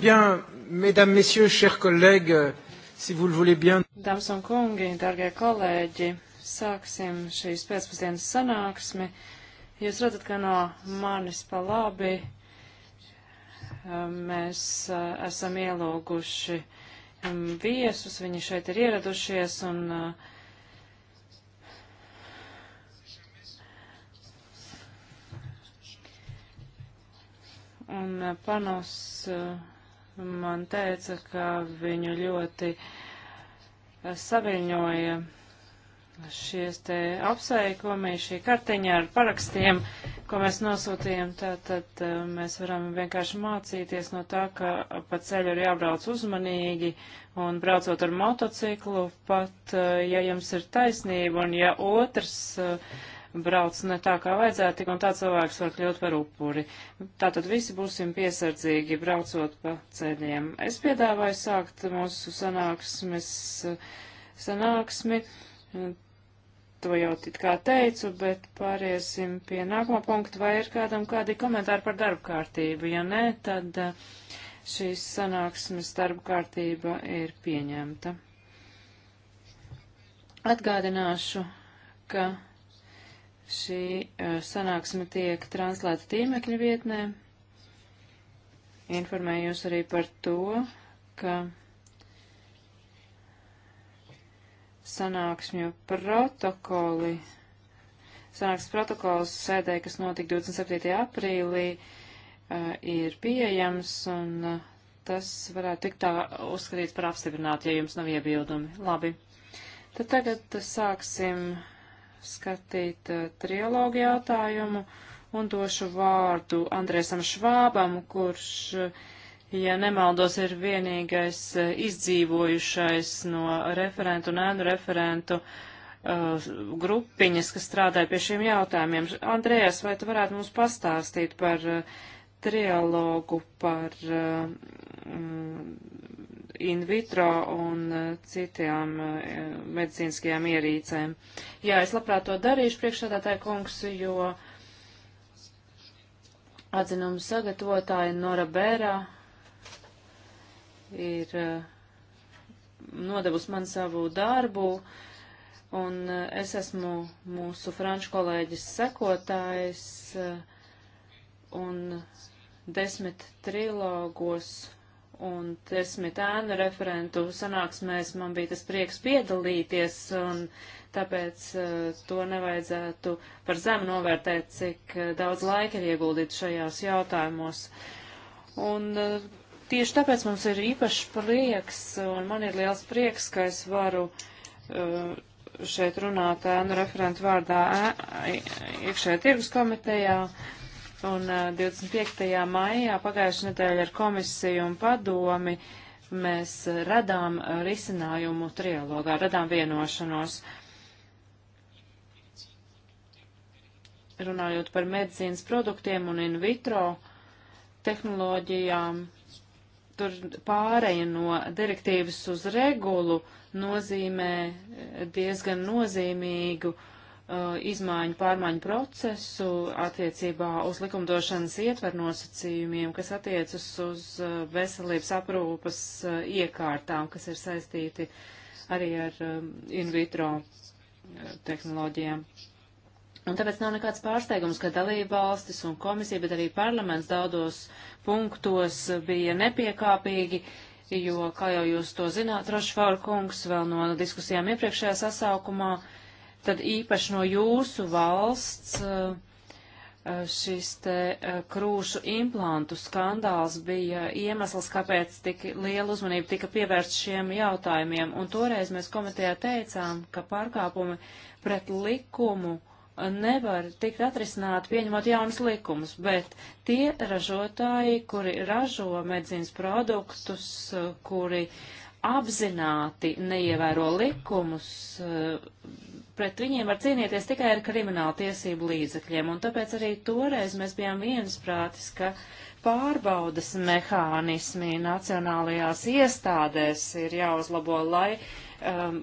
Bien, mesdames, messieurs, chers collègues, si vous le voulez bien. Dāmas un kungi, dargie kolēģi, sāksim šīs pēcpusdienas sanāksmi. Jūs redzat, ka no manis pa labi um, mēs uh, esam ielūguši um, viesus, viņi šeit ir ieradušies un uh, un uh, panos uh, man teica, ka viņu ļoti eh, saviņoja šies te apsveikumi, šī kartiņa ar parakstiem, ko mēs nosūtījām, tātad eh, mēs varam vienkārši mācīties no tā, ka pa ceļu ir jābrauc uzmanīgi un braucot ar motociklu, pat eh, ja jums ir taisnība un ja otrs uh, brauc ne tā, kā vajadzētu, tik un tā cilvēks var kļūt par upuri. Tātad visi būsim piesardzīgi braucot pa ceļiem. Es piedāvāju sākt mūsu sanāksmes, sanāksmi. To jau it kā teicu, bet pāriesim pie nākamā punkta. Vai ir kādam kādi komentāri par darba kārtību? Ja nē, tad eh, šīs sanāksmes darba kārtība ir pieņemta. Atgādināšu, ka Šī sanāksme tiek translēta tīmekļa vietnē. Informēju jūs arī par to, ka sanāksmju protokoli, sanāksmes protokols sēdē, kas notika 27. aprīlī, ir pieejams un tas varētu tikt tā uzskatīts par apstiprinātu, ja jums nav iebildumi. Labi. Tad tagad sāksim skatīt uh, eh, trilogu jautājumu un došu vārdu Andrēsam Švābam, kurš, eh, ja nemaldos, ir vienīgais uh, izdzīvojušais no referentu un ēnu referentu uh, grupiņas, kas strādāja pie šiem jautājumiem. Andrējas, vai tu varētu mums pastāstīt par trialogu, par mm, in vitro un eh, citām eh, medicīniskajām ierīcēm. Jā, es labprāt to darīšu priekšsādātāju kungs, jo atzinumu sagatavotāja Nora Bērā ir eh, nodevusi man savu darbu, un es esmu mūsu franču kolēģis sekotājs, un desmit trilogos un desmit ēnu referentu sanāksmēs man bija tas prieks piedalīties, un tāpēc uh, to nevajadzētu par zemu novērtēt, cik uh, daudz laika ir ieguldīts šajās jautājumos. Un uh, tieši tāpēc mums ir īpašs prieks, un man ir liels prieks, ka es varu uh, šeit runāt ēnu referentu vārdā iekšējā tirgus komitejā Un 25. maijā pagājušajā nedēļā ar komisiju un padomi mēs radām risinājumu trialogā, radām vienošanos. Runājot par medicīnas produktiem un in vitro tehnoloģijām, tur pāreja no direktīvas uz regulu nozīmē diezgan nozīmīgu uh, Uh, izmaiņu pārmaiņu procesu attiecībā uz likumdošanas ietvernosacījumiem, kas attiecas uz uh, veselības aprūpas uh, iekārtām, kas ir saistīti arī ar um, in vitro tehnoloģijām. Un tāpēc nav nekāds pārsteigums, ka dalībvalstis un komisija, bet arī parlaments daudos punktos bija nepiekāpīgi, jo, kā jau jūs to zināt, Rošfāra kungs vēl no diskusijām iepriekšējā sasaukumā, uh, tad īpaši no jūsu valsts eh, eh, šis te eh, krūšu implantu skandāls bija iemesls, kāpēc tik liela uzmanība tika pievērsta šiem jautājumiem. Un toreiz mēs komitejā teicām, ka pārkāpumi pret likumu nevar tikt atrisināti pieņemot jaunas likumus, bet tie ražotāji, kuri ražo medzīnas produktus, kuri uh, apzināti neievēro likumus, eh, pret viņiem var cīnīties tikai ar kriminālu tiesību līdzekļiem, un tāpēc arī toreiz mēs bijām viensprātis, ka pārbaudas mehānismi nacionālajās iestādēs ir jāuzlabo, lai um,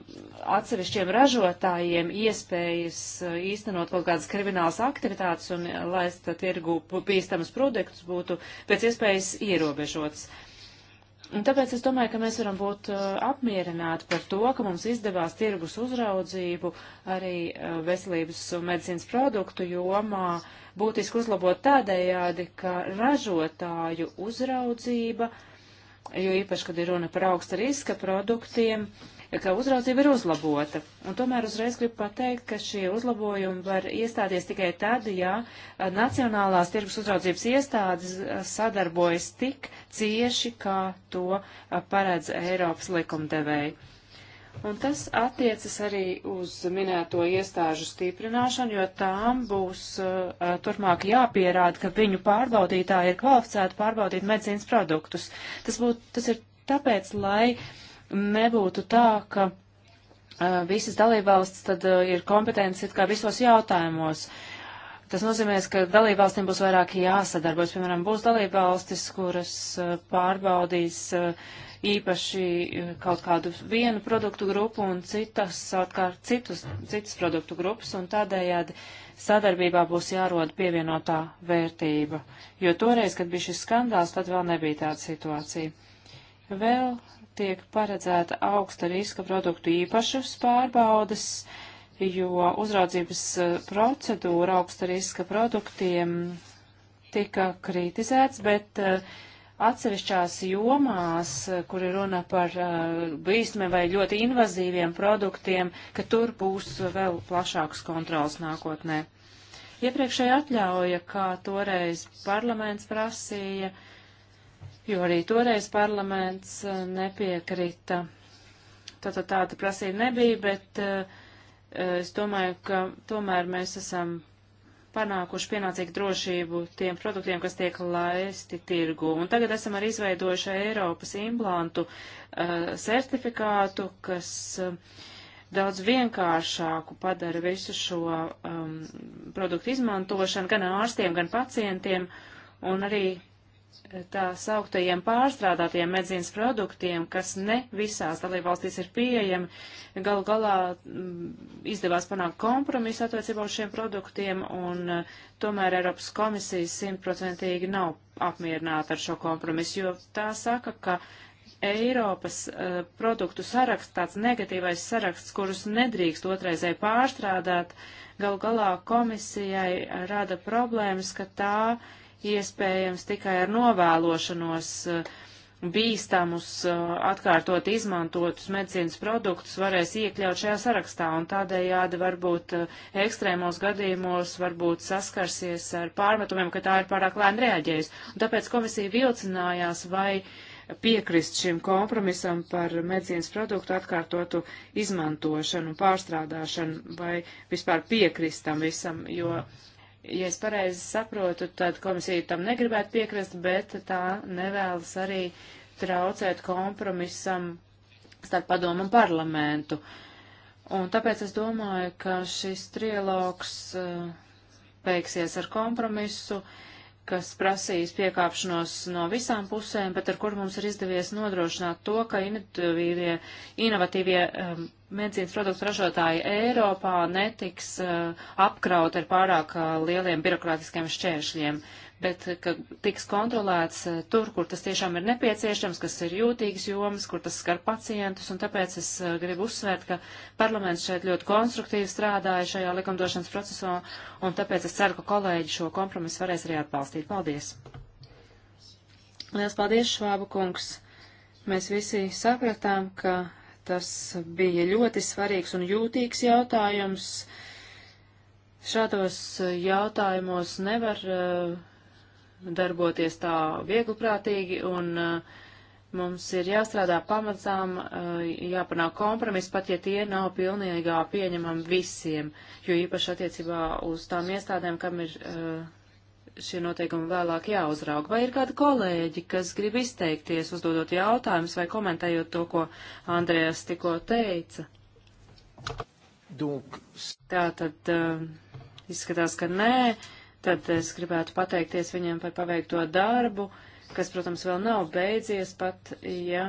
atsevišķiem ražotājiem iespējas eh, īstenot kaut kādas kriminālas aktivitātes un laist tirgu bīstamas produktus būtu pēc iespējas ierobežots. Uh, Un tāpēc es domāju, ka mēs varam būt uh, apmierināti par to, ka mums izdevās tirgus uzraudzību arī uh, veselības un medicīnas produktu jomā būtiski uzlabot tādējādi, ka ražotāju uzraudzība, jo īpaši, kad ir runa par augsta riska produktiem, uh, ka uzraudzība ir uzlabota. Un tomēr uzreiz gribu pateikt, ka šie uzlabojumi var iestāties tikai tad, ja Nacionālās tirgus uzraudzības iestādes sadarbojas tik cieši, kā to paredz Eiropas likumdevēji. Un tas attiecas arī uz minēto iestāžu stiprināšanu, jo tām būs uh, turpmāk jāpierāda, ka viņu pārbaudītāji ir kvalificēti pārbaudīt medicīnas produktus. Tas, būt, tas ir tāpēc, lai uh, nebūtu tā, ka uh, visas dalībvalsts tad uh, ir kompetences it kā visos jautājumos. Tas nozīmē, ka dalībvalstīm būs vairāk jāsadarbojas. Piemēram, būs dalībvalstis, kuras uh, pārbaudīs īpaši kaut kādu vienu produktu grupu un citas, savukārt citus, citas produktu grupas, un tādējādi sadarbībā būs jāroda pievienotā vērtība. Jo toreiz, kad bija šis skandāls, tad vēl nebija tāda situācija. Vēl tiek paredzēta augsta riska produktu īpašus pārbaudas, jo uzraudzības e, procedūra augsta riska produktiem tika kritizēts, bet e, atsevišķās jomās, e, kur ir runa par bīstami vai ļoti invazīviem produktiem, ka tur būs vēl plašāks kontrols nākotnē. Iepriekšēja atļauja, kā toreiz parlaments prasīja, uh, jo arī toreiz parlaments eh, nepiekrita. Tātad tāda prasība nebija, bet eh, eh, es domāju, ka tomēr mēs esam panākuši pienācīgu drošību tiem produktiem, kas tiek laisti tirgu. Un tagad esam arī izveidojuši Eiropas implantu uh, certifikātu, kas uh, daudz vienkāršāku padara visu šo um, produktu izmantošanu gan ārstiem, gan pacientiem. Un arī tā sauktajiem pārstrādātiem medzīnas produktiem, kas ne visās dalībvalstīs ir pieejami, galu galā mm, izdevās panākt kompromisu attiecībā uz šiem produktiem, un eh, tomēr Eiropas komisija simtprocentīgi nav apmierināta ar šo kompromisu, jo tā saka, ka Eiropas uh, produktu saraksts, tāds negatīvais saraksts, kurus nedrīkst otraizai pārstrādāt, galu galā komisijai rada problēmas, ka tā uh, iespējams tikai ar novēlošanos eh, bīstamus, eh, atkārtot izmantotus medicīnas produktus varēs iekļaut šajā sarakstā, un tādējādi varbūt eh, ekstrēmos gadījumos varbūt saskarsies ar pārmetumiem, ka tā ir pārāk lēni reaģējusi. Un tāpēc komisija vilcinājās, vai piekrist šim kompromisam par medicīnas produktu atkārtotu izmantošanu un pārstrādāšanu, vai vispār piekrist tam visam, jo ja es pareizi saprotu, tad komisija tam negribētu piekrist, bet tā nevēlas arī traucēt kompromisam starp padomu un parlamentu. Un tāpēc es domāju, ka šis trialogs eh, beigsies ar kompromisu. Uh, kas prasīs piekāpšanos no visām pusēm, bet ar kur mums ir izdevies nodrošināt to, ka inovatīvie, inovatīvie um, medicīnas produktu ražotāji Eiropā netiks uh, apkraut ar pārāk uh, lieliem birokrātiskiem šķēršļiem. Uh, bet eh, ka tiks kontrolēts eh, tur, kur tas tiešām ir nepieciešams, kas ir jūtīgas jomas, kur tas skar pacientus, un tāpēc es eh, gribu uzsvērt, ka parlaments šeit ļoti konstruktīvi strādāja šajā likumdošanas procesā, un tāpēc es ceru, ka kolēģi šo kompromisu varēs arī atbalstīt. Paldies! Liels paldies, Švāba kungs! Mēs visi sapratām, ka tas bija ļoti svarīgs un jūtīgs jautājums. Šādos jautājumos nevar uh, darboties tā viegliprātīgi un uh, mums ir jāstrādā pamazām, uh, jāpanāk kompromis, pat ja tie nav pilnīgā pieņemam visiem, jo īpaši attiecībā uz tām iestādēm, kam ir uh, šie noteikumi vēlāk jāuzrauga. Vai ir kādi kolēģi, kas grib izteikties, uzdodot jautājumus vai komentējot to, ko Andrējas tikko teica? Dunk. Tā tad uh, izskatās, ka nē. Uh, tad es gribētu pateikties viņiem par paveikto darbu, kas, protams, vēl nav beidzies, pat ja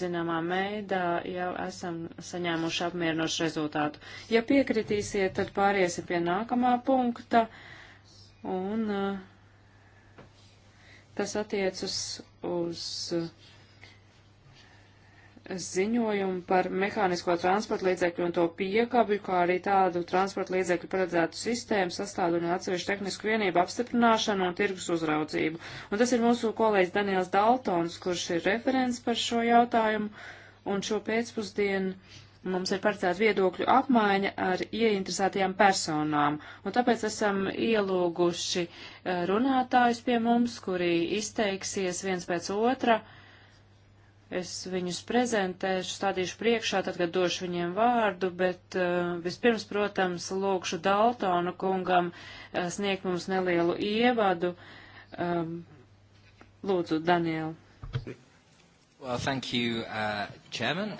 zināmā meidā jau esam saņēmuši apmierinošu rezultātu. Ja piekritīsiet, tad pāriesim pie nākamā punkta, un eh, tas attiecas uz. uz ziņojumu par mehānisko transporta līdzekļu un to piekabju, kā arī tādu transporta līdzekļu paredzētu sistēmu sastādu un atsevišķu tehnisku vienību apstiprināšanu un tirgus uzraudzību. Un tas ir mūsu kolēģis Daniels Daltons, kurš ir referents par šo jautājumu, un šo pēcpusdienu mums ir paredzēta viedokļu apmaiņa ar ieinteresētajām personām, un tāpēc esam ielūguši eh, runātājus pie mums, kuri izteiksies viens pēc otra. Uh, Es viņus prezentēšu, stādīšu priekšā, tad, kad došu viņiem vārdu, bet uh, vispirms, protams, lūkšu Daltonu kungam uh, sniegt mums nelielu ievadu. Um, lūdzu, Daniela. Well, thank you, uh, chairman.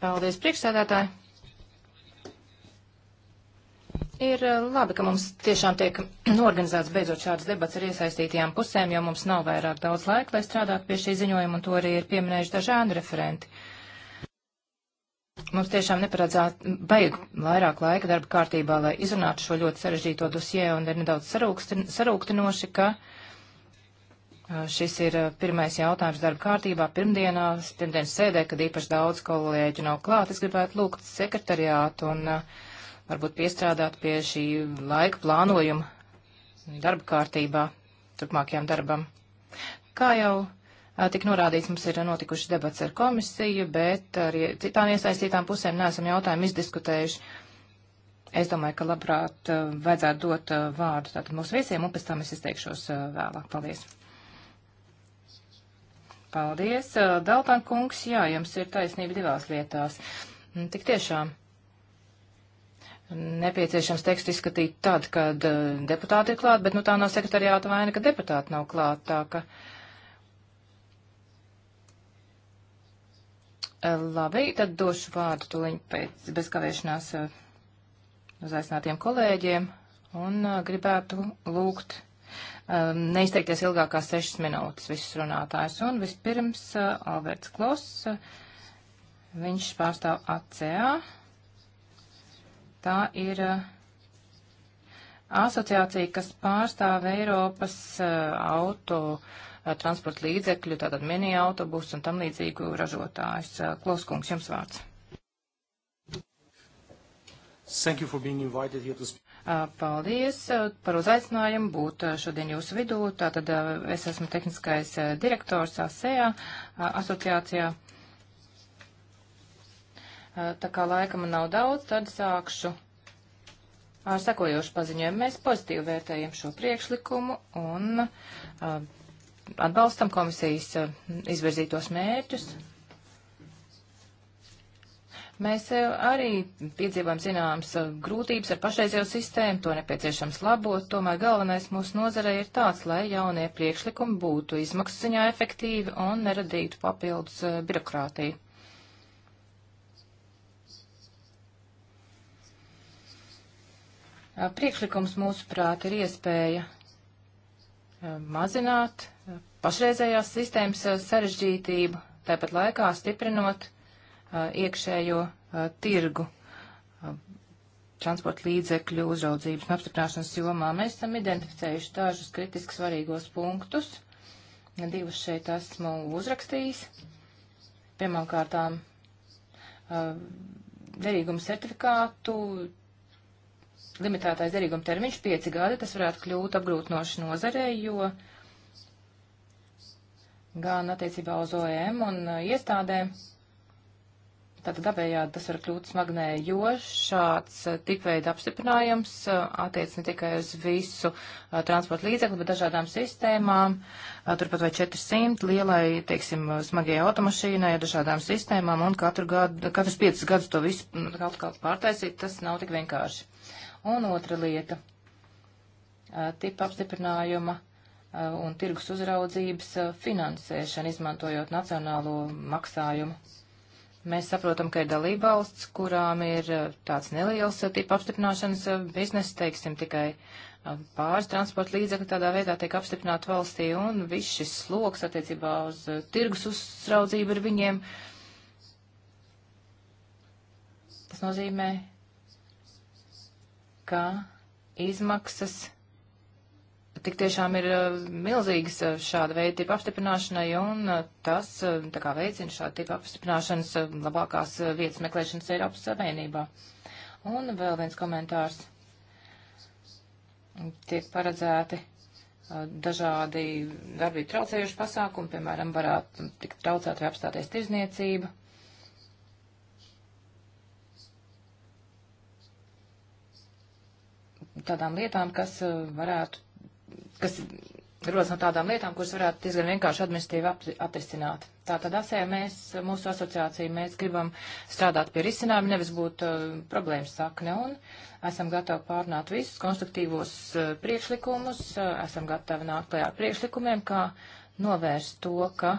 Paldies, priekšstādātāji. Ir eh, labi, ka mums tiešām tiek norganizēts beidzot šādas debats ar iesaistītajām pusēm, jo mums nav vairāk daudz laika, lai strādātu pie šī ziņojuma, un to arī ir pieminējuši dažādi referenti. Mums tiešām neparedzēt baig vairāk laika darba kārtībā, lai izrunātu šo ļoti sarežģīto dosie, un ir nedaudz sarūktinoši, ka eh, šis ir eh, pirmais jautājums darba kārtībā pirmdienā, pirmdienas sēdē, kad īpaši daudz kolēģi nav klāt. Es gribētu lūgt sekretariātu un uh, varbūt piestrādāt pie šī laika plānojuma darba kārtībā turpmākajam darbam. Kā jau tik norādīts, mums ir notikuši debats ar komisiju, bet ar citām iesaistītām pusēm neesam jautājumu izdiskutējuši. Es domāju, ka labprāt vajadzētu dot vārdu tātad mūsu viesiem, un pēc tam es izteikšos vēlāk. Paldies! Paldies, Daltan kungs, jā, jums ir taisnība divās lietās. Tik tiešām nepieciešams tekstu izskatīt tad, kad uh, deputāti ir klāt, bet nu tā nav sekretariāta vaina, ka deputāti nav klāt, tā ka. Uh, labi, tad došu vārdu tuliņ pēc bezkavēšanās uh, uz aicinātiem kolēģiem un gribētu lūgt neizteikties ilgākās sešas minūtes visus runātājus. Un vispirms Alberts Kloss, viņš pārstāv ACA Tā ir uh, asociācija, kas pārstāv Eiropas uh, auto uh, transporta līdzekļu, tātad mini autobusu un tam līdzīgu ražotājus. Klauskungs, jums vārds. Thank you for being invited here to speak. Paldies par uzaicinājumu būt šodien jūsu vidū. Tātad es esmu tehniskais direktors ASEA asociācijā. Tā kā laika man nav daudz, tad sākšu ar sekojošu paziņojumu. Mēs pozitīvi vērtējam šo priekšlikumu un atbalstam komisijas izvirzītos mērķus. Mēs arī piedzīvojam zināmas grūtības ar pašreizējo sistēmu, to nepieciešams labot, tomēr galvenais mūsu nozarei ir tāds, lai jaunie priekšlikumi būtu izmaksu ziņā efektīvi un neradītu papildus birokrātiju. Uh, priekšlikums mūsuprāt ir iespēja uh, mazināt uh, pašreizējās sistēmas sarežģītību, tāpat laikā stiprinot iekšējo tirgu transporta līdzekļu uzraudzības un apstiprināšanas jomā. Mēs esam identificējuši dažus kritiski svarīgos punktus. Divus šeit esmu uzrakstījis. Pirmkārtām, derīguma certifikātu limitētais derīguma termiņš 5 gadi, tas varētu kļūt apgrūtinoši nozarei, jo gan attiecībā uz OEM un uh, iestādēm, tātad abējādi tas var kļūt smagnē, jo šāds uh, tipveida apstiprinājums uh, attiec ne tikai uz visu transporta līdzekli, bet dažādām sistēmām, turpat vai 400 lielai, teiksim, smagajai automašīnai, dažādām sistēmām, un katru gadu, katrs 5 gadus to visu mm, kaut kā pārtaisīt, tas nav tik vienkārši. Un otra lieta - tipa apstiprinājuma un tirgus uzraudzības finansēšana, izmantojot nacionālo maksājumu. Mēs saprotam, ka ir dalībvalsts, kurām ir tāds neliels tipa apstiprināšanas bizness, teiksim, tikai pāris transporta līdzekļi tādā veidā tiek apstiprināti valstī, un viss šis sloks attiecībā uz tirgus uzraudzību ir viņiem. Tas nozīmē, ka izmaksas tik tiešām ir uh, milzīgas uh, šāda veida tipa apstiprināšanai, un uh, tas tā kā veicina šāda tipa apstiprināšanas labākās vietas meklēšanas Eiropas Savienībā. Un vēl viens komentārs. Tiek paredzēti dažādi darbību traucējuši pasākumi, piemēram, varētu tikt traucēt vai apstāties tirzniecība. tādām lietām, kas uh, varētu, kas rodas no tādām lietām, kuras varētu diezgan vienkārši administratīvi atrisināt. Tātad asē mēs, mūsu asociācija, mēs gribam strādāt pie risinājuma, nevis būt uh, problēmas sakne, un esam gatavi pārnāt visus konstruktīvos uh, priekšlikumus, uh, esam gatavi nākt klajā ar priekšlikumiem, kā novērst to, ka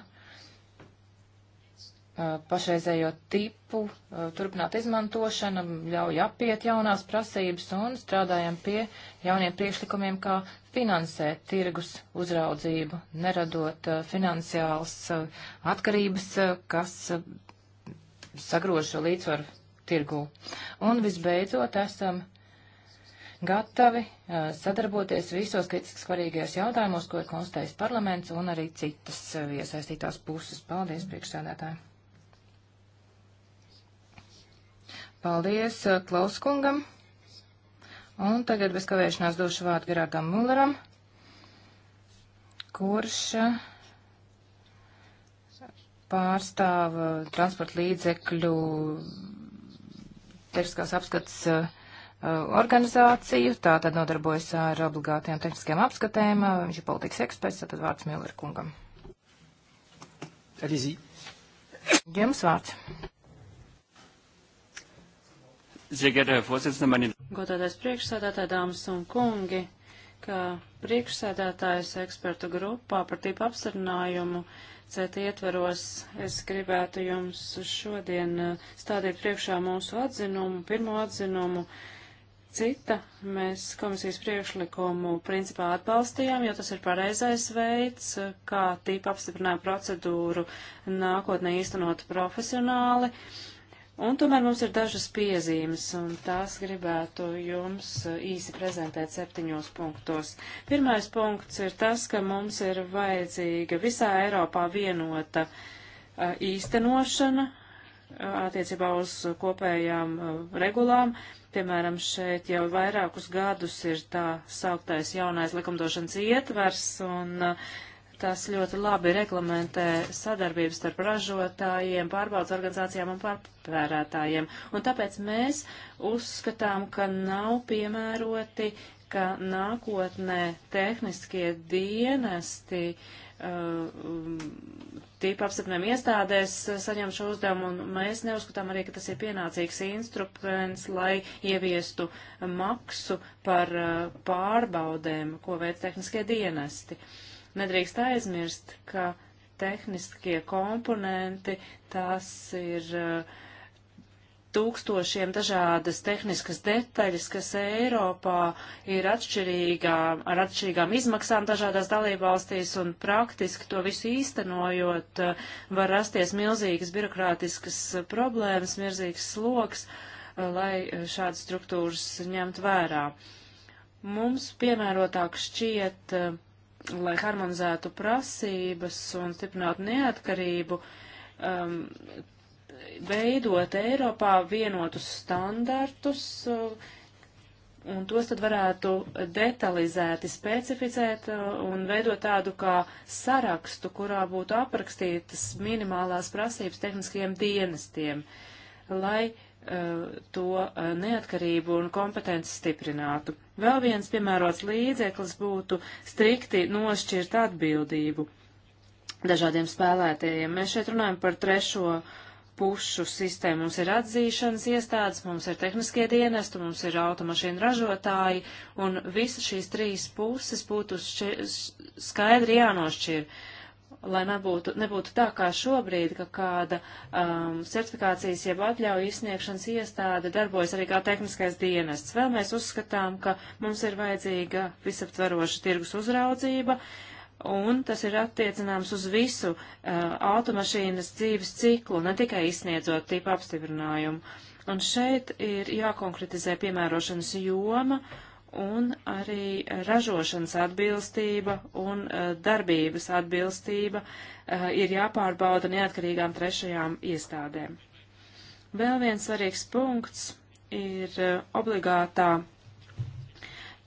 Uh, pašreizējo tipu uh, turpināt izmantošanu, ļauj apiet jaunās prasības un strādājam pie jauniem priekšlikumiem, kā finansēt tirgus uzraudzību, neradot uh, finansiāls atkarības, kas sagrožo līdzvaru tirgū. Un visbeidzot, esam gatavi sadarboties visos kritiski svarīgajos jautājumos, ko ir konstatējis parlaments un arī citas iesaistītās puses. Paldies, priekšsēdētāji! Paldies uh, Klauskungam. Un tagad bez kavēšanās došu vārdu Gerākam Mulleram, kurš uh, pārstāv uh, transporta līdzekļu tehniskās apskats uh, organizāciju, tā tad nodarbojas ar obligātajām tehniskajām apskatēm. Viņš ir politikas eksperts, tad vārds Miller kungam. Arī zī. Jums vārds. Godātais priekšsēdētāji, dāmas un kungi, ka priekšsēdētājs ekspertu grupā par tīpa apsarinājumu CETA ietveros es gribētu jums šodien uh, stādīt priekšā mūsu atzinumu, pirmo atzinumu. Cita mēs komisijas priekšlikumu principā atbalstījām, jo tas ir pareizais veids, uh, kā tīpa apstiprinājuma procedūru nākotnē īstenot profesionāli. Uh, Un tomēr mums ir dažas piezīmes, un tās gribētu jums uh, īsi prezentēt septiņos punktos. Pirmais punkts ir tas, ka mums ir vajadzīga visā Eiropā vienota uh, īstenošana uh, attiecībā uz kopējām regulām. Piemēram, šeit jau vairākus gadus ir tā sauktais jaunais likumdošanas ietvers, un uh, Tas ļoti labi reglamentē sadarbības starp ražotājiem, pārbaudas organizācijām un pārpērētājiem. Un tāpēc mēs uzskatām, ka nav piemēroti, ka nākotnē tehniskie dienesti uh, tīpa apstiprinājuma iestādēs saņem šo uzdevumu, un mēs neuzskatām arī, ka tas ir pienācīgs instruments, lai ieviestu maksu par uh, pārbaudēm, ko veic tehniskie dienesti. Uh, Nedrīkst aizmirst, ka tehniskie komponenti, tas ir eh, tūkstošiem dažādas tehniskas detaļas, kas Eiropā ir atšķirīgām, ar atšķirīgām izmaksām dažādās dalībvalstīs, un praktiski to visu īstenojot eh, var rasties milzīgas birokrātiskas problēmas, milzīgs sloks, eh, lai šādas struktūras ņemt vērā. Mums piemērotāk šķiet uh, lai harmonizētu prasības un stiprinātu neatkarību, um, veidot Eiropā vienotus standartus, uh, un tos tad varētu detalizēti specificēt uh, un veidot tādu kā sarakstu, kurā būtu aprakstītas minimālās prasības tehniskajiem dienestiem, lai uh, Eh, to eh, neatkarību un kompetenci stiprinātu. Vēl viens piemērots līdzeklis būtu strikti nošķirt atbildību dažādiem spēlētējiem. Mēs šeit runājam par trešo pušu sistēmu. Mums ir atzīšanas iestādes, mums ir tehniskie dienesti, mums ir automašīnu ražotāji, un visas šīs trīs puses būtu skaidri jānošķir. Uh, lai nebūtu, nebūtu tā kā šobrīd, ka kāda um, certifikācijas jeb atļauju izsniegšanas iestāde darbojas arī kā tehniskais dienests. Vēl mēs uzskatām, ka mums ir vajadzīga visaptvaroša tirgus uzraudzība, un tas ir attiecināms uz visu uh, automašīnas dzīves ciklu, ne tikai izsniedzot tipu apstiprinājumu. Un šeit ir jākonkretizē piemērošanas joma, uh, un arī ražošanas atbilstība un eh, darbības atbilstība eh, ir jāpārbauda neatkarīgām trešajām iestādēm. Vēl viens svarīgs punkts ir eh, obligātā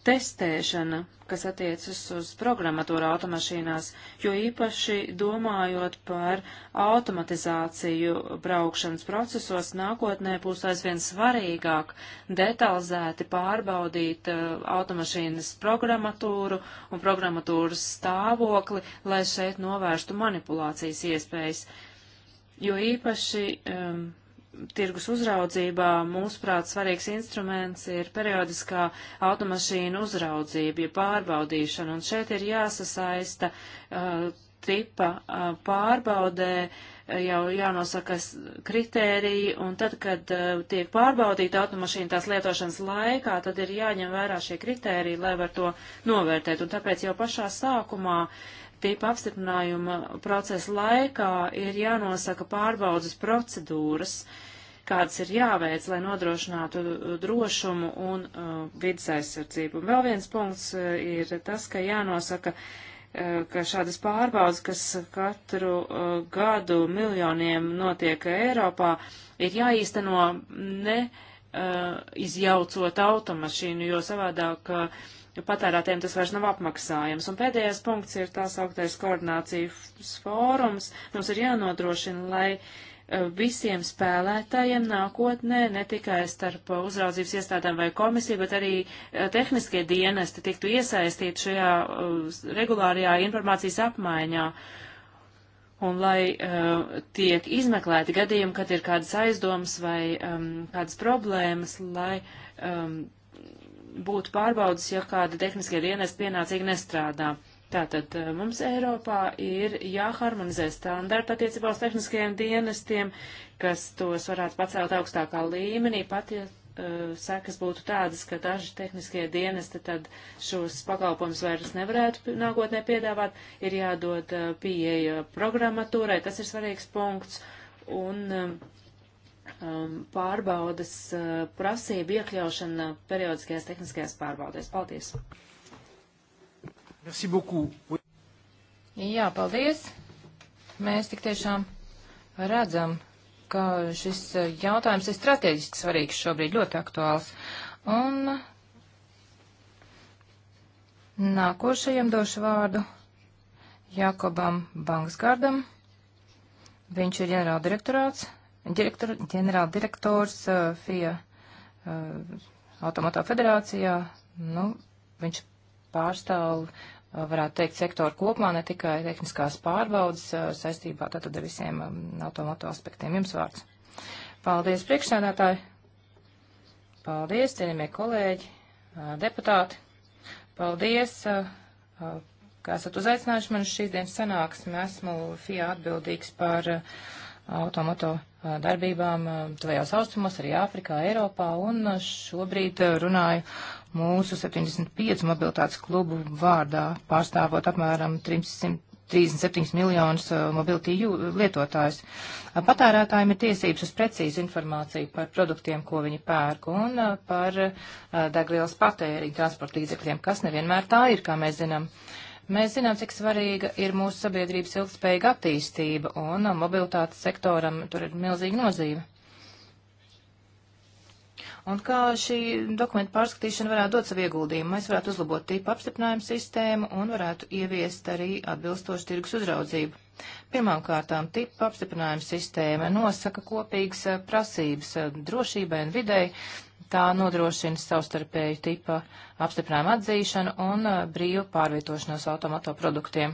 testēšana, kas attiecas uz programmatūru automašīnās, jo īpaši domājot par automatizāciju braukšanas procesos, nākotnē būs aizvien svarīgāk detalizēti pārbaudīt uh, automašīnas programmatūru un programmatūras stāvokli, lai šeit novērstu manipulācijas iespējas. Jo īpaši um, tirgus uzraudzībā mūsuprāt svarīgs instruments ir periodiskā automašīnu uzraudzība, ja pārbaudīšana, un šeit ir jāsasaista uh, tipa uh, pārbaudē, uh, jau jānosaka kritēriji, un tad, kad uh, tiek pārbaudīta automašīna tās lietošanas laikā, tad ir jāņem vērā šie kritēriji, lai var to novērtēt, un tāpēc jau pašā sākumā uh, tīpa apstiprinājuma procesa laikā ir jānosaka pārbaudas procedūras, kādas ir jāveic, lai nodrošinātu uh, drošumu un uh, vidas aizsardzību. Un vēl viens punkts uh, ir tas, ka jānosaka, uh, ka šādas pārbaudas, kas katru uh, gadu miljoniem notiek Eiropā, ir jāīsteno ne uh, izjaucot automašīnu, jo savādāk uh, patērētiem tas vairs nav apmaksājams. Un pēdējais punkts ir tās augtais koordinācijas fórums. Mums ir jānodrošina, lai e, visiem spēlētājiem nākotnē, ne tikai starp uzraudzības iestādēm vai komisiju, bet arī e, tehniskie dienesti tiktu iesaistīti šajā e, regulārajā informācijas apmaiņā un lai uh, tiek izmeklēti gadījumi, kad ir kādas aizdomas vai um, kādas problēmas, lai um, būtu pārbaudas, ja kāda tehniskie dienesti pienācīgi nestrādā. Tātad eh, mums Eiropā ir jāharmonizē standarta attiecībā uz tehniskajiem dienestiem, kas tos varētu pacelt augstākā līmenī, pat ja uh, sekas būtu tādas, ka daži tehniskie dienesti tad šos pakalpojumus vairs nevarētu nākotnē piedāvāt, ir jādod uh, pieeja programmatūrai, tas ir svarīgs punkts. Un, uh, Um, pārbaudas uh, prasību iekļaušana periodiskajās tehniskajās pārbaudēs. Paldies! Merci beaucoup. Jā, paldies! Mēs tik tiešām redzam, ka šis uh, jautājums ir strateģiski svarīgs šobrīd, ļoti aktuāls. Un nākošajam došu vārdu Jakobam Bangsgardam. Viņš ir ģenerāldirektorāts. direktorāts direktor, ģenerāla direktors uh, FIA uh, Automoto federācijā. Nu, viņš pārstāv, uh, varētu teikt, sektoru kopumā, ne tikai tehniskās pārbaudas saistībā tātad ar visiem um, automoto aspektiem. Jums vārds. Paldies, priekšsēdētāji. Paldies, cienījamie kolēģi, deputāti. Paldies, kā esat uzaicinājuši man uz šīs dienas sanāksmi. Esmu FIA atbildīgs par automoto darbībām tuvējos austrumos, arī Āfrikā, Eiropā, un šobrīd runāju mūsu 75 mobilitātes klubu vārdā, pārstāvot apmēram 337 miljonus mobilitīju lietotājus. Patērētājiem ir tiesības uz precīzu informāciju par produktiem, ko viņi pērk, un par degvielas patēriņu transporta līdzekļiem, kas nevienmēr tā ir, kā mēs zinām. Uh, Mēs zinām, cik svarīga ir mūsu sabiedrības ilgspējīga attīstība, un mobilitātes sektoram tur ir milzīga nozīme. Un kā šī dokumenta pārskatīšana varētu dot savu ieguldījumu? Mēs varētu uzlabot tīpa apstiprinājumu sistēmu un varētu ieviest arī atbilstošu tirgus uzraudzību. Pirmām kārtām tīpa apstiprinājuma sistēma nosaka kopīgas eh, prasības eh, drošībai un videi, tā nodrošina savstarpēju tipa apstiprinājumu atzīšanu un uh, brīvu pārvietošanos automoto produktiem.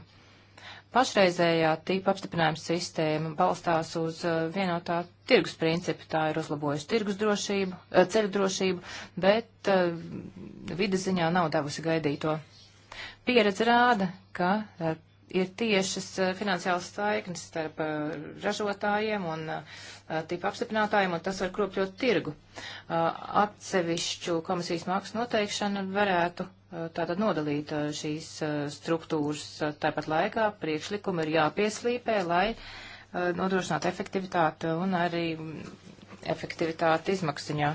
Pašreizējā tipa apstiprinājuma sistēma balstās uz uh, vienotā tirgus principu. Tā ir uzlabojusi tirgus drošību, uh, ceļu drošību, bet vidas ziņā nav devusi gaidīto. Pieredze rāda, ka ir tiešas eh, finansiālas saiknes starp eh, ražotājiem un eh, tipu apstiprinātājiem, un tas var kropļot tirgu. Atsevišķu komisijas mākslas noteikšana varētu tātad nodalīt šīs struktūras. Tāpat laikā priekšlikumi ir jāpieslīpē, lai nodrošinātu efektivitāti un arī efektivitāti izmaksiņā.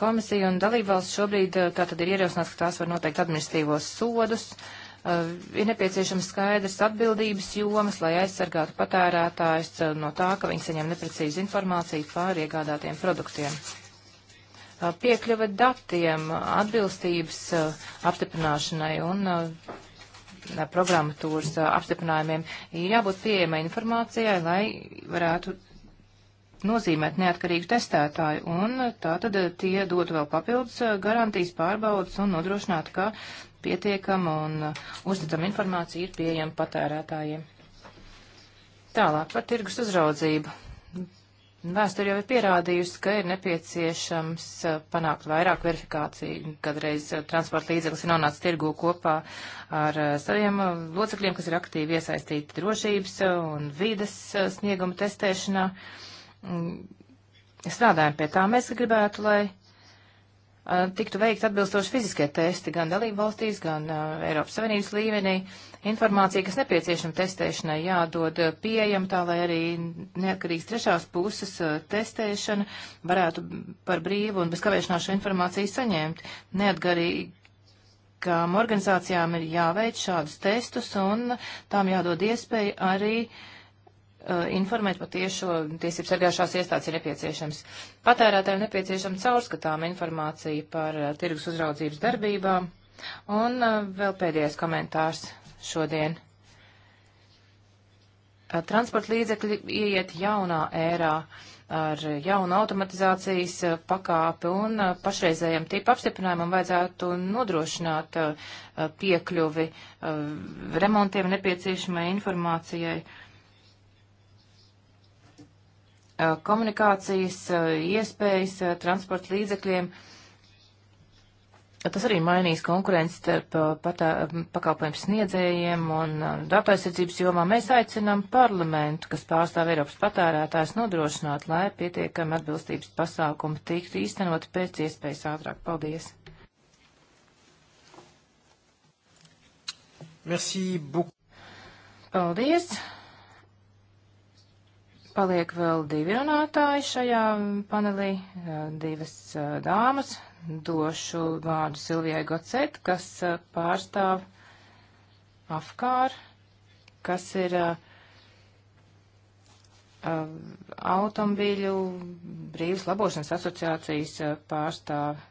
Komisija un dalībvalsts šobrīd tātad ir ierosināts, ka tās var noteikt administrīvos sodus. Uh, Eh, ir nepieciešams skaidrs atbildības jomas, lai aizsargātu patērētājs eh, no tā, ka viņi saņem neprecīzu informāciju pār iegādātiem produktiem. Eh, piekļuve datiem, atbilstības apstiprināšanai un programmatūras apstiprinājumiem ir jābūt pieejamai informācijai, lai varētu nozīmēt neatkarīgu testētāju, un tā tad tie dod vēl papildus uh, garantijas pārbaudas un nodrošināt, ka pietiekama un uh, uzticama informācija ir pieejama patērētājiem. Tālāk par tirgus uzraudzību. Vēsture jau ir pierādījusi, ka ir nepieciešams uh, panākt vairāk verifikāciju, kadreiz transporta līdzeklis ir nonācis tirgū kopā ar saviem locekļiem, kas ir aktīvi iesaistīti drošības un vides snieguma testēšanā. Uh, Mm, strādājam pie tā. Mēs gribētu, lai uh, tiktu veikt atbilstoši fiziskie testi gan dalību valstīs, gan uh, Eiropas Savienības līmenī. Informācija, kas nepieciešama testēšanai, jādod uh, pieejama tā, lai arī neatkarīgs trešās puses testēšana varētu par brīvu un bez kavēšanās šo informāciju saņemt. Neatkarīgi kādām organizācijām ir jāveic šādus testus, un tām jādod iespēja arī uh, Uh, informēt par tiešo tiesību sargājušās iestādes ir nepieciešams. Patērētājiem nepieciešama caurskatām informācija par uh, tirgus uzraudzības darbībām. Un uh, vēl pēdējais komentārs šodien. Transporta līdzekļi iet jaunā ērā ar jaunu automatizācijas pakāpi un pašreizējiem tipu apstiprinājumam vajadzētu nodrošināt piekļuvi remontiem nepieciešamai informācijai. Uh, Uh, komunikācijas uh, iespējas uh, transporta līdzekļiem. Tas arī mainīs konkurenci starp um, pakalpojumu sniedzējiem un datu aizsardzības jomā. Mēs aicinām parlamentu, kas pārstāv Eiropas patērētājs, nodrošināt, lai pietiekami atbilstības pasākumi tiktu īstenoti pēc iespējas ātrāk. Paldies! Merci beaucoup. Paldies! Paliek vēl divi runātāji šajā panelī, divas dāmas. Došu vārdu Silvijai Gocet, kas pārstāv Afkāru, kas ir automobīļu brīvas labošanas asociācijas pārstāvi.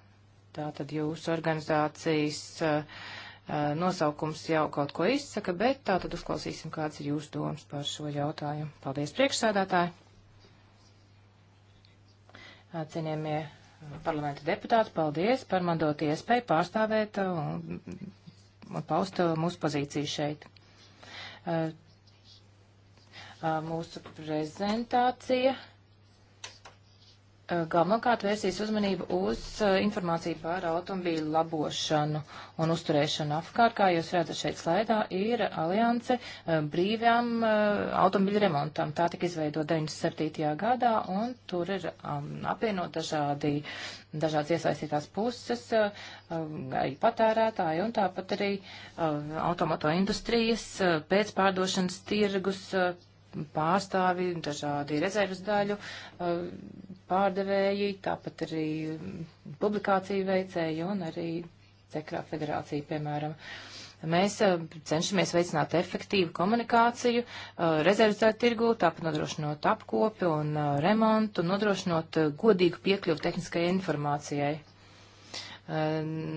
Tātad jūsu organizācijas uh, Eh, nosaukums jau kaut ko izsaka, bet tā tad uzklausīsim, kāds ir jūsu domas par šo jautājumu. Paldies, priekšsēdētāji! Eh, cienījamie eh, parlamenta deputāti, paldies par man dot iespēju pārstāvēt un, un paust mūsu pozīciju šeit. Mūsu prezentācija Eh, galvenokārt vērsīs uzmanību uz eh, informāciju par automobīļu labošanu un uzturēšanu apkārt. Kā jūs redzat šeit slaidā, ir alianse eh, brīvām automobīļu remontam. Tā tika izveidota 97. gadā, un tur ir um, apvienot dažādi, dažādas iesaistītās puses, um, arī patērētāji, un tāpat arī automoto industrijas, pēcpārdošanas tirgus, pārstāvi, dažādi rezerves daļu eh, pārdevēji, tāpat arī publikāciju veicēji un arī Cekrā federācija, piemēram. Mēs eh, cenšamies veicināt efektīvu komunikāciju eh, rezerves daļu tirgū, tāpat nodrošinot apkopi un remontu, nodrošinot godīgu piekļuvu tehniskajai informācijai.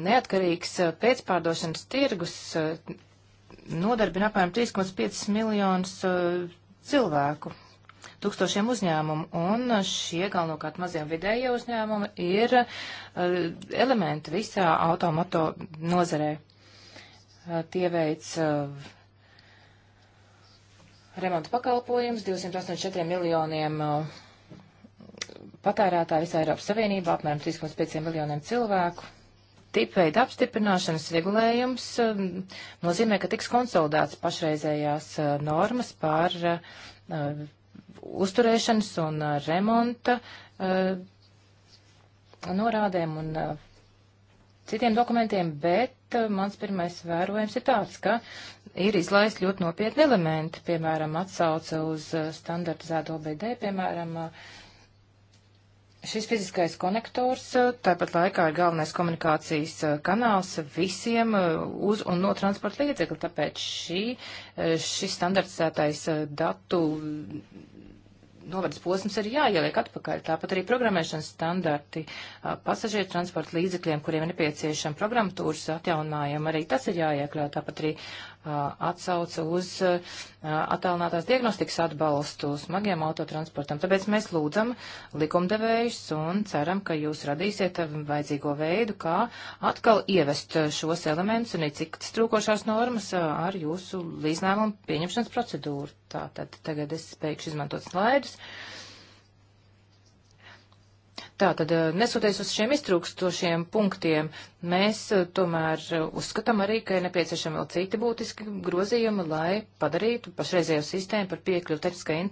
Neatkarīgs pēcpārdošanas tirgus nodarbina apmēram 3,5 miljonus uh, cilvēku, tūkstošiem uzņēmumu, un šie galvenokārt mazie un vidējie uzņēmumi ir uh, elementi visā automoto nozarē. Uh, tie veic uh, remontu pakalpojums 284 miljoniem patērētāju visā Eiropas Savienībā, apmēram 3,5 miljoniem cilvēku tipveida apstiprināšanas regulējums um, nozīmē, ka tiks konsolidēts pašreizējās uh, normas pār uh, uzturēšanas un uh, remonta uh, norādēm un uh, citiem dokumentiem, bet uh, mans pirmais vērojums ir tāds, ka ir izlaist ļoti nopietni elementi, piemēram, atsauce uz standartizēto BD, piemēram, uh, Šis fiziskais konektors eh, tāpat laikā ir galvenais komunikācijas eh, kanāls visiem eh, uz un no transporta līdzekļa, tāpēc šī, šis standartizētais datu novads posms ir jāieliek atpakaļ. Tāpat arī programmēšanas standarti pasažieru transporta līdzekļiem, kuriem ir nepieciešama programmatūras atjaunājuma, arī tas ir jāiekļaut. Tāpat arī atsauca uz attālinātās diagnostikas atbalstu smagiem autotransportam. Tāpēc mēs lūdzam likumdevējus un ceram, ka jūs radīsiet vajadzīgo veidu, kā atkal ievest šos elementus un cik trūkošās normas ar jūsu līdzinājumu pieņemšanas procedūru. Tātad tagad es spēkšu izmantot slaidus. Tātad, eh, nesoties uz šiem iztrūkstošiem punktiem, mēs eh, tomēr eh, uzskatām arī, ka ir nepieciešami vēl citi būtiski grozījumi, lai padarītu pašreizējo sistēmu par piekļuvu tehniskai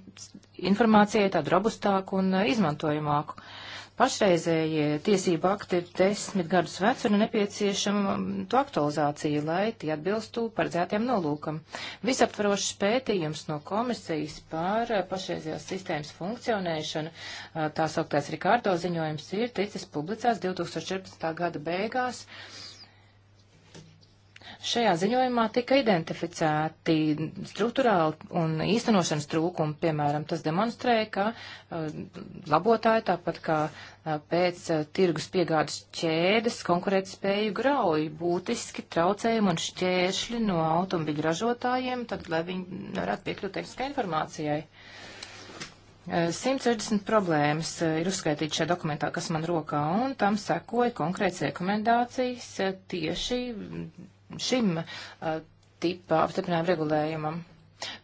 informācijai tādu robustāku un izmantojamāku. Uh, Pašreizējie tiesību akti ir desmit gadus veci un nepieciešama um, to aktualizācija, lai tie atbilstu paredzētiem nolūkam. Visaptvarošs pētījums no komisijas par uh, pašreizējās sistēmas funkcionēšanu, uh, tā sauktais Rikārdo ziņojums, ir ticis publicēts 2014. gada beigās. Uh, Šajā ziņojumā tika identificēti struktūrāli un īstenošanas trūkumi, piemēram, tas demonstrēja, ka uh, labotāji tāpat kā uh, pēc uh, tirgus piegādes ķēdes konkurētspēju grauj būtiski traucējumi un šķēršļi no automobiļu ražotājiem, tad, lai viņi varētu piekļūt tehniskai informācijai. 160 problēmas ir uzskaitīts šajā dokumentā, kas man rokā, un tam sekoja konkrēts rekomendācijas tieši šim uh, tipa apstiprinājuma regulējumam.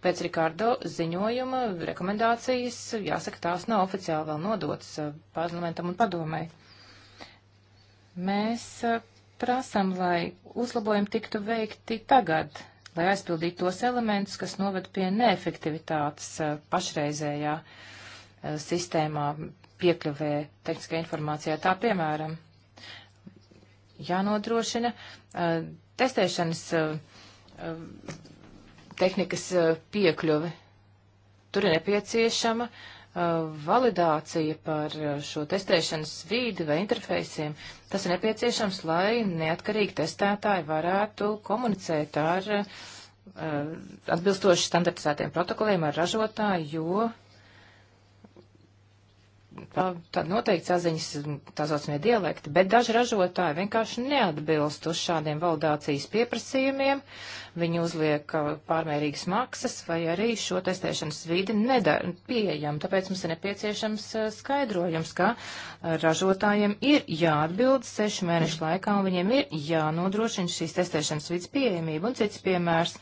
Pēc Rikārdo ziņojuma rekomendācijas, jāsaka, tās nav oficiāli vēl nodotas uh, parlamentam un padomai. Mēs uh, prasam, lai uzlabojumi tiktu veikti tagad, lai aizpildītu tos elementus, kas noved pie neefektivitātes pašreizējā sistēmā piekļuvē tehniskajai informācijai. Tā piemēram, jānodrošina testēšanas uh, uh, tehnikas uh, piekļuve. Tur ir nepieciešama validācija par šo testēšanas vīdi vai interfejsiem. Tas ir nepieciešams, lai neatkarīgi testētāji varētu komunicēt ar atbilstoši standartizētiem protokoliem ar ražotāju, jo tāda noteikti saziņas, tā saucamie dialekti, bet daži ražotāji vienkārši neatbilst uz šādiem validācijas pieprasījumiem, viņi uzliek uh, pārmērīgas maksas vai arī šo testēšanas vidi nedara pieejam, tāpēc mums ir nepieciešams uh, skaidrojums, ka ražotājiem ir jāatbild sešu mēnešu laikā un viņiem ir jānodrošina šīs testēšanas vidas pieejamība un cits piemērs,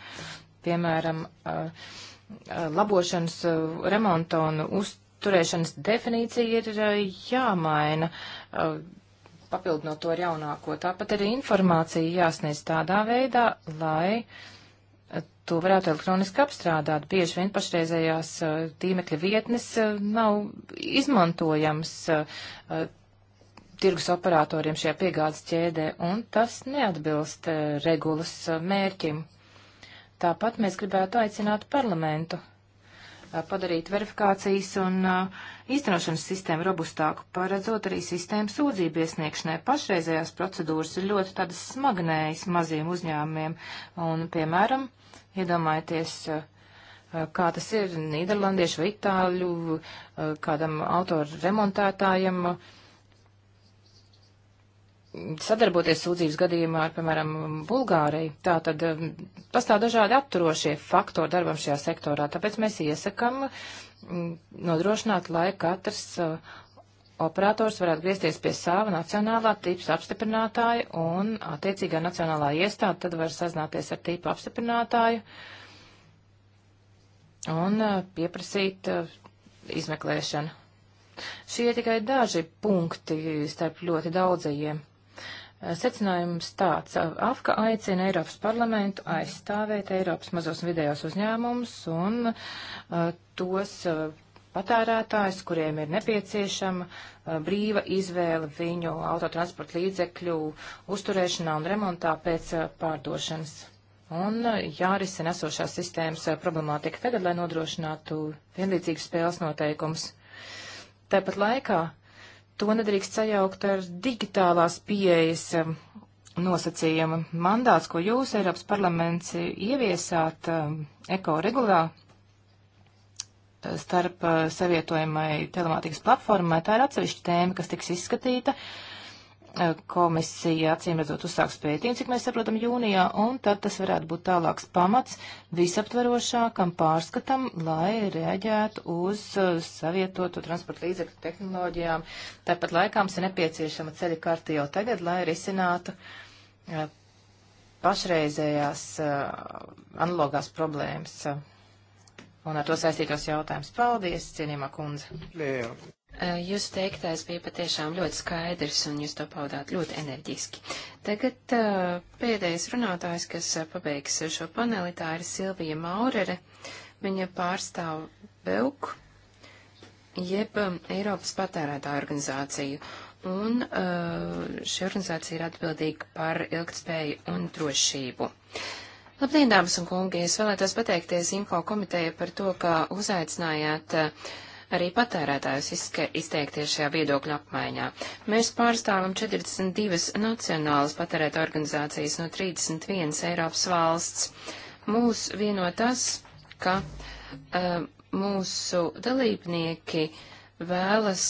piemēram, uh, labošanas remontonu uzturēšanu turēšanas definīcija ir eh, jāmaina, eh, papildinot to ar jaunāko. Tāpat arī informācija jāsniedz tādā veidā, lai eh, to varētu elektroniski apstrādāt. Bieži vien pašreizējās tīmekļa vietnes nav izmantojams tirgus operatoriem šajā piegādes ķēdē, un tas neatbilst regulas mērķim. Tāpat mēs gribētu aicināt parlamentu Eh, padarīt verifikācijas un eh, īstenošanas sistēmu robustāku, paredzot arī sistēmu sūdzību iesniegšanai. Pašreizējās procedūras ir ļoti tādas smagnējas maziem uzņēmumiem, un, piemēram, iedomājieties, eh, kā tas ir Nīderlandiešu vai Itāļu kādam autoremontētājam. remontētājam sadarboties sūdzības gadījumā ar, piemēram, Bulgāriju. Tā tad um, pastāv dažādi apturošie faktori darbam šajā sektorā, tāpēc mēs iesakam mm, nodrošināt, lai katrs uh, operators varētu griezties pie sava nacionālā tips apstiprinātāja un attiecīgā nacionālā iestāde tad var sazināties ar tipu apstiprinātāju un uh, pieprasīt uh, izmeklēšanu. Šie tikai daži punkti starp ļoti daudzajiem. Secinājums tāds. Afka aicina Eiropas parlamentu aizstāvēt Eiropas mazos un vidējos uzņēmumus un uh, tos uh, patērētājs, kuriem ir nepieciešama uh, brīva izvēle viņu autotransporta līdzekļu uzturēšanā un remontā pēc uh, pārdošanas. Un uh, jārisina esošās sistēmas uh, problemātika tagad, lai nodrošinātu vienlīdzīgas spēles noteikums. Tāpat laikā to nedrīkst sajaukt ar digitālās pieejas um, nosacījuma mandāts, ko jūs, Eiropas parlaments, ieviesāt um, eko regulā starp uh, savietojumai telemātikas platformai. Tā ir atsevišķa tēma, kas tiks izskatīta. Uh, komisija acīm redzot uzsāks pētījumu, cik mēs saprotam, jūnijā, un tad tas varētu būt tālāks pamats visaptverošākam pārskatam, lai reaģētu uz uh, savietotu transporta līdzekļu tehnoloģijām. Tāpat laikā mums ir nepieciešama ceļa karta jau tagad, lai risinātu uh, pašreizējās uh, analogās problēmas. Un ar to saistītos jautājums. Paldies, cienījumā kundze. Lēja. Jūs teiktais bija patiešām ļoti skaidrs, un jūs to paudāt ļoti enerģiski. Tagad pēdējais runātājs, kas pabeigs šo paneli, tā ir Silvija Maurere. Viņa pārstāv Belku, jeb Eiropas patērētāju organizāciju. Un šī organizācija ir atbildīga par ilgtspēju un drošību. Labdien, dāmas un kungi! Es vēlētos pateikties Inko komiteja par to, ka uzaicinājāt uh, arī patērētājus izteikties šajā viedokļu apmaiņā. Mēs pārstāvam 42 nacionālas patērēta organizācijas no 31 Eiropas valsts. Mūs vieno tas, ka uh, mūsu dalībnieki vēlas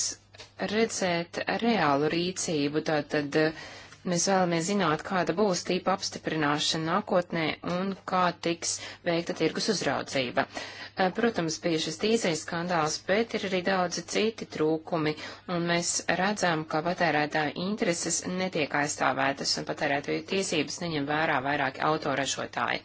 redzēt reālu rīcību, tātad uh, Mēs vēlamies zināt, kāda būs tīpa apstiprināšana nākotnē un kā tiks veikta tirgus uzraudzība. Eh, protams, bija šis dīzeļa skandāls, bet ir arī daudzi citi trūkumi, un mēs redzam, ka patērētāju intereses netiek aizstāvētas un patērētāju tiesības neņem vērā vairāki autoražotāji.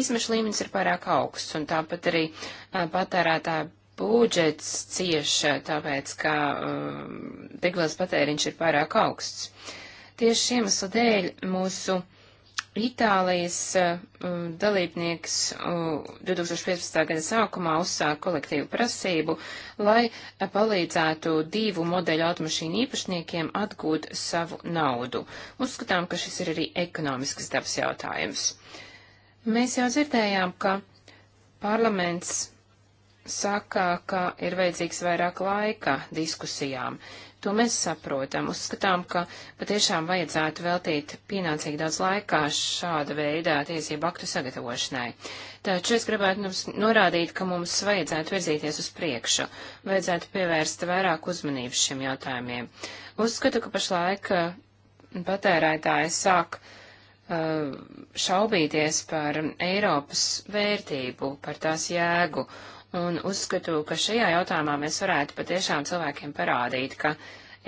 Īsmešu līmenis ir pārāk augsts, un tāpat arī eh, patērētāju budžets cieš, tāpēc, ka um, degvielas patēriņš ir pārāk augsts. Tieši iemesla dēļ mūsu Itālijas uh, dalībnieks uh, 2015. gada sākumā uzsāka kolektīvu prasību, lai uh, palīdzētu divu modeļu automašīnu īpašniekiem atgūt savu naudu. Uzskatām, ka šis ir arī ekonomisks dabas jautājums. Mēs jau dzirdējām, ka parlaments saka, ka ir vajadzīgs vairāk laika diskusijām. Uh, To mēs saprotam. Uzskatām, ka patiešām vajadzētu veltīt pienācīgi daudz laikā šāda veidā tiesību aktu sagatavošanai. Taču es gribētu jums norādīt, ka mums vajadzētu virzīties uz priekšu, vajadzētu pievērst vairāk uzmanības šiem jautājumiem. Uzskatu, ka pašlaik uh, patērētāji sāk uh, šaubīties par Eiropas vērtību, par tās jēgu, un uzskatu, ka šajā jautājumā mēs varētu patiešām cilvēkiem parādīt, ka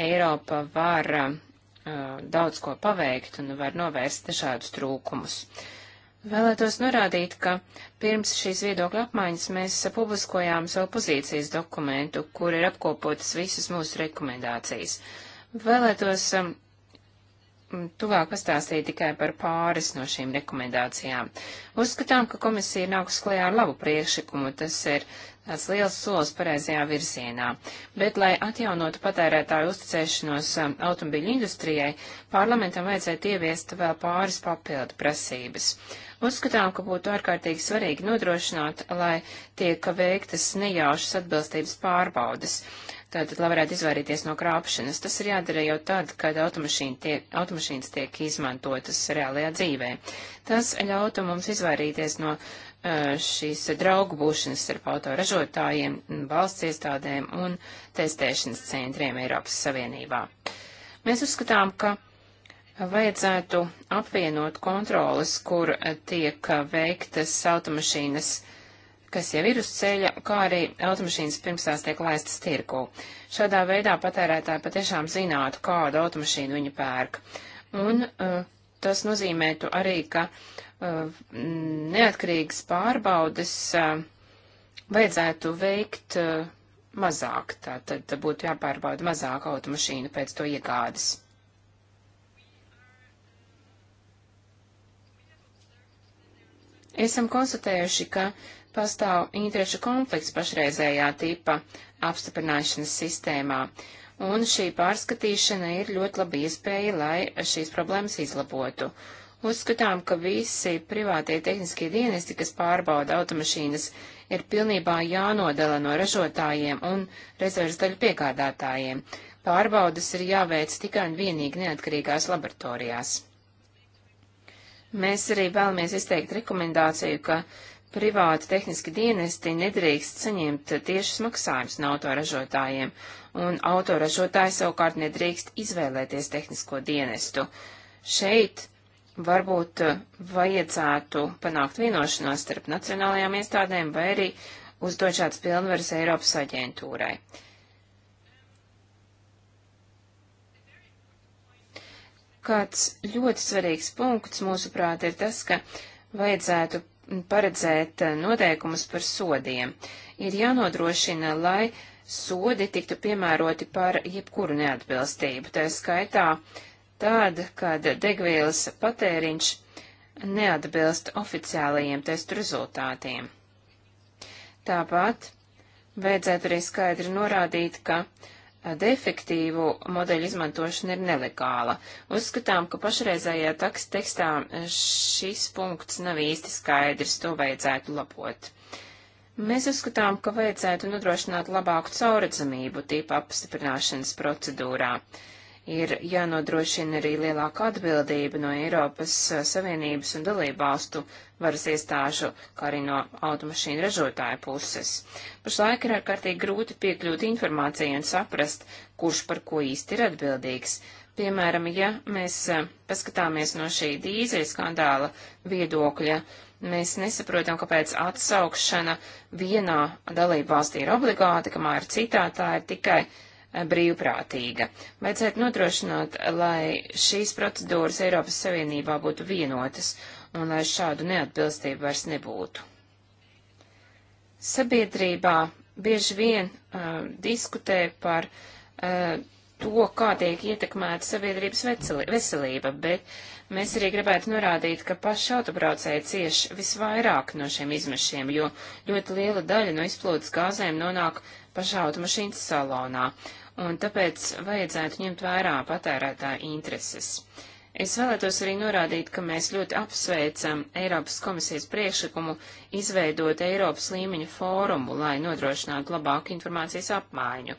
Eiropa var uh, daudz ko paveikt un var novērst dažādus trūkumus. Vēlētos norādīt, ka pirms šīs viedokļa apmaiņas mēs publiskojām savu pozīcijas dokumentu, kur ir apkopotas visas mūsu rekomendācijas. Vēlētos um, Mm, tuvāk pastāstīja tikai par pāris no šīm rekomendācijām. Uzskatām, ka komisija ir nākus klajā ar labu priekšlikumu, tas ir tāds liels solis pareizajā virzienā. Bet, lai atjaunotu patērētāju uzticēšanos um, automobiļu industrijai, parlamentam vajadzētu ieviest vēl pāris papildu prasības. Uzskatām, ka būtu ārkārtīgi svarīgi nodrošināt, lai tiek veiktas nejaušas atbilstības pārbaudas. Uh, tātad, lai varētu izvairīties no krāpšanas. Tas ir jādara jau tad, kad automašīna tiek, automašīnas tiek izmantotas reālajā dzīvē. Tas ļautu mums izvairīties no šīs draugu būšanas starp autoražotājiem, valsts iestādēm un testēšanas centriem Eiropas Savienībā. Mēs uzskatām, ka vajadzētu apvienot kontrolas, kur tiek veiktas automašīnas uh, kas jau ir uz ceļa, kā arī automašīnas pirms tās tiek laistas tirgu. Šādā veidā patērētāji patiešām zinātu, kādu automašīnu viņi pērk. Un uh, tas nozīmētu arī, ka uh, neatkarīgas pārbaudes uh, vajadzētu veikt uh, mazāk, tā tad būtu jāpārbauda mazāk automašīnu pēc to iegādes. Esam konstatējuši, ka uh, pastāv interešu konflikts pašreizējā tipa apstiprināšanas sistēmā, un šī pārskatīšana ir ļoti laba iespēja, lai šīs problēmas izlabotu. Uzskatām, ka visi privātie tehniskie dienesti, kas pārbauda automašīnas, ir pilnībā jānodala no ražotājiem un rezerves daļu piegādātājiem. Pārbaudas ir jāveic tikai un vienīgi neatkarīgās laboratorijās. Mēs arī vēlamies izteikt rekomendāciju, ka privāti tehniski dienesti nedrīkst saņemt tiešas maksājumus no autoražotājiem, un autoražotāji savukārt nedrīkst izvēlēties tehnisko dienestu. Šeit varbūt eh, vajadzētu panākt vienošanos starp nacionālajām iestādēm vai arī uzdot šāds pilnvaras Eiropas aģentūrai. Kāds ļoti svarīgs punkts, mūsuprāt, ir tas, ka vajadzētu paredzēt eh, noteikumus par sodiem. Ir jānodrošina, lai sodi tiktu piemēroti par jebkuru neatbilstību, tā skaitā tad, kad degvielas patēriņš neatbilst oficiālajiem testu rezultātiem. Tāpat vajadzētu arī skaidri norādīt, ka uh, defektīvu modeļu izmantošana ir nelegāla. Uzskatām, ka pašreizējā tekstā šis punkts nav īsti skaidrs, to vajadzētu labot. Mēs uzskatām, ka vajadzētu nodrošināt labāku caurredzamību tīpa apstiprināšanas procedūrā. Uh, ir jānodrošina arī lielāka atbildība no Eiropas eh, Savienības un dalībvalstu varas iestāžu, kā arī no automašīnu ražotāja puses. Pašlaik ir ārkārtīgi grūti piekļūt informācijai un saprast, kurš par ko īsti ir atbildīgs. Piemēram, ja mēs eh, paskatāmies no šī dīzeļa skandāla viedokļa, mēs nesaprotam, kāpēc atsaukšana vienā dalībvalstī ir obligāta, kamēr citā tā ir tikai Eh, brīvprātīga. Vajadzētu nodrošināt, lai šīs procedūras Eiropas Savienībā būtu vienotas un lai šādu neatbilstību vairs nebūtu. Sabiedrībā bieži vien uh, diskutē par uh, to, kā tiek ietekmēta sabiedrības veselība, bet mēs arī gribētu norādīt, ka paši autobraucēji cieš visvairāk no šiem izmešiem, jo ļoti liela daļa no izplūdes gāzēm nonāk uh, pašā automašīnas salonā, un tāpēc vajadzētu ņemt vērā patērētāja intereses. Es vēlētos arī norādīt, ka mēs ļoti apsveicam Eiropas komisijas priekšlikumu izveidot Eiropas līmeņa fórumu, lai nodrošinātu labāku informācijas apmaiņu.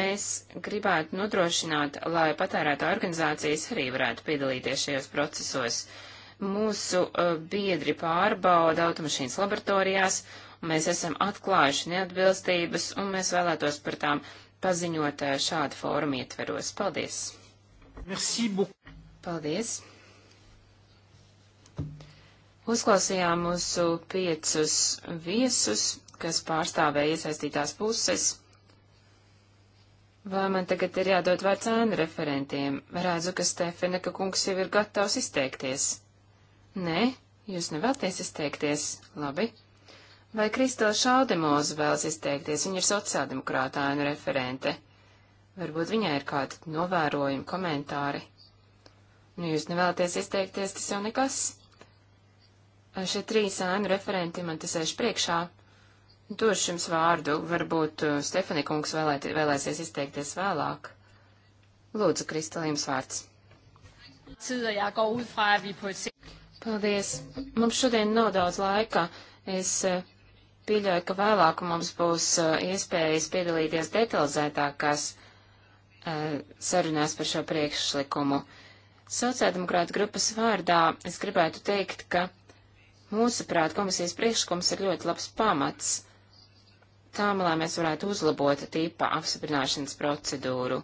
Mēs gribētu nodrošināt, lai patērētā organizācijas arī varētu piedalīties šajos procesos. Mūsu uh, biedri pārbauda automašīnas laboratorijās un mēs esam atklājuši neatbilstības, un mēs vēlētos par tām paziņot eh, šādu fórumu ietveros. Paldies! Merci beaucoup! Paldies! Uzklausījām mūsu piecus viesus, kas pārstāvēja iesaistītās puses. Vai man tagad ir jādod vārds ēnu referentiem? Redzu, ka Stefaneka kungs jau ir gatavs izteikties. Nē, jūs nevēlties izteikties. Labi. Vai Kristola Šaldemoza vēlas izteikties? Viņa ir sociāldemokrātāna referente. Varbūt viņai ir kādi novērojumi, komentāri. Nu, jūs nevēlaties izteikties, tas jau nekas. Šie trīs ēnu referenti man te sēž priekšā. Došu jums vārdu, varbūt uh, Stefani kungs vēlēt, vēlēsies izteikties vēlāk. Lūdzu, Kristola, jums vārds. Paldies. Mums šodien nav daudz laika. Es uh, pieļauju, ka vēlāk mums būs uh, iespējas piedalīties detalizētākās uh, sarunās par šo priekšlikumu. Sociāldemokrāta grupas vārdā es gribētu teikt, ka mūsuprāt komisijas priekšlikums ir ļoti labs pamats tām, lai mēs varētu uzlabot tīpa apsiprināšanas procedūru.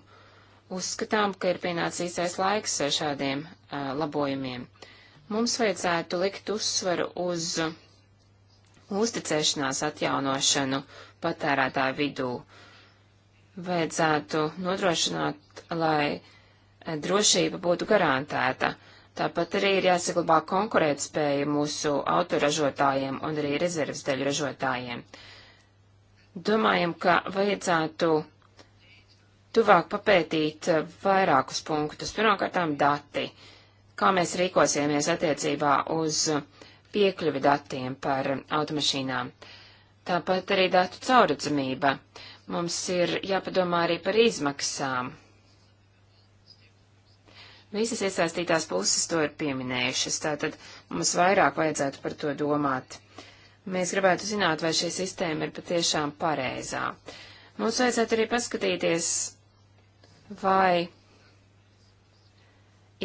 Uzskatām, ka ir pienācis īstais laiks šādiem uh, labojumiem. Mums vajadzētu likt uzsvaru uz uh, uzticēšanās atjaunošanu patērētāju vidū. Vajadzētu nodrošināt, lai eh, drošība būtu garantēta. Tāpat arī ir jāsaglabā konkurētspēja mūsu autoražotājiem un arī rezerves daļu ražotājiem. Domājam, ka vajadzētu tuvāk papētīt eh, vairākus punktus. Pirmkārtām dati, kā mēs rīkosimies attiecībā uz uh, piekļuvi datiem par automašīnām. Tāpat arī datu caurredzamība. Mums ir jāpadomā arī par izmaksām. Visas iesaistītās puses to ir pieminējušas, tātad mums vairāk vajadzētu par to domāt. Mēs gribētu zināt, vai šī sistēma ir patiešām pareizā. Mums vajadzētu arī paskatīties, vai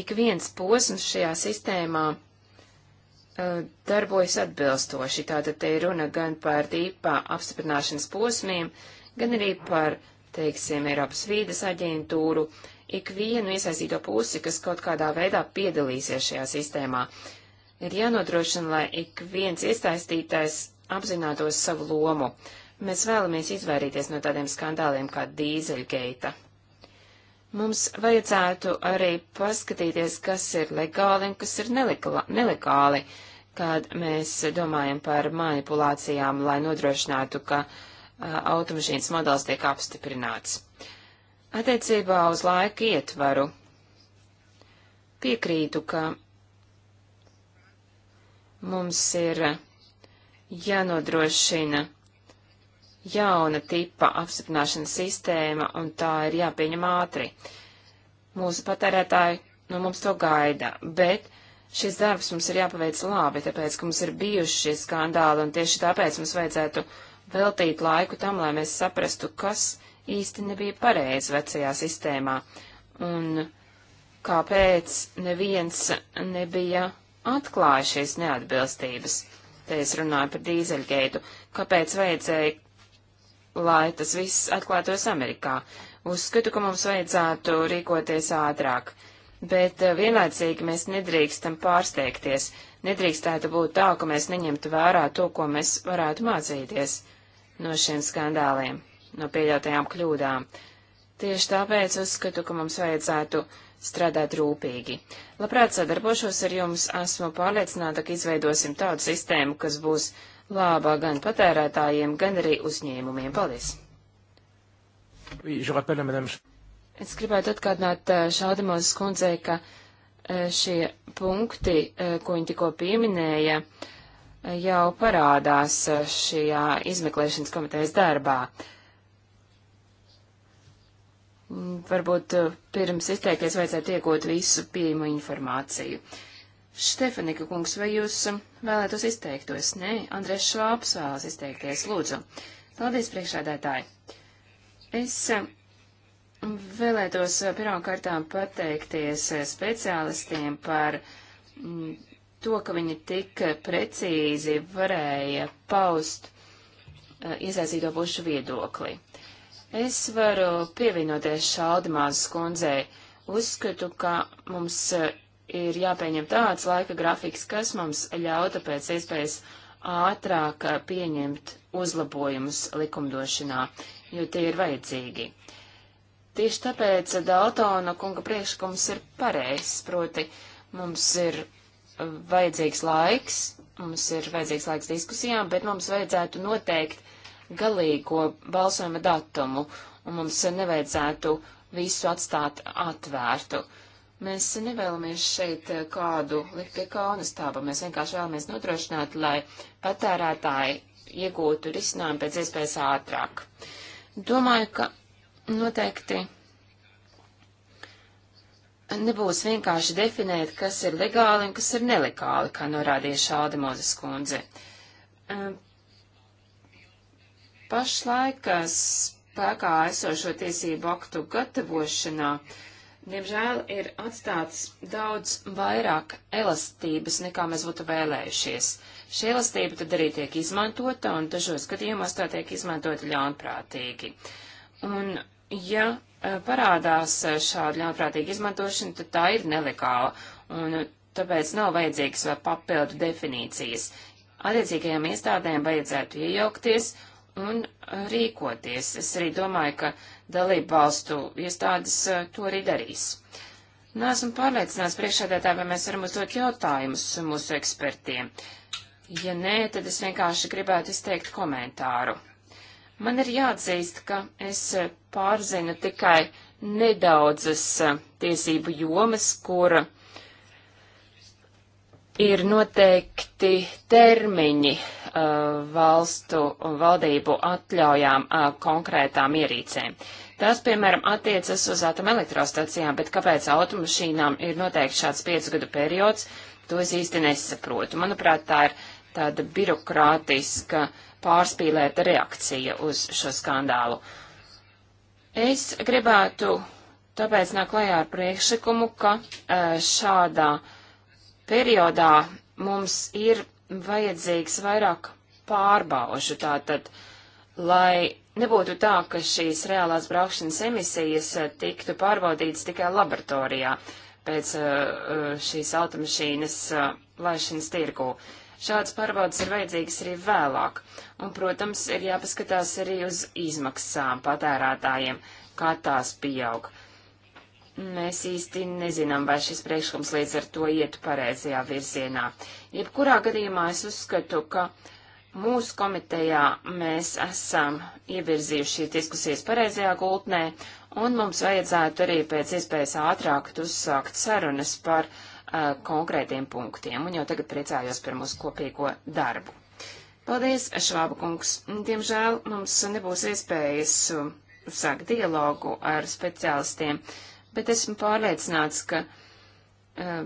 ik viens posms šajā sistēmā darbojas atbilstoši. Tātad te ir runa gan par dīpā apstiprināšanas posmiem, gan arī par, teiksim, Eiropas vīdes aģentūru, ikvienu iesaistīto pusi, kas kaut kādā veidā piedalīsies šajā sistēmā. Ir jānodrošina, lai ik viens iesaistītais apzinātos savu lomu. Mēs vēlamies izvairīties no tādiem skandāliem kā dīzeļgeita. Mums vajadzētu arī paskatīties, kas ir legāli un kas ir nelegāli, kad mēs domājam par manipulācijām, lai nodrošinātu, ka automašīnas modelis tiek apstiprināts. Attiecībā uz laika ietvaru piekrītu, ka mums ir jānodrošina jauna tipa apstiprināšanas sistēma, un tā ir jāpieņem ātri. Mūsu patērētāji no nu, mums to gaida, bet šis darbs mums ir jāpaveic labi, tāpēc, ka mums ir bijuši šie skandāli, un tieši tāpēc mums vajadzētu veltīt laiku tam, lai mēs saprastu, kas īsti nebija pareizi vecajā sistēmā, un kāpēc neviens nebija atklājis šīs neatbilstības. Te es runāju par dīzeļgeitu, kāpēc vajadzēja lai tas viss atklātos Amerikā. Uzskatu, ka mums vajadzētu rīkoties ātrāk, bet eh, vienlaicīgi mēs nedrīkstam pārsteigties, nedrīkstētu būt tā, ka mēs neņemtu vērā to, ko mēs varētu mācīties no šiem skandāliem, no pieļautajām kļūdām. Tieši tāpēc uzskatu, ka mums vajadzētu strādāt rūpīgi. Labprāt sadarbošos ar jums, esmu pārliecināta, ka izveidosim tādu sistēmu, kas būs labā gan patērētājiem, gan arī uzņēmumiem. Paldies! Es gribētu atkārtināt eh, Šādamozes kundzei, ka eh, šie punkti, eh, ko viņa tikko pieminēja, jau parādās šajā izmeklēšanas komitejas darbā. Mm, varbūt pirms izteikties vajadzētu iegūt visu pieejamu informāciju. Uh, Štefanika kungs, vai jūs um, vēlētos izteiktos? Nē, Andrēs Švāps vēlas izteikties, lūdzu. Paldies, priekšādētāji. Es um, vēlētos uh, pirmkārtām pateikties uh, speciālistiem par mm, to, ka viņi tik precīzi varēja paust uh, iesaistīto pušu viedokli. Es varu pievienoties Šaldimās kundzei. Uzskatu, ka mums ir jāpieņem tāds laika grafiks, kas mums ļauta pēc iespējas ātrāk pieņemt uzlabojumus likumdošanā, jo tie ir vajadzīgi. Tieši tāpēc Daltona kunga priekšlikums ir pareizs, proti mums ir vajadzīgs laiks, mums ir vajadzīgs laiks diskusijām, bet mums vajadzētu noteikt galīgo balsojuma datumu, un mums nevajadzētu visu atstāt atvērtu. Uh, Mēs nevēlamies šeit eh, kādu likt pie kauna stāva, mēs vienkārši vēlamies nodrošināt, lai patērētāji iegūtu risinājumu pēc iespējas ātrāk. Domāju, ka noteikti nebūs vienkārši definēt, kas ir legāli un kas ir nelegāli, kā norādīja Šāda Mozes kundze. Ehm, pašlaik eh, spēkā esošo tiesību aktu gatavošanā uh, Diemžēl ir atstāts daudz vairāk elastības, nekā mēs būtu vēlējušies. Šī elastība tad arī tiek izmantota, un dažos gadījumos tā tiek izmantota ļaunprātīgi. Un, ja e, parādās šāda ļaunprātīga izmantošana, tad tā ir nelegāla, un tāpēc nav vajadzīgas vēl papildu definīcijas. Attiecīgajām iestādēm vajadzētu iejaukties un rīkoties. Es arī domāju, ka dalību valstu iestādes eh, to arī darīs. Nu, esmu pārliecināts priekšādētā, vai mēs varam uzdot jautājumus mūsu ekspertiem. Ja nē, tad es vienkārši gribētu izteikt komentāru. Man ir jāatzīst, ka es eh, pārzinu tikai nedaudzas eh, tiesību jomas, kura ir noteikti termiņi Uh, valstu valdību atļaujām uh, konkrētām ierīcēm. Tas, piemēram, attiecas uz atomelektrostacijām, bet kāpēc automašīnām ir noteikti šāds piecu gadu periods, to es īsti nesaprotu. Manuprāt, tā ir tāda birokrātiska pārspīlēta reakcija uz šo skandālu. Es gribētu tāpēc nāk klajā ar priekšlikumu, ka uh, šādā periodā mums ir vajadzīgs vairāk pārbaužu tātad, lai nebūtu tā, ka šīs reālās braukšanas emisijas eh, tiktu pārbaudītas tikai laboratorijā pēc eh, eh, šīs automašīnas laišanas tirgū. Šādas pārbaudas ir vajadzīgas arī vēlāk, un, protams, ir jāpaskatās arī uz izmaksām patērētājiem, kā tās pieaug. Mēs īsti nezinām, vai šis priekšlikums līdz ar to iet pareizajā virzienā. Jebkurā gadījumā es uzskatu, ka mūsu komitejā mēs esam ievirzījuši diskusijas pareizajā gultnē, un mums vajadzētu arī pēc iespējas ātrāk uzsākt sarunas par uh, konkrētiem punktiem, un jau tagad priecājos par mūsu kopīgo darbu. Paldies, Švāba kungs. Diemžēl mums nebūs iespējas uh, uzsākt dialogu ar speciālistiem. Uh, bet esmu pārliecināts, ka uh,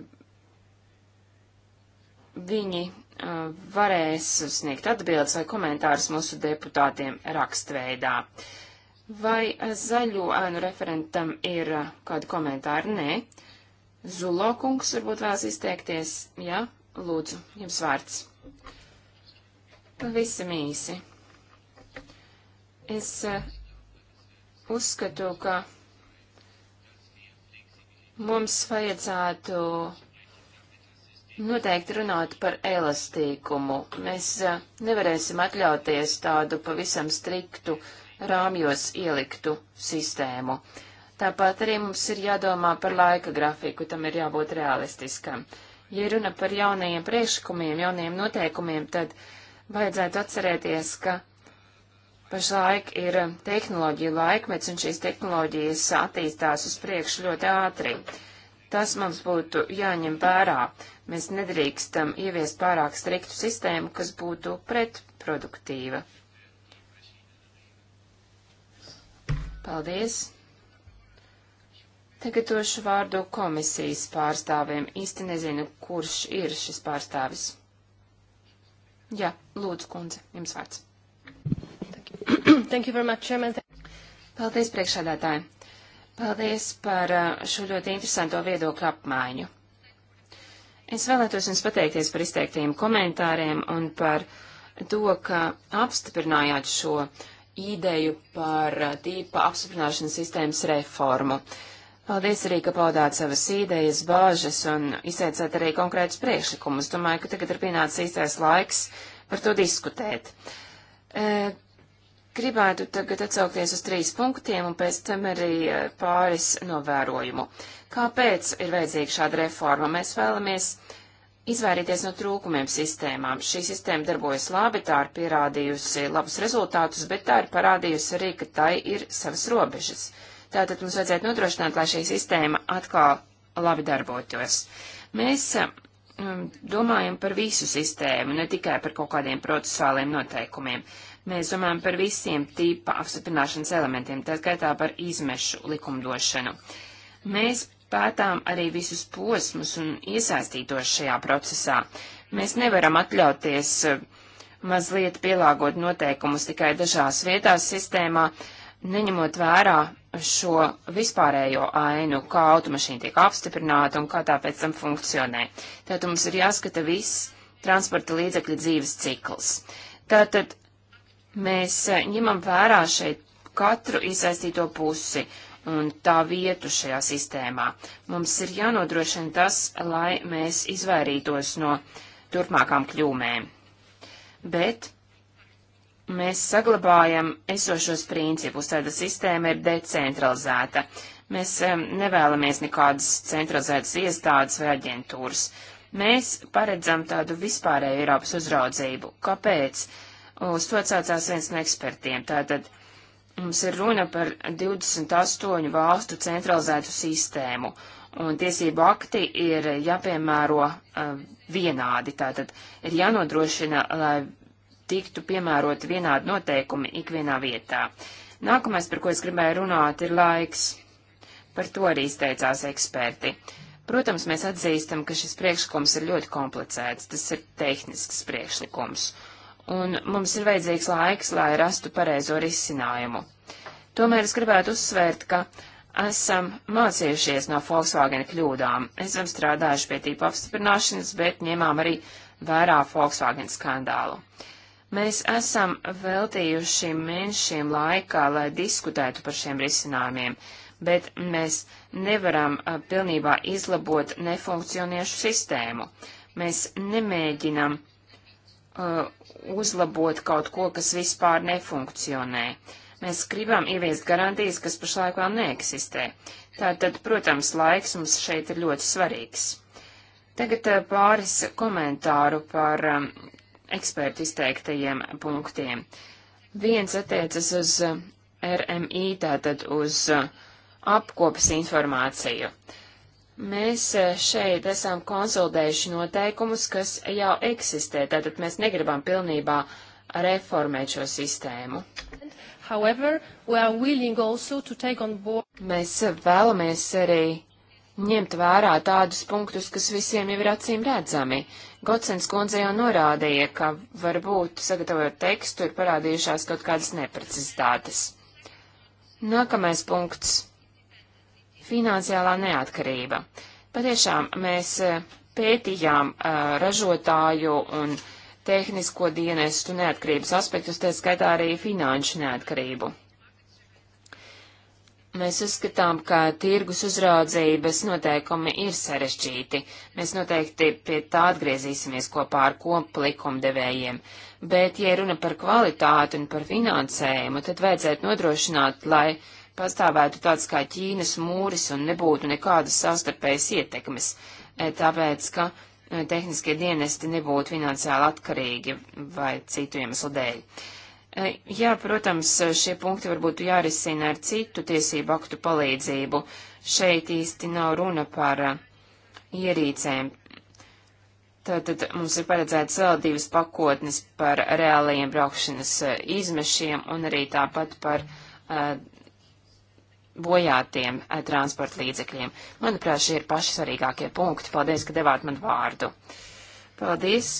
viņi uh, varēs sniegt atbildes vai komentārus mūsu deputātiem rakstveidā. Vai eh, zaļo ēnu referentam ir uh, kādi komentāri? Nē. Zulokungs varbūt vēlas izteikties. Jā, lūdzu, jums vārds. Pavisam īsi. Es uh, uzskatu, ka Mums vajadzētu noteikti runāt par elastīkumu. Mēs eh, nevarēsim atļauties tādu pavisam striktu rāmjos ieliktu sistēmu. Tāpat arī mums ir jādomā par laika grafiku, tam ir jābūt realistiskam. Ja runa par jaunajiem priekšlikumiem, jaunajiem noteikumiem, tad vajadzētu atcerēties, ka Pašlaik ir tehnoloģija laikmets, un šīs tehnoloģijas attīstās uz priekšu ļoti ātri. Tas mums būtu jāņem vērā. Mēs nedrīkstam ieviest pārāk striktu sistēmu, kas būtu pretproduktīva. Paldies! Tagad došu vārdu komisijas pārstāvim. Īsti nezinu, kurš ir šis pārstāvis. Jā, lūdzu, kundze, jums vārds. Thank you very much, Chairman. Paldies, priekšādātāji. Paldies par uh, šo ļoti interesanto viedokļu apmaiņu. Es vēlētos jums pateikties par izteiktajiem komentāriem un par to, ka apstiprinājāt šo ideju par uh, tīpa apstiprināšanas sistēmas reformu. Paldies arī, ka paudāt savas idejas, bāžas un izteicāt arī konkrētus priekšlikumus. Domāju, ka tagad ir pienācis īstais laiks par to diskutēt. E, Gribētu tagad atsaukties uz trīs punktiem un pēc tam arī eh, pāris novērojumu. Kāpēc ir vajadzīga šāda reforma? Mēs vēlamies izvairīties no trūkumiem sistēmām. Šī sistēma darbojas labi, tā ir pierādījusi labus rezultātus, bet tā ir parādījusi arī, ka tai ir savas robežas. Tātad mums vajadzētu nodrošināt, lai šī sistēma atkal labi darbotos. Mēs um, domājam par visu sistēmu, ne tikai par kaut kādiem procesuāliem noteikumiem. Mēs domājam par visiem tīpa apstiprināšanas elementiem, tā skaitā par izmešu likumdošanu. Mēs pētām arī visus posmus un iesaistītos šajā procesā. Mēs nevaram atļauties eh, mazliet pielāgot noteikumus tikai dažās vietās sistēmā, neņemot vērā šo vispārējo ainu, kā automašīna tiek apstiprināta un kā tā pēc tam funkcionē. Tātad mums ir jāskata viss transporta līdzekļa dzīves cikls. Tātad Mēs eh, ņemam vērā šeit katru iesaistīto pusi un tā vietu šajā sistēmā. Mums ir jānodrošina tas, lai mēs izvairītos no turpmākām kļūmēm. Bet mēs saglabājam esošos principus, tāda sistēma ir decentralizēta. Mēs um, nevēlamies nekādas centralizētas iestādes vai aģentūras. Mēs paredzam tādu vispārēju Eiropas uzraudzību. Kāpēc? Uz to atsaucās viens no ekspertiem. Tātad mums ir runa par 28 valstu centralizētu sistēmu, un tiesību akti ir jāpiemēro uh, vienādi. Tātad ir jānodrošina, lai tiktu piemēroti vienādi noteikumi ikvienā vietā. Nākamais, par ko es gribēju runāt, ir laiks. Par to arī izteicās eksperti. Protams, mēs atzīstam, ka šis priekšlikums ir ļoti komplicēts, tas ir tehnisks priekšlikums. Uh, un mums ir vajadzīgs laiks, lai rastu pareizo risinājumu. Tomēr es gribētu uzsvērt, ka esam mācījušies no Volkswagen kļūdām. Esam strādājuši pie tīpa apstiprināšanas, bet ņēmām arī vērā Volkswagen skandālu. Mēs esam veltījuši mēnešiem laikā, lai diskutētu par šiem risinājumiem, bet mēs nevaram a, pilnībā izlabot nefunkcioniešu sistēmu. Mēs nemēģinam uh, uzlabot kaut ko, kas vispār nefunkcionē. Mēs gribam ieviest garantijas, kas pašlaik vēl neeksistē. Tātad, protams, laiks mums šeit ir ļoti svarīgs. Tagad eh, pāris komentāru par um, ekspertu izteiktajiem punktiem. Viens attiecas uz eh, RMI, tātad uz eh, apkopas informāciju. Uh, Mēs e, šeit esam konsolidējuši noteikumus, kas jau eksistē, tātad mēs negribam pilnībā reformēt šo sistēmu. However, board... Mēs vēlamies arī ņemt vērā tādus punktus, kas visiem jau ir acīm redzami. Gocens kundze jau norādīja, ka varbūt sagatavojot tekstu ir parādījušās kaut kādas neprecizitātes. Nākamais punkts finansiālā neatkarība. Patiešām mēs e, pētījām uh, ražotāju un tehnisko dienestu neatkarības aspektus, tā skaitā arī finanšu neatkarību. Mēs uzskatām, ka tirgus uzraudzības noteikumi ir sarežģīti. Mēs noteikti pie tā atgriezīsimies kopā ar koplikumdevējiem. Bet, ja runa par kvalitāti un par finansējumu, tad vajadzētu nodrošināt, lai uh, pastāvētu tāds kā Ķīnas mūris un nebūtu nekādas savstarpējas ietekmes, e, tāpēc, ka e, tehniskie dienesti nebūtu finansiāli atkarīgi vai citu iemeslu dēļ. E, jā, protams, šie punkti varbūt jārisina ar citu tiesību aktu palīdzību. Šeit īsti nav runa par ierīcēm. Tātad mums ir paredzēts vēl divas pakotnes par reālajiem braukšanas izmešiem un arī tāpat par uh, bojātiem eh, transporta līdzekļiem. Manuprāt, šie ir paši svarīgākie punkti. Paldies, ka devāt man vārdu. Paldies.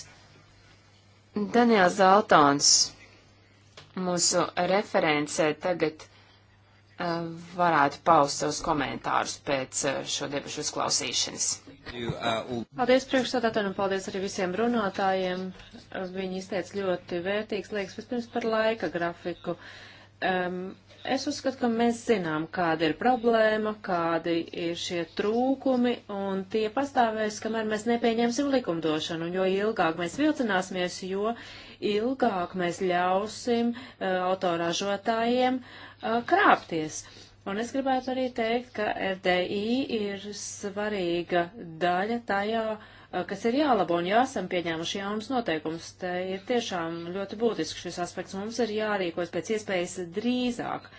Daniels Daltons, mūsu reference eh, tagad uh, varētu paust savus komentārus pēc uh, šo debašu uzklausīšanas. Paldies priekšsādātājiem un paldies arī visiem runātājiem. Viņi izteica ļoti vērtīgs liekas vispirms par laika grafiku. Um, Es uzskatu, ka mēs zinām, kāda ir problēma, kādi ir šie trūkumi, un tie pastāvēs, kamēr mēs nepieņemsim likumdošanu, un jo ilgāk mēs vilcināsimies, jo ilgāk mēs ļausim uh, autoražotājiem uh, krāpties. Un es gribētu arī teikt, ka FDI ir svarīga daļa tajā, uh, Eh, kas ir jālabo un jāsam pieņēmuši jaunus noteikumus. Te ir tiešām ļoti būtisks šis aspekts. Mums ir jārīkojas pēc iespējas drīzāk.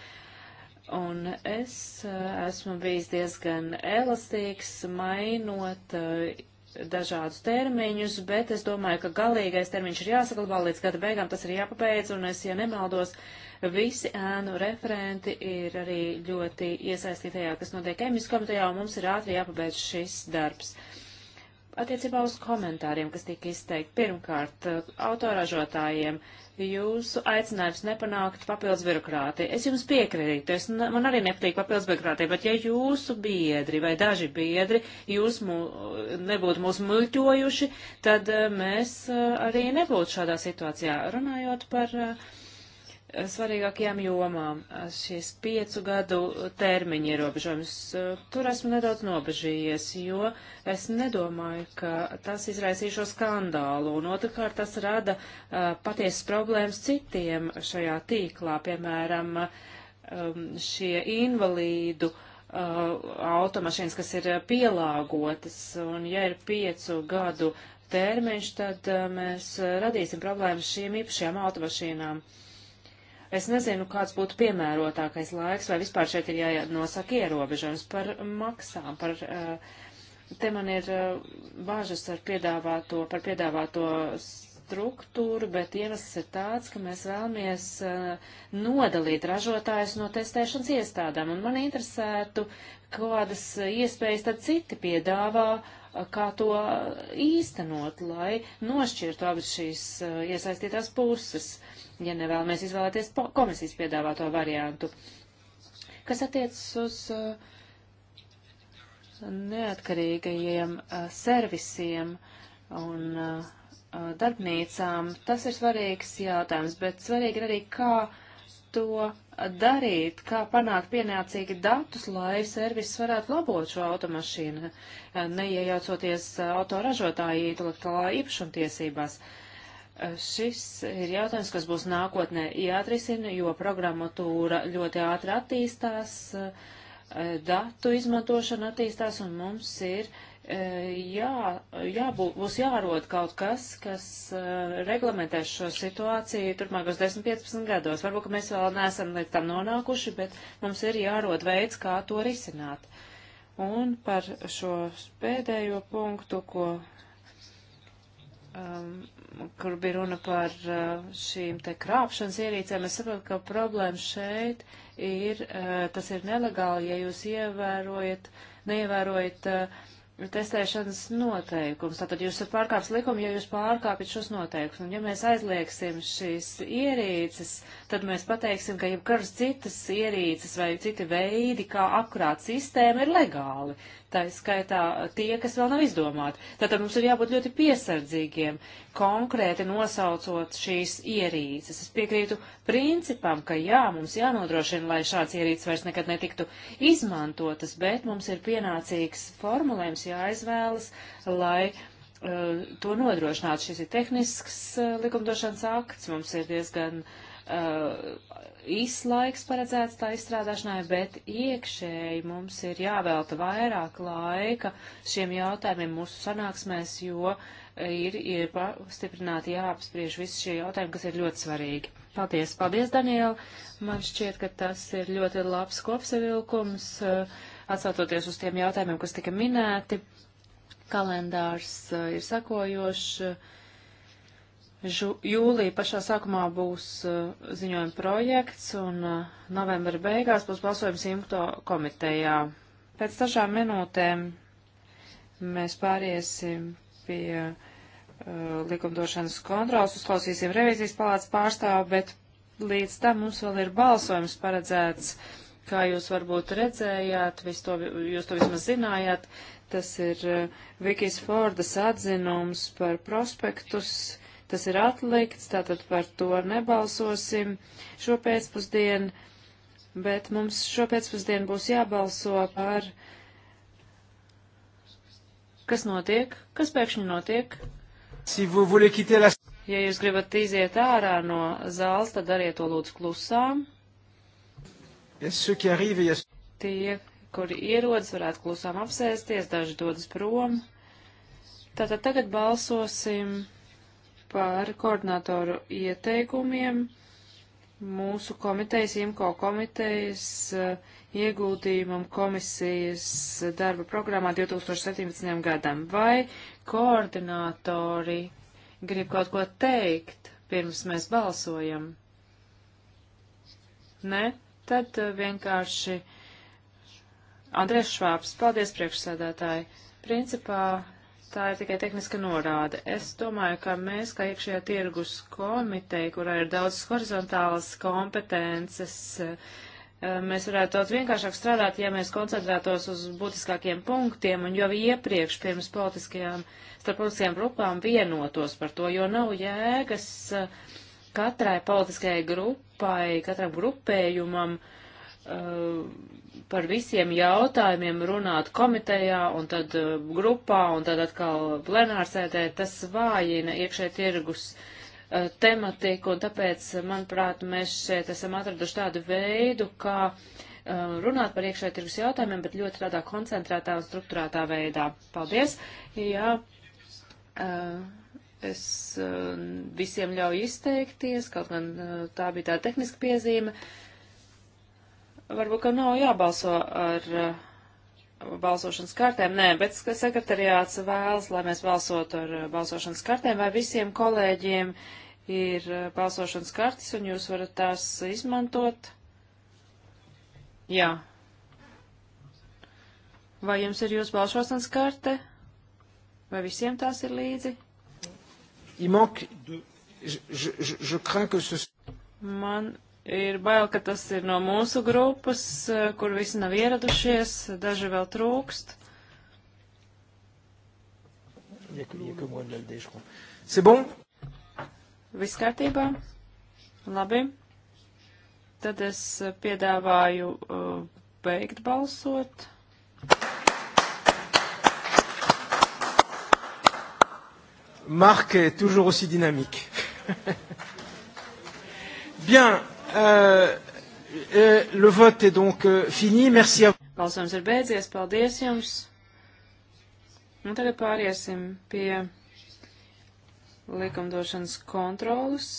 Un es eh, esmu bijis diezgan elastīgs, mainot eh, dažādus termiņus, bet es domāju, ka galīgais termiņš ir jāsaglabā līdz gada beigām, tas ir jāpabeidz, un es, ja nemaldos, visi ēnu referenti ir arī ļoti iesaistītajā, kas notiek emisijas komitejā, un mums ir ātri jāpabeidz šis darbs. Uh, Attiecībā uz komentāriem, kas tika izteikti, pirmkārt, autoražotājiem jūsu aicinājums nepanākt papildus birokrātiju. Es jums piekrītu, es, man arī nepatīk papildus birokrātija, bet ja jūsu biedri vai daži biedri jūs mū, nebūtu mūs muļķojuši, tad eh, mēs eh, arī nebūtu šādā situācijā. Runājot par uh, svarīgākajām jomām. Šis piecu gadu termiņa ierobežojums, eh, tur esmu nedaudz nobežījies, jo es nedomāju, ka tas izraisīšo skandālu, un otrkārt tas rada uh, patiesas problēmas citiem šajā tīklā, piemēram, um, šie invalīdu uh, automašīnas, kas ir pielāgotas, un ja ir piecu gadu termiņš, tad uh, mēs radīsim problēmas šīm īpašajām automašīnām. Uh, Es nezinu, kāds būtu piemērotākais laiks, vai vispār šeit ir jānosaka ierobežojums par maksām, par, eh, te man ir eh, bāžas ar piedāvāto, par piedāvāto struktūru, bet iemesls ir tāds, ka mēs vēlamies eh, nodalīt ražotājus no testēšanas iestādām, un man interesētu, kādas iespējas tad citi piedāvā, kā to īstenot, lai nošķirtu abas šīs iesaistītās puses ja nevēlamies izvēlēties komisijas piedāvāto variantu. Kas attiecas uz uh, neatkarīgajiem uh, servisiem un uh, darbnīcām, tas ir svarīgs jautājums, bet svarīgi ir arī, kā to darīt, kā panākt pienācīgi datus, lai servis varētu labot šo automašīnu, neiejaucoties autoražotāju intelektuālā īpašumtiesībās. tiesībās Šis ir jautājums, kas būs nākotnē jāatrisina, jo programmatūra ļoti ātri attīstās, e, datu izmantošana attīstās, un mums ir e, jā, jābū, būs jārod kaut kas, kas e, reglamentēs šo situāciju turpmākos 10-15 gados. Varbūt, ka mēs vēl neesam līdz tam nonākuši, bet mums ir jārod veids, kā to risināt. Un par šo pēdējo punktu, ko um, kur bija runa par uh, šīm te krāpšanas ierīcēm, es saprotu, ka problēma šeit ir, uh, tas ir nelegāli, ja jūs ievērojat, neievērojat uh, testēšanas noteikums. Tātad jūs esat pārkāpis likumu, ja jūs pārkāpjat šos noteikumus. Un ja mēs aizliegsim šīs ierīces, tad mēs pateiksim, ka jebkuras citas ierīces vai citi veidi, kā apkrāt sistēmu, ir legāli tā skaitā tie, kas vēl nav izdomāti. Tātad mums ir jābūt ļoti piesardzīgiem, konkrēti nosaucot šīs ierīces. Es piekrītu principam, ka jā, mums jānodrošina, lai šāds ierīces vairs nekad netiktu izmantotas, bet mums ir pienācīgs formulējums jāizvēlas, lai uh, to nodrošinātu. Šis ir tehnisks uh, likumdošanas akts, mums ir diezgan. Uh, izslaiks paredzēts tā izstrādāšanai, bet iekšēji mums ir jāvelta vairāk laika šiem jautājumiem mūsu sanāksmēs, jo ir, ir pastiprināti jāapspriež visi šie jautājumi, kas ir ļoti svarīgi. Paldies, paldies, Daniela. Man šķiet, ka tas ir ļoti labs kopsavilkums, eh, atsaucoties uz tiem jautājumiem, kas tika minēti. Kalendārs eh, ir sakojošs. Žu, jūlija pašā sākumā būs uh, ziņojuma projekts un uh, novembra beigās būs balsojums imto komitejā. Pēc dažām minūtēm mēs pāriesim pie uh, likumdošanas kontrols, uzklausīsim revizijas palātas pārstāvu, bet līdz tam mums vēl ir balsojums paredzēts, kā jūs varbūt redzējāt, to, jūs to vismaz zinājāt, tas ir uh, Vikijas Fordas atzinums par prospektus Tas ir atlikts, tātad par to nebalsosim šo pēcpusdienu, bet mums šo pēcpusdienu būs jābalso par. Kas notiek? Kas pēkšņi notiek? Si vous voulez quitter la... Ja jūs gribat iziet ārā no zāles, tad dariet to lūdzu klusām. Yes, arrive, yes. Tie, kuri ierodas, varētu klusām apsēsties, daži dodas prom. Tātad tagad balsosim par koordinatoru ieteikumiem mūsu komitejas, IMCO komitejas eh, ieguldījumam komisijas darba programmā 2017. gadam. Vai koordinatori grib kaut ko teikt, pirms mēs balsojam? Nē? Tad eh, vienkārši Andrēs Švāps, paldies priekšsēdētāji. Principā tā ir tikai tehniska norāde. Es domāju, ka mēs, kā iekšējā tirgus komiteja, kurā ir daudz horizontālas kompetences, eh, mēs varētu daudz vienkāršāk strādāt, ja mēs koncentrētos uz būtiskākiem punktiem un jau iepriekš pirms politiskajām, starp politiskajām grupām vienotos par to, jo nav jēgas eh, katrai politiskajai grupai, katram grupējumam uh, par visiem jautājumiem runāt komitejā un tad eh, grupā un tad atkal plenārsēdē, tas vājina iekšē tirgus uh, tematiku, un tāpēc, manuprāt, mēs šeit esam atraduši tādu veidu, kā uh, runāt par iekšē tirgus jautājumiem, bet ļoti tādā koncentrētā un struktūrētā veidā. Paldies! Jā, es visiem ļauju izteikties, kaut gan tā bija tā tehniska piezīme varbūt, ka nav jābalso ar uh, balsošanas kartēm. Nē, bet sekretariāts vēlas, lai mēs balsotu ar uh, balsošanas kartēm, vai visiem kolēģiem ir uh, balsošanas kartes un jūs varat tās izmantot? Jā. Vai jums ir jūsu balsošanas karte? Vai visiem tās ir līdzi? Il manque de... Je, je, je crains que ce... Man Ir bail, ka tas ir no mūsu grupas, eh, kur visi nav ieradušies, daži vēl trūkst. Bon? Viss kārtībā? Labi. Tad es eh, piedāvāju uh, beigt balsot. Marc est toujours aussi dynamique. Bien, Euh, euh, le vote est donc euh, fini. Merci à vous. Balsojums ir beidzies. Paldies jums. Un tagad pāriesim pie likumdošanas kontrolas.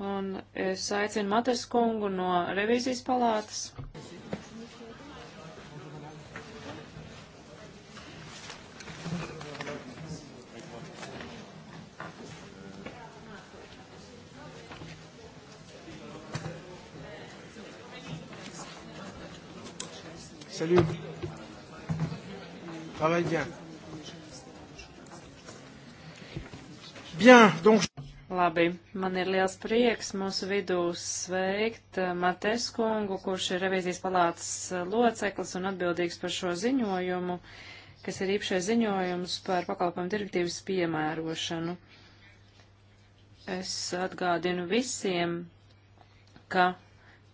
Un es aicinu Matas kungu no revīzijas palātas. Salut. Travaille bien. Bien, donc. Labi, man ir liels prieks mūsu vidū sveikt eh, Mates kungu, kurš ir revīzijas palātas eh, loceklis un atbildīgs par šo ziņojumu, kas ir īpašais ziņojums par pakalpojumu direktīvas piemērošanu. Es atgādinu visiem, ka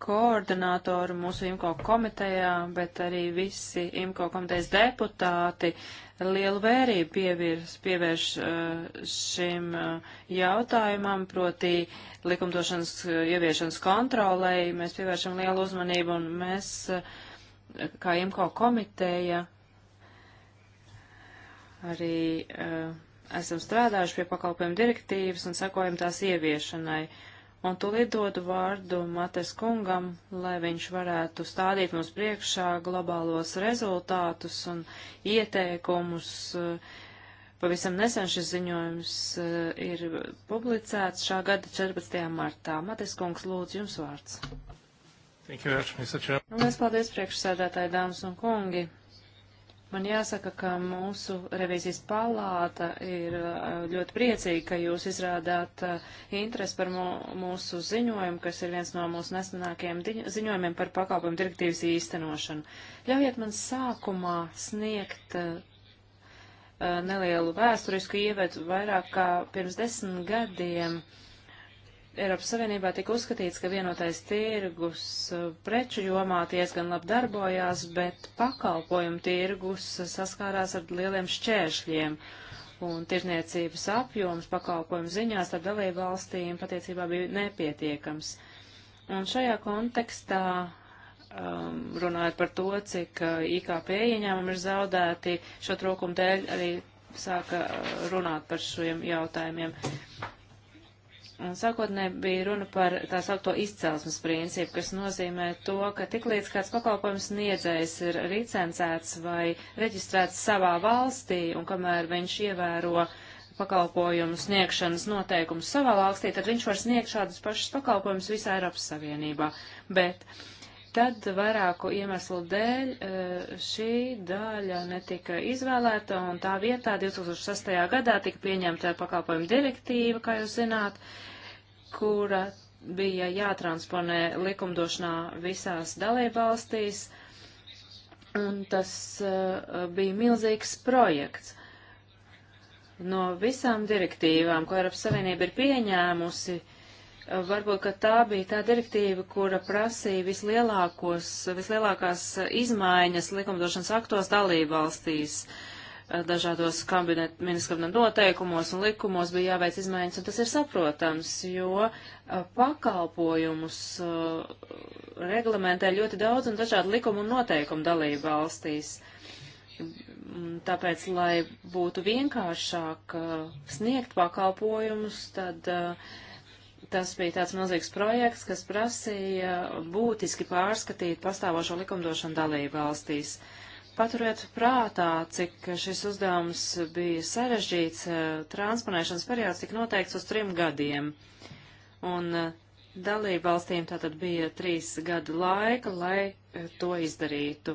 koordinātori mūsu IMCO komitejā, bet arī visi IMCO komitejas deputāti lielu vērību pievirs, pievērš eh, šim eh, jautājumam, proti likumdošanas eh, ieviešanas kontrolei. Mēs pievēršam lielu uzmanību un mēs, kā IMCO komiteja, arī esam strādājuši pie pakalpojumu direktīvas un sekojam tās ieviešanai. Uh, un tūlīt dodu vārdu Mates kungam, lai viņš varētu stādīt mums priekšā globālos rezultātus un ieteikumus. Pavisam nesen šis ziņojums eh, ir publicēts šā gada 14. martā. Mates kungs, lūdzu, jums vārds. Lielas paldies priekšsēdētāji, dāmas un kungi. Man jāsaka, ka mūsu revīzijas palāta ir eh, ļoti priecīga, ka jūs izrādāt eh, interesi par mūsu ziņojumu, kas ir viens no mūsu nesenākajiem ziņojumiem par pakalpojumu direktīvas īstenošanu. Ļaujiet man sākumā sniegt eh, nelielu vēsturisku ievedu vairāk kā pirms desmit gadiem. Uh, Eiropas Savienībā tika uzskatīts, ka vienotais tirgus uh, preču jomā diezgan labi darbojās, bet pakalpojumu tirgus uh, saskārās ar lieliem šķēršļiem. Un tirzniecības apjoms pakalpojumu ziņā starp dalību valstīm patiecībā bija nepietiekams. Un šajā kontekstā um, runājot par to, cik uh, IKP ieņēmumi ir zaudēti, šo trūkumu dēļ arī sāka uh, runāt par šiem jautājumiem. Sākotnē bija runa par tā saukto izcelsmes principu, kas nozīmē to, ka tiklīdz kāds pakalpojums sniedzējs ir licencēts vai reģistrēts savā valstī un kamēr viņš ievēro pakalpojumu sniegšanas noteikumus savā valstī, tad viņš var sniegt šādus pašus pakalpojumus visā Eiropas Savienībā. Bet tad vairāku iemeslu dēļ eh, šī daļa netika izvēlēta un tā vietā 2006. gadā tika pieņemta pakalpojumu direktīva, kā jūs zināt kura bija jātransponē likumdošanā visās dalībvalstīs, un tas uh, bija milzīgs projekts. No visām direktīvām, ko Eiropas Savienība ir pieņēmusi, eh, varbūt, ka tā bija tā direktīva, kura prasīja vislielākos, vislielākās eh, izmaiņas likumdošanas aktos dalībvalstīs. valstīs dažādos kabinet, ministrkabina noteikumos un likumos bija jāveic izmaiņas, un tas ir saprotams, jo pakalpojumus reglamentē ļoti daudz un dažādu likumu un noteikumu dalību valstīs. Tāpēc, lai būtu vienkāršāk sniegt pakalpojumus, tad tas bija tāds milzīgs projekts, kas prasīja būtiski pārskatīt pastāvošo likumdošanu dalību valstīs. Uh, paturēt prātā, cik šis uzdevums bija sarežģīts. Eh, transponēšanas periods tika noteikts uz trim gadiem. Un eh, dalību valstīm tātad bija trīs gadu laika, lai eh, to izdarītu.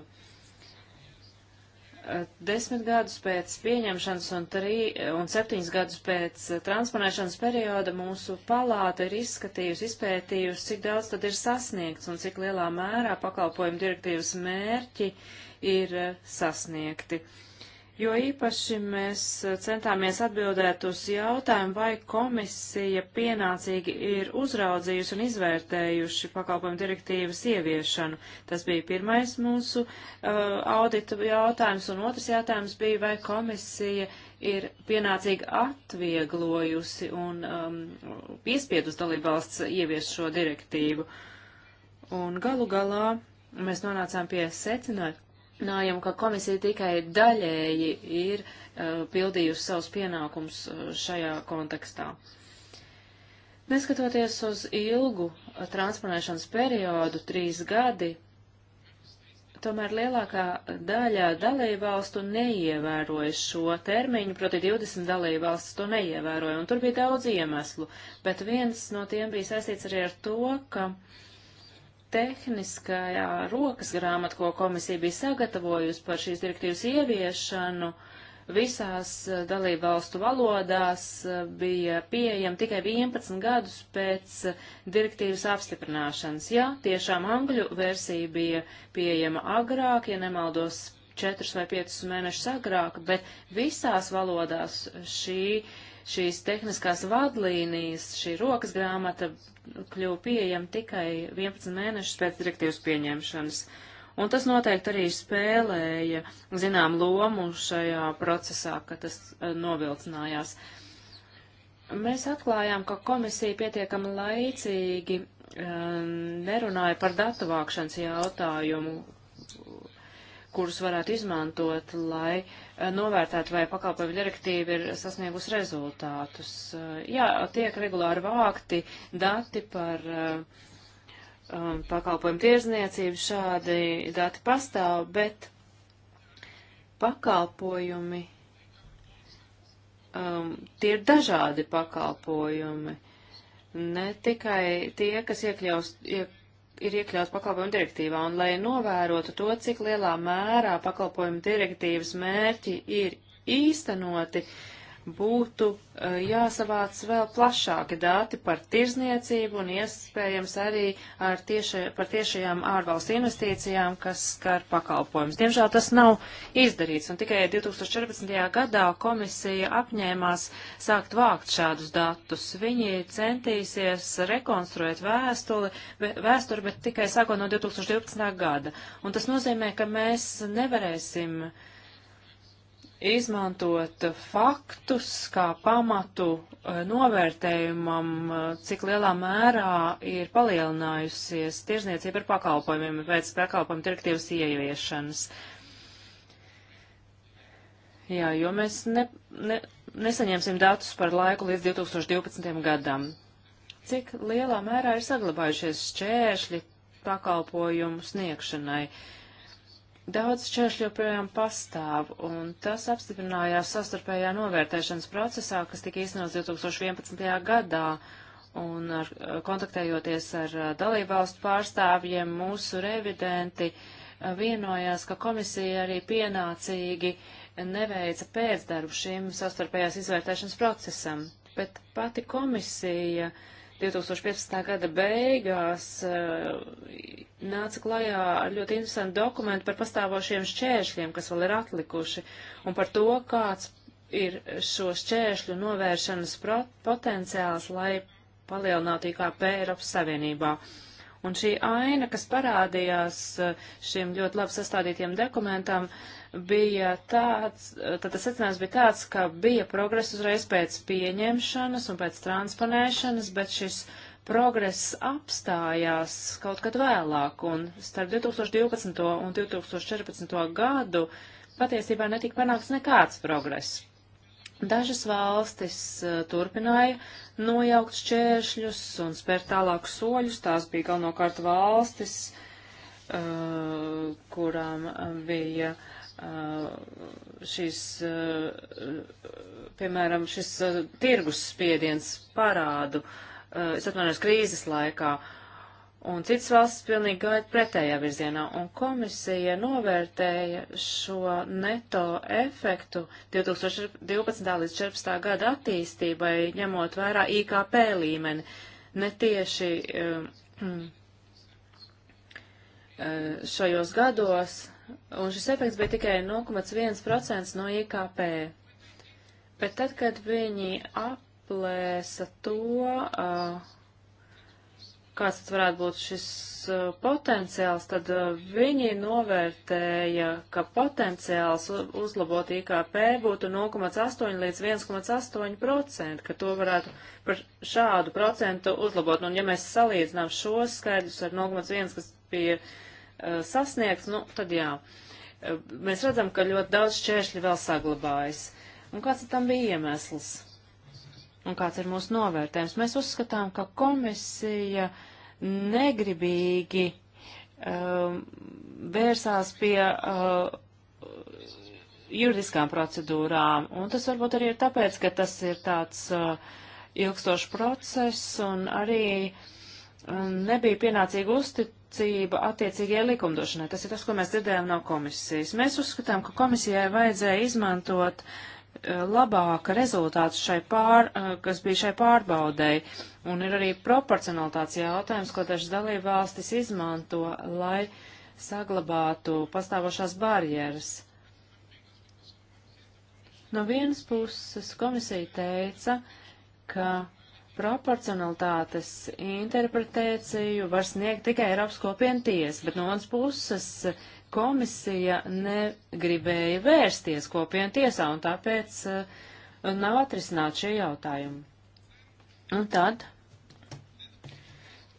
Desmit gadus pēc pieņemšanas un, trī, un septiņas gadus pēc transponēšanas perioda mūsu palāta ir izskatījusi, izpētījusi, cik daudz tad ir sasniegts un cik lielā mērā pakalpojumu direktīvas mērķi uh, ir eh, sasniegti. Jo īpaši mēs eh, centāmies atbildēt uz jautājumu, vai komisija pienācīgi ir uzraudzījusi un izvērtējuši pakalpojumu direktīvas ieviešanu. Tas bija pirmais mūsu uh, audita jautājums, un otrs jautājums bija, vai komisija ir pienācīgi atvieglojusi un um, piespiedus dalībvalsts ievies šo direktīvu. Un galu galā mēs nonācām pie secinājuma Nājam, ka komisija tikai daļēji ir uh, pildījusi savus pienākumus uh, šajā kontekstā. Neskatoties uz ilgu uh, transponēšanas periodu, trīs gadi, tomēr lielākā daļa dalībvalstu neievēroja šo termiņu, proti 20 dalībvalstis to neievēroja, un tur bija daudz iemeslu, bet viens no tiem bija saistīts arī ar to, ka uh, tehniskajā rokas grāmata, ko komisija bija sagatavojusi par šīs direktīvas ieviešanu, visās eh, dalību valstu valodās eh, bija pieejama tikai 11 gadus pēc eh, direktīvas apstiprināšanas. Jā, tiešām angļu versija bija pieejama agrāk, ja nemaldos, 4 vai 5 mēnešus agrāk, bet visās valodās šī uh, šīs tehniskās vadlīnijas, šī rokas grāmata kļuva pieejama tikai 11 mēnešus pēc direktīvas pieņemšanas. Un tas noteikti arī spēlēja, zinām, lomu šajā procesā, ka tas eh, novilcinājās. Mēs atklājām, ka komisija pietiekami laicīgi um, nerunāja par datu vākšanas jautājumu, kurus varētu izmantot, lai eh, novērtētu, vai pakalpojumu direktīva ir sasniegusi rezultātus. Eh, jā, tiek regulāri vākti dati par eh, um, pakalpojumu tirzniecību, šādi dati pastāv, bet pakalpojumi, um, tie ir dažādi pakalpojumi ne tikai tie, kas iekļaus, iek, ir iekļauts pakalpojumu direktīvā, un lai novērotu to, cik lielā mērā pakalpojumu direktīvas mērķi ir īstenoti, uh, būtu eh, jāsavāc vēl plašāki dati par tirzniecību un iespējams arī ar tieši, par tiešajām ārvalstu investīcijām, kas skar pakalpojumus. Diemžēl tas nav izdarīts, un tikai 2014. gadā komisija apņēmās sākt vākt šādus datus. Viņi centīsies rekonstruēt vēstuli, vēsturi, bet tikai sākot no 2012. gada. Un tas nozīmē, ka mēs nevarēsim uh, izmantot faktus kā pamatu eh, novērtējumam, eh, cik lielā mērā ir palielinājusies tirzniecība ar pakalpojumiem pēc pakalpojumu direktīvas ieviešanas. Jā, jo mēs ne, ne, nesaņemsim datus par laiku līdz 2012. gadam. Cik lielā mērā ir saglabājušies šķēršļi pakalpojumu sniegšanai? Uh, Daudz šķēršļu joprojām pastāv, un tas apstiprinājās sastarpējā novērtēšanas procesā, kas tika īstenots 2011. gadā, un ar, kontaktējoties ar dalībvalstu pārstāvjiem, mūsu revidenti vienojās, ka komisija arī pienācīgi neveica pēcdarbu šim sastarpējās izvērtēšanas procesam, bet pati komisija uh, 2015. gada beigās eh, nāca klajā ar ļoti interesantu dokumentu par pastāvošiem šķēršļiem, kas vēl ir atlikuši, un par to, kāds ir šo šķēršļu novēršanas potenciāls, lai palielinātu IKP Eiropas Savienībā. Un šī aina, kas parādījās eh, šim ļoti labi sastādītiem dokumentam, uh, bija tāds, tad tas secinājums bija tāds, ka bija progress uzreiz pēc pieņemšanas un pēc transponēšanas, bet šis progress apstājās kaut kad vēlāk, un starp 2012. un 2014. gadu patiesībā netika panāks nekāds progress. Dažas valstis eh, turpināja nojaukt šķēršļus un spērt tālākus soļus, tās bija galvenokārt valstis, uh, kurām eh, bija uh, Uh, šīs, uh, piemēram, šis uh, tirgus spiediens parādu, es atvainojos, krīzes laikā, un citas valstis pilnīgi gāja pretējā virzienā, un komisija novērtēja šo neto efektu 2012. līdz 14. gada attīstībai, ņemot vērā IKP līmeni, ne tieši šajos gados, un šis efekts bija tikai 0,1% no IKP. Bet tad, kad viņi aplēsa to, kāds tad varētu būt šis potenciāls, tad viņi novērtēja, ka potenciāls uzlabot IKP būtu 0,8 līdz 1,8%, ka to varētu par šādu procentu uzlabot. Un ja mēs salīdzinām šos skaidrus ar 0,1, kas bija Eh, sasniegts, nu, tad jā. Eh, mēs redzam, ka ļoti daudz šķēršļi vēl saglabājas. Un kāds tam bija iemesls? Un kāds ir mūsu novērtējums? Mēs uzskatām, ka komisija negribīgi um, vērsās pie uh, juridiskām procedūrām. Un tas varbūt arī ir tāpēc, ka tas ir tāds uh, ilgstošs process un arī nebija pienācīga uztic, nosacība attiecīgajai likumdošanai. Tas ir tas, ko mēs dzirdējām no komisijas. Mēs uzskatām, ka komisijai vajadzēja izmantot e, labāka rezultāts šai pār, e, kas bija šai pārbaudēji, un ir arī proporcionalitāts jautājums, ko dažas dalība valstis izmanto, lai saglabātu pastāvošās barjeras. No vienas puses komisija teica, ka proporcionalitātes interpretāciju var sniegt tikai Eiropas kopienu tiesa, bet no manas puses komisija negribēja vērsties kopienu tiesā, un tāpēc uh, nav atrisināt šie jautājumi. Un tad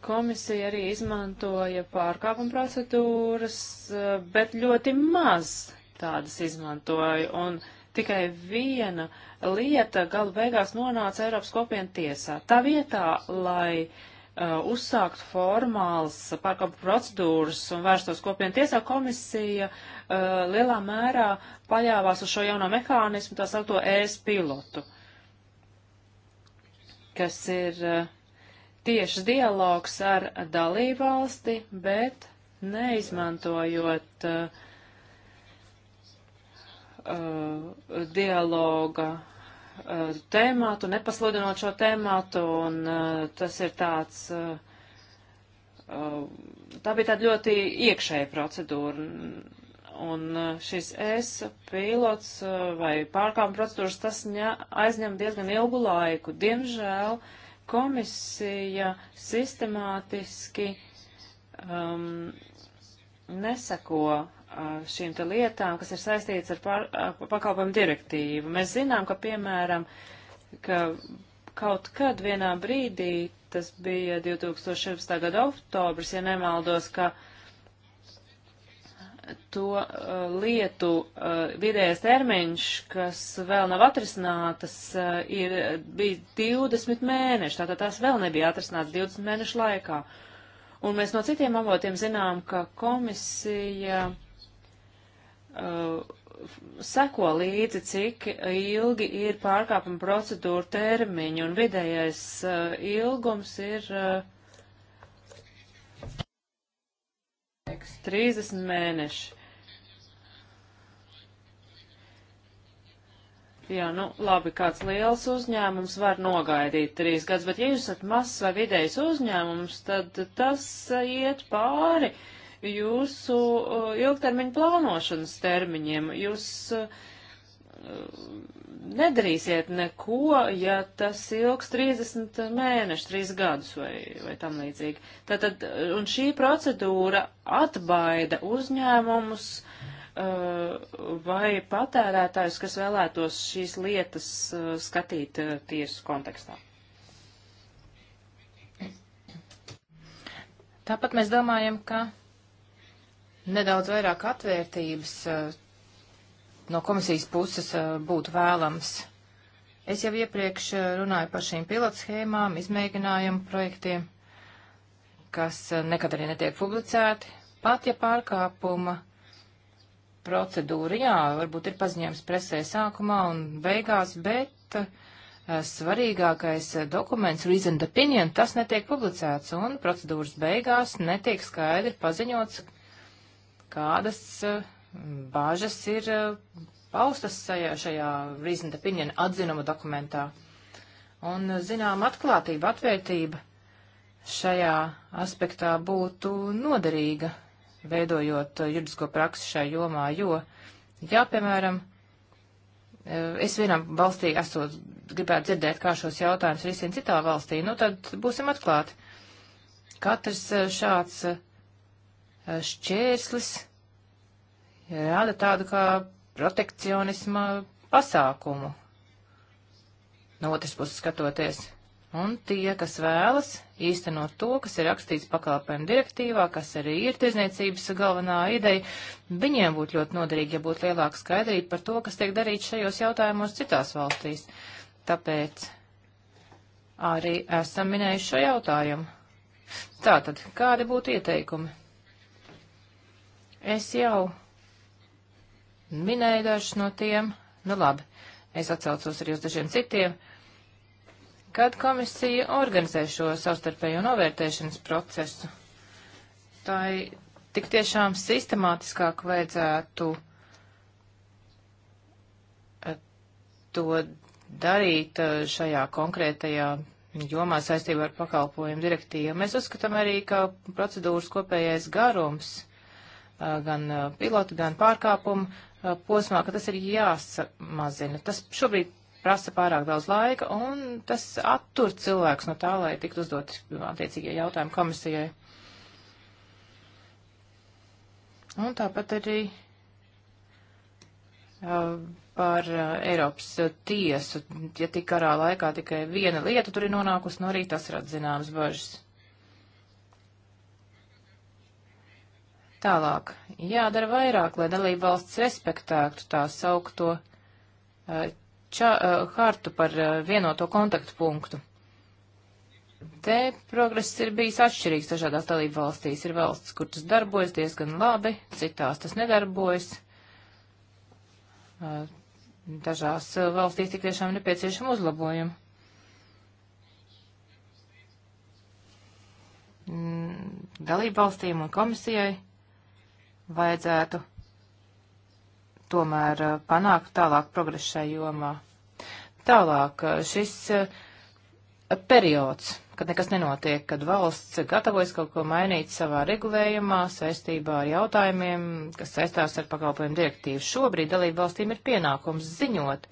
komisija arī izmantoja pārkāpuma procedūras, eh, bet ļoti maz tādas izmantoja. Un, uh, tikai viena lieta galu beigās nonāca Eiropas kopienu tiesā. Tā vietā, lai uh, uzsākt formāls pārkāpu procedūras un vērstos kopienu tiesā, komisija uh, lielā mērā paļāvās uz šo jauno mehānismu, tā saucamo ES pilotu, kas ir uh, tieši dialogs ar dalībvalsti, bet neizmantojot uh, uh, dialoga uh, tēmātu, nepasludinot šo tēmātu, un uh, tas ir tāds, uh, uh, tā bija tāda ļoti iekšēja procedūra, un uh, šis es pilots uh, vai pārkāpuma procedūras, tas ņa, aizņem diezgan ilgu laiku. Diemžēl komisija sistemātiski um, neseko šīm te lietām, kas ir saistītas ar pār, pakalpojumu direktīvu. Mēs zinām, ka, piemēram, ka kaut kad vienā brīdī, tas bija 2016. gada oktobris, ja nemaldos, ka to uh, lietu uh, vidējais termiņš, kas vēl nav atrisinātas, uh, ir, bija 20 mēneši, tātad tās vēl nebija atrisinātas 20 mēnešu laikā. Un mēs no citiem avotiem zinām, ka komisija. Uh, uh, seko līdzi, cik ilgi ir pārkāpuma procedūra termiņi, un vidējais uh, ilgums ir uh, 30 mēneši. Jā, nu labi, kāds liels uzņēmums var nogaidīt trīs gadus, bet ja jūs esat mazs vai vidējs uzņēmums, tad tas iet pāri. Uh, jūsu eh, ilgtermiņa plānošanas termiņiem. Jūs eh, nedarīsiet neko, ja tas ilgs 30 mēnešus, 3 gadus vai, vai tam līdzīgi. Tātad, eh, un šī procedūra atbaida uzņēmumus vai patērētājus, kas vēlētos šīs lietas skatīt tiesu kontekstā. Tāpat mēs domājam, ka nedaudz vairāk atvērtības eh, no komisijas puses eh, būtu vēlams. Es jau iepriekš eh, runāju par šīm pilotschēmām, izmēģinājumu projektiem, kas nekad arī netiek publicēti. Pat ja pārkāpuma procedūra, jā, varbūt ir paziņojums presē sākumā un beigās, bet uh, svarīgākais dokuments, reason opinion, tas netiek publicēts un procedūras beigās netiek skaidri paziņots, kādas eh, bāžas ir eh, paustas šajā Reason Opinion atzinuma dokumentā. Un, eh, zinām, atklātība, atvērtība šajā aspektā būtu noderīga, veidojot juridisko praksi šai jomā, jo, ja, piemēram, es vienam valstī esot, gribētu dzirdēt, kā šos jautājumus risina citā valstī, nu tad būsim atklāti. Katrs šāds šķērslis rada tādu kā protekcionisma pasākumu. No otras puses skatoties. Un tie, kas vēlas īstenot to, kas ir rakstīts pakalpojumu direktīvā, kas arī ir tirzniecības galvenā ideja, viņiem būtu ļoti noderīgi, ja būtu lielāka skaidrība par to, kas tiek darīts šajos jautājumos citās valstīs. Tāpēc arī esam minējuši šo jautājumu. Tātad, kādi būtu ieteikumi? Es jau minēju dažus no tiem, nu labi, es atcaucos arī uz dažiem citiem. Kad komisija organizē šo savstarpējo novērtēšanas procesu, tai tik tiešām sistemātiskāk vajadzētu eh, to darīt eh, šajā konkrētajā jomā saistībā ar pakalpojumu direktīvu. Mēs uzskatām arī, ka procedūras kopējais garums gan pilotu, gan pārkāpumu posmā, ka tas ir jāsamazina. Tas šobrīd prasa pārāk daudz laika, un tas attur cilvēks no tā, lai tiktu uzdot attiecīgie jautājumi komisijai. Un tāpat arī par Eiropas tiesu, ja tik karā laikā tikai viena lieta tur ir nonākusi, no arī tas ir atzināms bažas. Tālāk, jādara vairāk, lai dalība valsts respektētu tā saukto eh, ča, eh, hartu par eh, vienoto kontaktpunktu. Te progress ir bijis atšķirīgs dažādās dalību valstīs. Ir valsts, kur tas darbojas diezgan labi, citās tas nedarbojas. Dažās valstīs tik tiešām nepieciešama uzlabojuma. Mm, dalību valstīm un komisijai vajadzētu tomēr eh, panākt tālāk progresu šai jomā. Tālāk eh, šis eh, periods, kad nekas nenotiek, kad valsts gatavojas kaut ko mainīt savā regulējumā saistībā ar jautājumiem, kas saistās ar pakalpojumu direktīvu. Šobrīd dalību valstīm ir pienākums ziņot,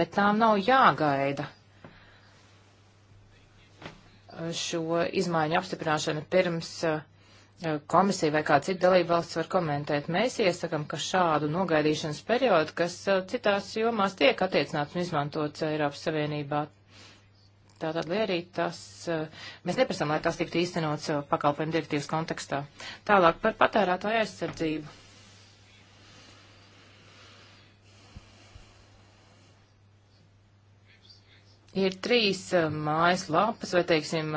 bet tām nav jāgaida šo izmaiņu apstiprināšana pirms uh, komisija vai kāda cita dalībvalsts var komentēt. Mēs iesakam, ka šādu nogaidīšanas periodu, kas citās jomās tiek attiecināts un izmantots Eiropas Savienībā, tātad, lai arī tas, mēs neprasam, lai tas tiktu īstenots pakalpojumu direktīvas kontekstā. Tālāk par patērētāju aizsardzību. Ir trīs mājas lapas vai, teiksim,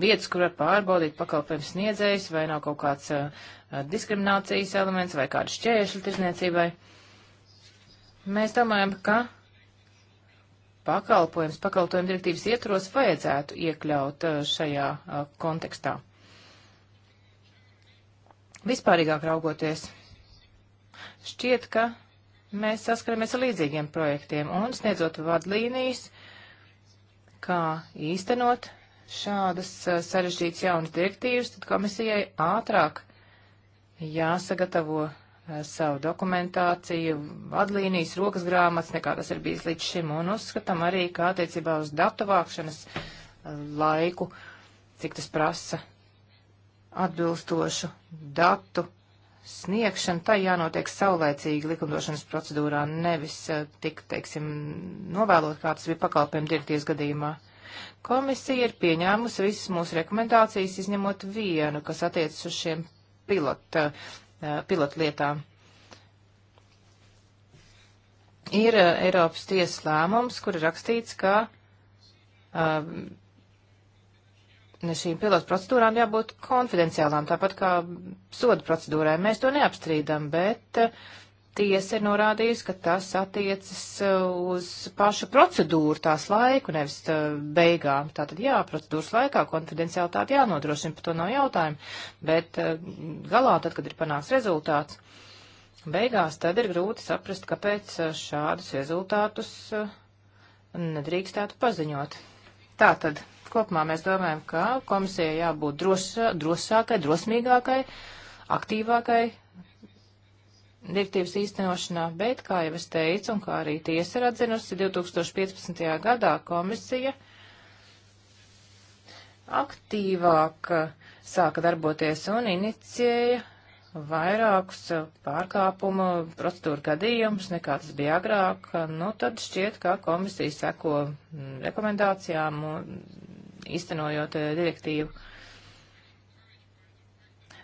vietas, kur var pārbaudīt pakalpojumu sniedzējus, vai nav kaut kāds uh, diskriminācijas elements vai kāda šķēršļa tirzniecībai. Mēs domājam, ka pakalpojums, pakalpojumu direktīvas ietros vajadzētu iekļaut uh, šajā uh, kontekstā. Vispārīgāk raugoties, šķiet, ka mēs saskaramies ar līdzīgiem projektiem un sniedzot vadlīnijas, kā īstenot šādas sarežģītas jaunas direktīvas, tad komisijai ātrāk jāsagatavo savu dokumentāciju, vadlīnijas, rokas grāmatas, nekā tas ir bijis līdz šim, un uzskatām arī, kā attiecībā uz datu vākšanas laiku, cik tas prasa atbilstošu datu sniegšana, tai jānotiek saulēcīgi likumdošanas procedūrā, nevis tik, teiksim, novēlot, kā tas bija pakalpojuma direktīvas gadījumā. Komisija ir pieņēmusi visas mūsu rekomendācijas, izņemot vienu, kas attiecas uz šiem pilota, eh, pilotlietām. Ir eh, Eiropas tiesas lēmums, kur ir rakstīts, ka eh, šīm pilotu procedūrām jābūt konfidenciālām, tāpat kā sodu procedūrai. Mēs to neapstrīdam, bet uh, tiesa ir norādījusi, ka tas attiecas uh, uz pašu procedūru tās laiku, nevis uh, beigām. Tātad jā, procedūras laikā konfidenciālitāte jānodrošina, par to nav jautājumu, bet uh, galā tad, kad ir panāks rezultāts, beigās tad ir grūti saprast, kāpēc šādus rezultātus nedrīkstētu paziņot. Tātad kopumā mēs domājam, ka komisijai jābūt drošā, drosākai, drosmīgākai, aktīvākai direktīvas īstenošanā, bet, kā jau es teicu, un kā arī tiesa ir atzinusi, 2015. gadā komisija aktīvāk sāka darboties un inicijēja vairākus pārkāpumu procedūru gadījumus nekā tas bija agrāk, nu tad šķiet, ka komisija seko mm, rekomendācijām, īstenojot eh, direktīvu.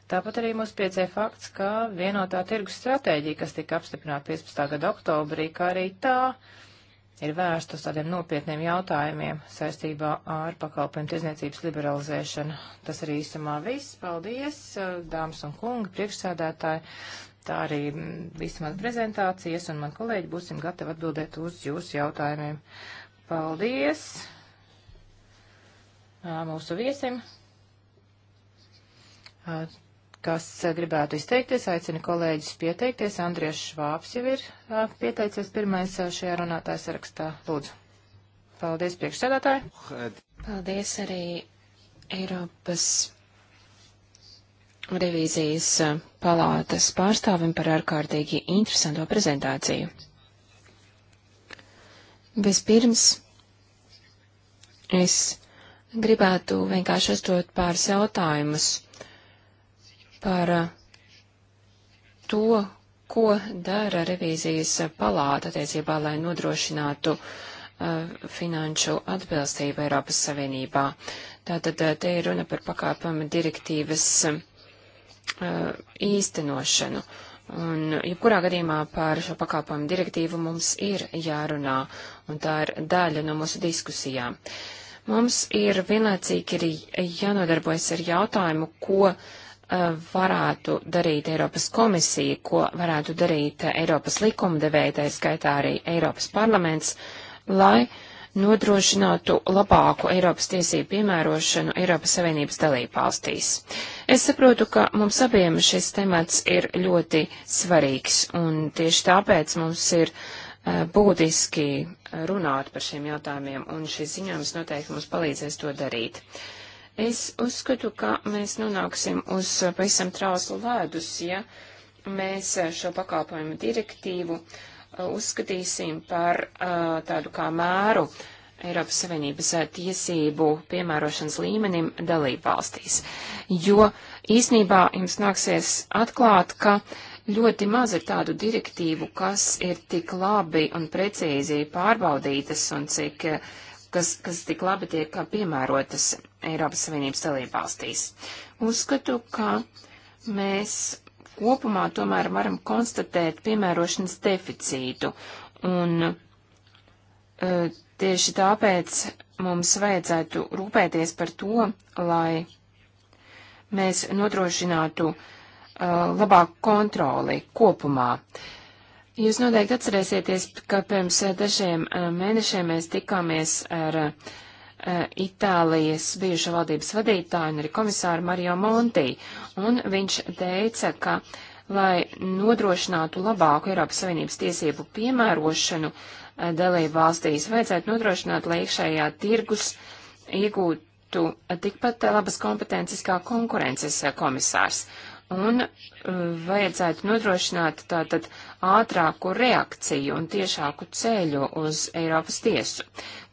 Tāpat arī mūs priecē fakts, ka vienotā tirgus stratēģija, kas tika apstiprināta 15. gada oktobrī, kā arī tā ir vērsta uz tādiem nopietniem jautājumiem saistībā ar pakalpojumu tirzniecības liberalizēšanu. Tas arī īsumā viss. Paldies, dāmas un kungi, priekšsēdētāji. Tā arī mm, viss mans prezentācijas un man kolēģi būsim gatavi atbildēt uz jūsu jautājumiem. Paldies mūsu viesim kas eh, gribētu izteikties, aicinu kolēģis pieteikties. Andries Švāps jau ir eh, pieteicies pirmais eh, šajā runātāja sarakstā. Lūdzu. Paldies, priekšsēdētāji. Paldies arī Eiropas revīzijas palātas pārstāvim par ārkārtīgi interesanto prezentāciju. Vispirms es gribētu vienkārši uzdot pāris jautājumus par eh, to, ko dara revīzijas palāta attiecībā, lai nodrošinātu uh, finanšu atbilstību Eiropas Savienībā. Tātad eh, te ir runa par pakāpama direktīvas uh, īstenošanu. Un, jebkurā gadījumā par šo pakāpojumu direktīvu mums ir jārunā, un tā ir daļa no mūsu diskusijām. Mums ir vienlaicīgi arī jānodarbojas ar jautājumu, ko uh, Uh, varētu darīt Eiropas komisija, ko varētu darīt Eiropas likumdevēja, tā skaitā arī Eiropas parlaments, lai nodrošinātu labāku Eiropas tiesību piemērošanu Eiropas Savienības dalībvalstīs. Es saprotu, ka mums abiem šis temats ir ļoti svarīgs, un tieši tāpēc mums ir uh, būtiski runāt par šiem jautājumiem, un šis ziņojums noteikti mums palīdzēs to darīt. Uh, Es uzskatu, ka mēs nonāksim uz pavisam trauslu lēdus, ja mēs šo pakalpojumu direktīvu uh, uzskatīsim par uh, tādu kā mēru Eiropas Savienības uh, tiesību piemērošanas līmenim dalību valstīs. Jo īsnībā jums nāksies atklāt, ka ļoti maz ir tādu direktīvu, kas ir tik labi un precīzi pārbaudītas un cik uh, kas, kas tik labi tiek uh, piemērotas Eiropas Savienības dalībvalstīs. Uzskatu, ka mēs kopumā tomēr varam konstatēt piemērošanas deficītu, un e, tieši tāpēc mums vajadzētu rūpēties par to, lai mēs nodrošinātu e, labāku kontroli kopumā. E, Jūs noteikti atcerēsieties, ka pirms eh, dažiem eh, mēnešiem mēs tikāmies ar eh, Itālijas bijušo valdības vadītāju un arī komisāru Mario Monti, un viņš teica, ka, lai nodrošinātu labāku Eiropas Savienības tiesību piemērošanu dalību valstīs, vajadzētu nodrošināt, lai iekšējā tirgus iegūtu tikpat labas kompetences kā konkurences komisārs un uh, vajadzētu nodrošināt tātad ātrāku reakciju un tiešāku ceļu uz Eiropas tiesu.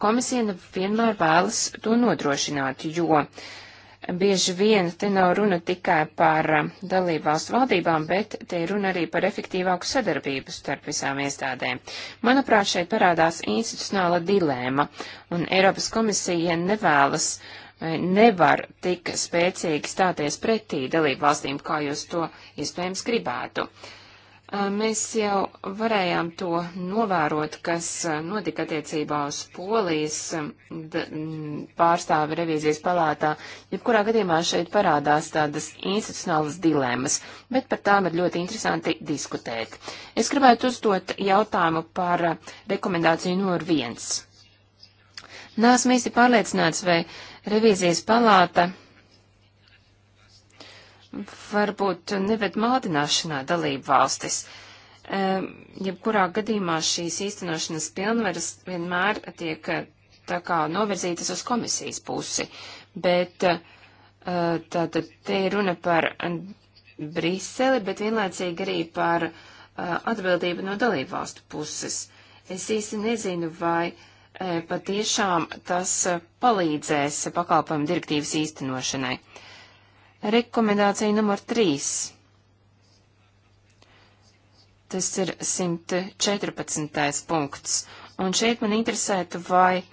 Komisija vienmēr vēlas to nodrošināt, jo bieži vien te nav runa tikai par uh, dalībvalstu valdībām, bet te ir runa arī par efektīvāku sadarbību starp visām iestādēm. Manuprāt, šeit parādās institucionāla dilēma, un Eiropas komisija nevēlas uh, E, nevar tik spēcīgi stāties pretī dalību valstīm, kā jūs to iespējams gribētu. E, mēs jau varējām to novērot, kas e, notika attiecībā uz polijas pārstāvi revīzijas palātā. Jebkurā gadījumā šeit parādās tādas institucionālas dilemmas, bet par tām ir ļoti interesanti diskutēt. Es gribētu uzdot jautājumu par rekomendāciju nr. 1. Nāsmu īsti pārliecināts, vai revīzijas palāta varbūt neved mādināšanā dalību valstis. Jebkurā gadījumā šīs īstenošanas pilnvaras vienmēr tiek eh, tā kā novirzītas uz komisijas pusi, bet eh, tātad te ir runa par Briseli, bet vienlaicīgi arī par eh, atbildību no dalību valstu puses. Es īsti nezinu, vai uh, E, patiešām tas e, palīdzēs pakalpojumu direktīvas īstenošanai. Rekomendācija numur 3. Tas ir 114. punkts. Un šeit man interesētu, vai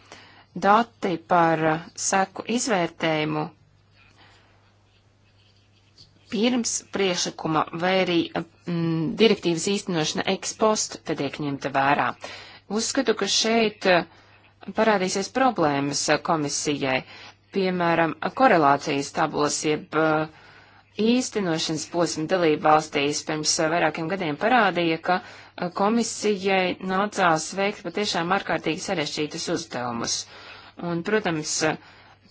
dati par e, seku izvērtējumu pirms priešakuma vai arī mm, direktīvas īstenošana ekspost, tad tiek ņemta vērā. Uzskatu, ka šeit uh, parādīsies problēmas eh, komisijai, piemēram, korelācijas tabulas, jeb eh, īstenošanas posma dalība valstīs pirms eh, vairākiem gadiem parādīja, ka komisijai nācās veikt patiešām ārkārtīgi sarešķītus uzdevumus. Un, protams,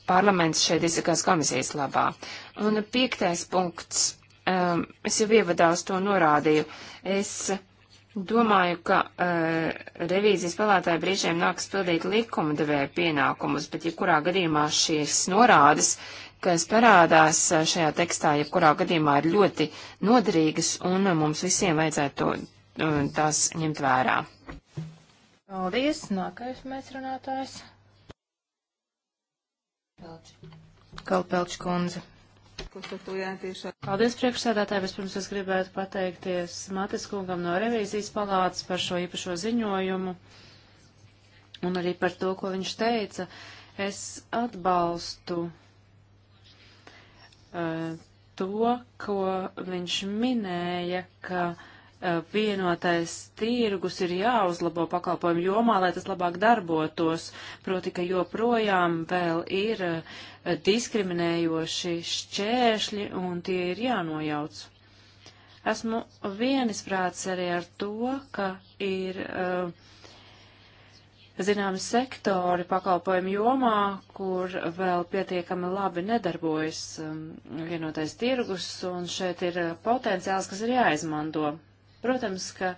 parlaments šeit izsakās komisijas labā. Un piektais punkts, um, es jau ievadā uz to norādīju, es uh, Domāju, ka uh, revīzijas palātāji brīžiem nāks pildīt likuma devēja pienākumus, bet jebkurā gadījumā šīs norādes, kas parādās eh, šajā tekstā, jebkurā gadījumā ir ļoti noderīgas un mums visiem vajadzētu uh, tās ņemt vērā. Paldies, nākamais mēs runātājs. Kalpelča kundze. Paldies, priekšsēdētāji. Vispirms es gribētu pateikties Matis kungam no revīzijas palātas par šo īpašo ziņojumu un arī par to, ko viņš teica. Es atbalstu uh, to, ko viņš minēja, ka uh, Eh, vienotais tirgus ir jāuzlabo pakalpojumu jomā, lai tas labāk darbotos, proti, ka joprojām vēl ir eh, diskriminējoši šķēršļi un tie ir jānojauc. Esmu vienisprāts arī ar to, ka ir uh, zināmi sektori pakalpojumu jomā, kur vēl pietiekami labi nedarbojas vienotais tirgus, un šeit ir potenciāls, kas ir jāizmanto. Protams, ka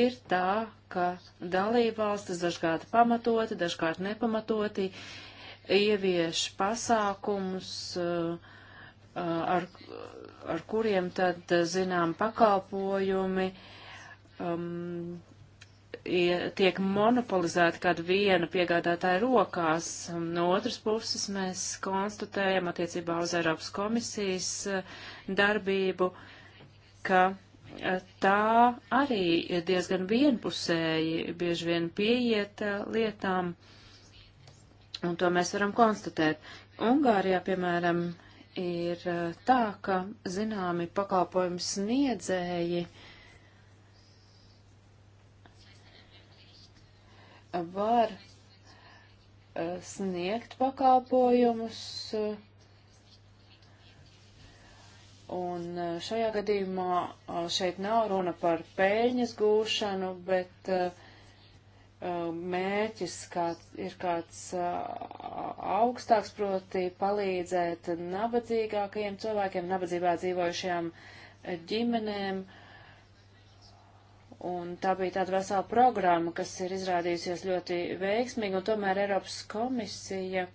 ir tā, ka dalībvalstis dažkārt pamatoti, dažkārt nepamatoti ievieš pasākumus, eh, ar, ar kuriem tad, eh, zinām, pakalpojumi um, tiek monopolizēti kāda viena piegādātāja rokās. No otras puses mēs konstatējam attiecībā uz Eiropas komisijas eh, darbību, ka tā arī diezgan vienpusēji bieži vien pieiet eh, lietām, un to mēs varam konstatēt. Ungārijā, piemēram, ir eh, tā, ka zināmi pakalpojumu sniedzēji eh, var sniegt pakalpojumus, uh, Un e, šajā gadījumā e, šeit nav runa par pēļņas gūšanu, bet e, mērķis kā, ir kāds augstāks, proti palīdzēt nabadzīgākajiem cilvēkiem, nabadzībā dzīvojušajām ģimenēm. Un tā bija tāda vesela programma, kas ir izrādījusies ļoti veiksmīgi, un tomēr Eiropas komisija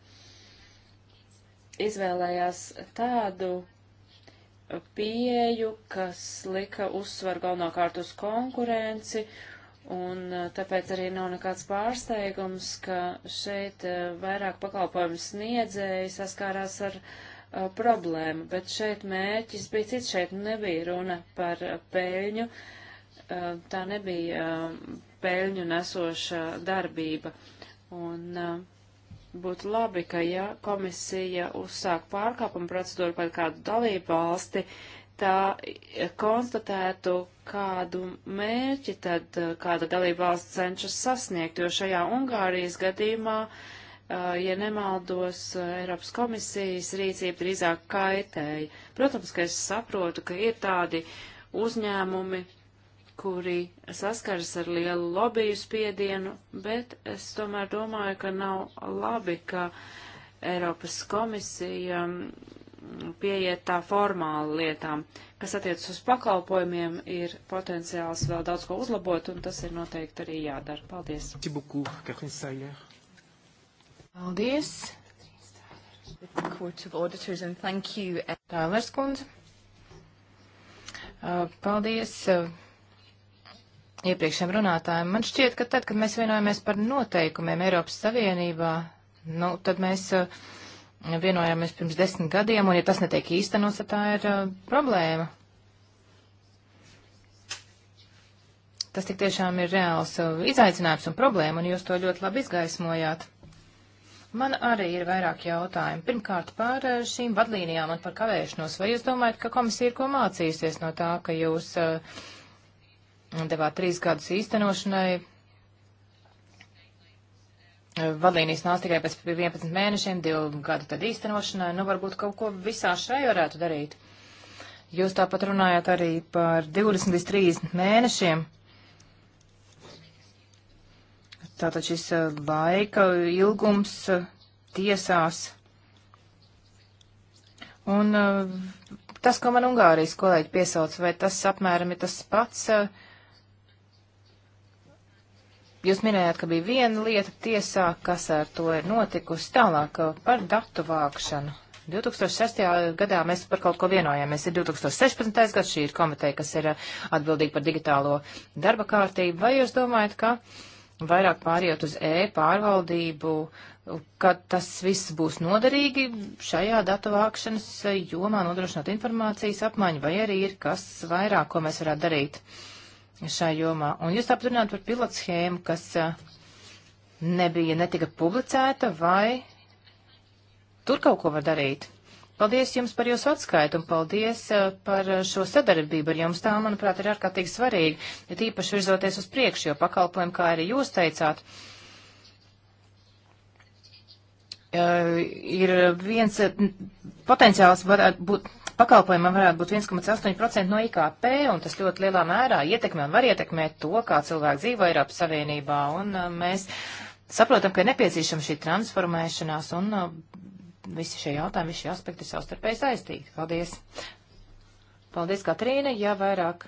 izvēlējās tādu pieeju, kas lika uzsvaru galvenokārt uz konkurenci, un e, tāpēc arī nav nekāds pārsteigums, ka šeit e, vairāk pakalpojumu sniedzēji saskārās ar e, problēmu, bet šeit mērķis bija cits, šeit nebija runa par peļņu, tā nebija peļņu nesoša darbība. Un būtu labi, ka ja komisija uzsāk pārkāpumu procedūru par kādu dalību valsti, tā konstatētu, kādu mērķi tad uh, kāda dalība valsts cenšas sasniegt, jo šajā Ungārijas gadījumā, uh, ja nemaldos, uh, Eiropas komisijas rīcība drīzāk kaitēja. Protams, ka es saprotu, ka ir tādi uzņēmumi, kuri saskaras ar lielu lobiju spiedienu, bet es tomēr domāju, ka nav labi, ka Eiropas komisija mm, pieiet tā formāli lietām. Kas attiecas uz pakalpojumiem, ir potenciāls vēl daudz ko uzlabot, un tas ir noteikti arī jādara. Paldies! Paldies! Tālērs kundze. Uh, paldies uh, iepriekšējiem runātājiem. Man šķiet, ka tad, kad mēs vienojamies par noteikumiem Eiropas Savienībā, nu, tad mēs uh, eh, vienojāmies pirms desmit gadiem, un ja tas netiek īstenots, tad tā ir uh, problēma. Tas tik tiešām ir reāls uh, izaicinājums un problēma, un jūs to ļoti labi izgaismojāt. Man arī ir vairāk jautājumu. Pirmkārt, par šīm vadlīnijām un par kavēšanos. Vai jūs domājat, ka komisija ir ko mācījusies no tā, ka jūs uh, devāt trīs gadus īstenošanai. Vadlīnijas nāca tikai pēc 11 mēnešiem, divu gadu tad īstenošanai. Nu, varbūt kaut ko visā šai varētu darīt. Jūs tāpat runājāt arī par 20 līdz 30 mēnešiem. Tātad šis eh, laika ilgums eh, tiesās. Un eh, tas, ko man Ungārijas kolēģi piesauc, vai tas apmēram ir tas pats? Uh, Jūs minējāt, ka bija viena lieta tiesā, kas ar to ir notikusi tālāk eh, par datu vākšanu. 2006. gadā mēs par kaut ko vienojāmies. Ir 2016. gads, šī ir komiteja, kas ir eh, atbildīga par digitālo darba kārtību. Vai jūs domājat, ka vairāk pāriet uz e-pārvaldību, ka tas viss būs noderīgi šajā datu vākšanas jomā nodrošināt informācijas apmaiņu, vai arī ir kas vairāk, ko mēs varētu darīt? Uh, šai jomā. Un jūs apturināt par pilotu schēmu, kas nebija netika publicēta, vai tur kaut ko var darīt? Paldies jums par jūsu atskaitu un paldies par šo sadarbību ar jums. Tā, manuprāt, ir ārkārtīgi svarīgi, ja tīpaši virzoties uz priekšu, jo pakalpojumu, kā arī jūs teicāt, uh, Eh, ir viens potenciāls varētu būt pakalpojumam varētu būt 1,8% no IKP, un tas ļoti lielā mērā ietekmē un var ietekmēt to, kā cilvēki dzīvo Eiropas Savienībā. Un eh, mēs saprotam, ka ir nepieciešama šī transformēšanās, un eh, visi šie jautājumi, visi šie aspekti savstarpēji saistīti. Paldies! Paldies, Katrīna! Jā, vairāk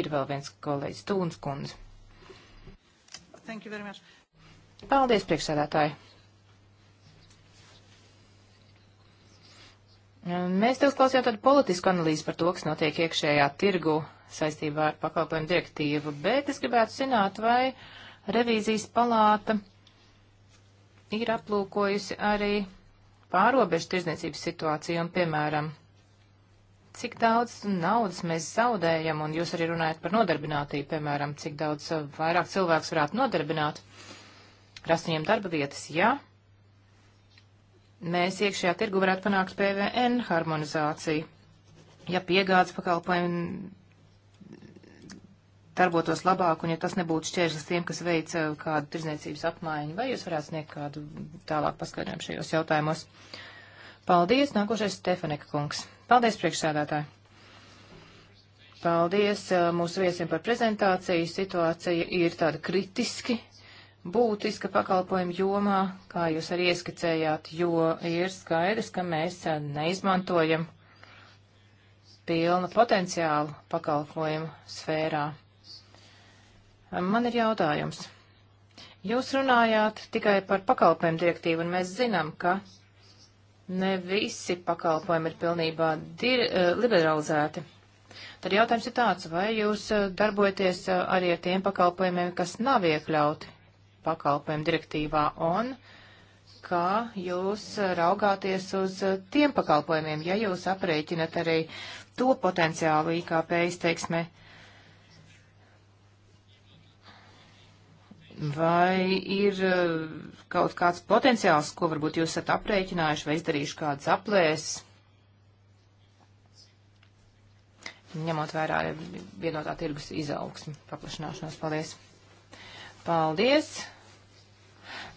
ir vēl viens kolēģis Tūns kundze. Paldies, priekšsēdētāji! Ehm, mēs te uzklausījām tādu politisku analīzi par to, kas notiek iekšējā tirgu saistībā ar pakalpojumu direktīvu, bet es gribētu zināt, vai revīzijas palāta ir aplūkojusi arī pārobežu tirdzniecības situāciju un, piemēram, cik daudz naudas mēs zaudējam, un jūs arī runājat par nodarbinātību, piemēram, cik daudz eh, vairāk cilvēks varētu nodarbināt, rast viņiem darba vietas, jā. Ja? mēs iekšējā tirgu varētu panākt PVN harmonizāciju. Ja piegādes pakalpojumi darbotos labāk, un ja tas nebūtu šķērslis tiem, kas veic eh, kādu tirzniecības apmaiņu, vai jūs varētu sniegt kādu tālāk paskaidrojumu šajos jautājumos? Paldies, nākošais Stefanika kungs. Paldies, priekšsēdētāji. Paldies eh, mūsu viesiem par prezentāciju. Situācija ir tāda kritiski būtiska pakalpojuma jomā, kā jūs arī ieskicējāt, jo ir skaidrs, ka mēs neizmantojam pilnu potenciālu pakalpojumu sfērā. Man ir jautājums. Jūs runājāt tikai par pakalpojumu direktīvu, un mēs zinām, ka ne visi pakalpojumi ir pilnībā eh, liberalizēti. Tad jautājums ir tāds, vai jūs eh, darbojaties eh, arī ar tiem pakalpojumiem, kas nav iekļauti pakalpojumu direktīvā un kā jūs raugāties uz tiem pakalpojumiem, ja jūs aprēķinat arī to potenciālu IKP izteiksmē. Vai ir uh, kaut kāds potenciāls, ko varbūt jūs esat aprēķinājuši vai izdarījuši kādas aplēses? Ņemot vērā vienotā tirgus izaugsmi, paplašināšanos. Paldies! Paldies!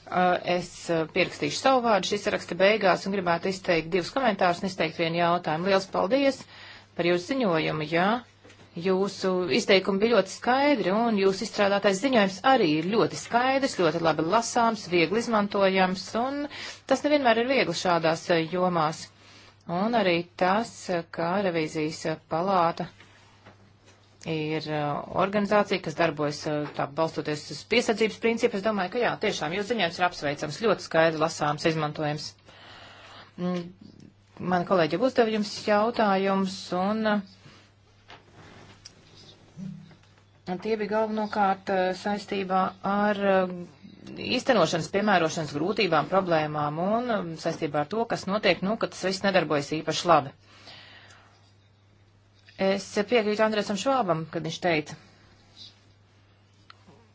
Uh, es uh, pierakstīšu savu vārdu šīs raksta beigās un gribētu izteikt divus komentārus un izteikt vienu jautājumu. Liels paldies par jūsu ziņojumu, jā. Jūsu izteikumi bija ļoti skaidri un jūsu izstrādātais ziņojums arī ir ļoti skaidrs, ļoti labi lasāms, viegli izmantojams un tas nevienmēr ir viegli šādās uh, jomās. Un arī tas, kā revīzijas palāta ir uh, organizācija, kas darbojas uh, tā balstoties uz piesardzības principu. Es domāju, ka jā, tiešām jūs ziņojums ir apsveicams, ļoti skaidri lasāms, izmantojams. Mana mm, kolēģa jau uzdeva jums jautājumus, un, un uh, tie bija galvenokārt saistībā ar īstenošanas, piemērošanas grūtībām, problēmām un um, saistībā ar to, kas notiek, nu, ka tas viss nedarbojas īpaši labi. Es piekrītu Andresam Švābam, kad viņš teica,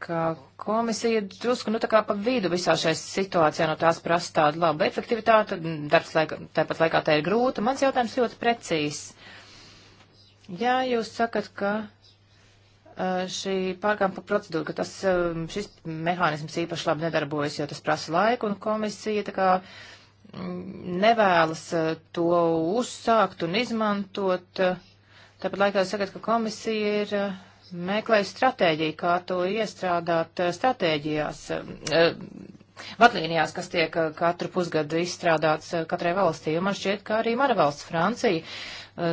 ka komisija drusku, nu tā kā pa vidu visā šajā situācijā no tās prasa tādu labu efektivitāti, darbs laika, tāpat laikā tā ir grūta. Mans jautājums ļoti precīzs. Jā, jūs sakat, ka šī pārkāpuma procedūra, ka tas, šis mehānisms īpaši labi nedarbojas, jo tas prasa laiku, un komisija tā kā mm, nevēlas to uzsākt un izmantot. Uh, Tāpat laikā sagat, ka komisija ir eh, meklējusi stratēģiju, kā to iestrādāt eh, stratēģijās, eh, vadlīnijās, kas tiek katru pusgadu izstrādāts katrai valstī. Un man šķiet, ka arī mana valsts, Francija,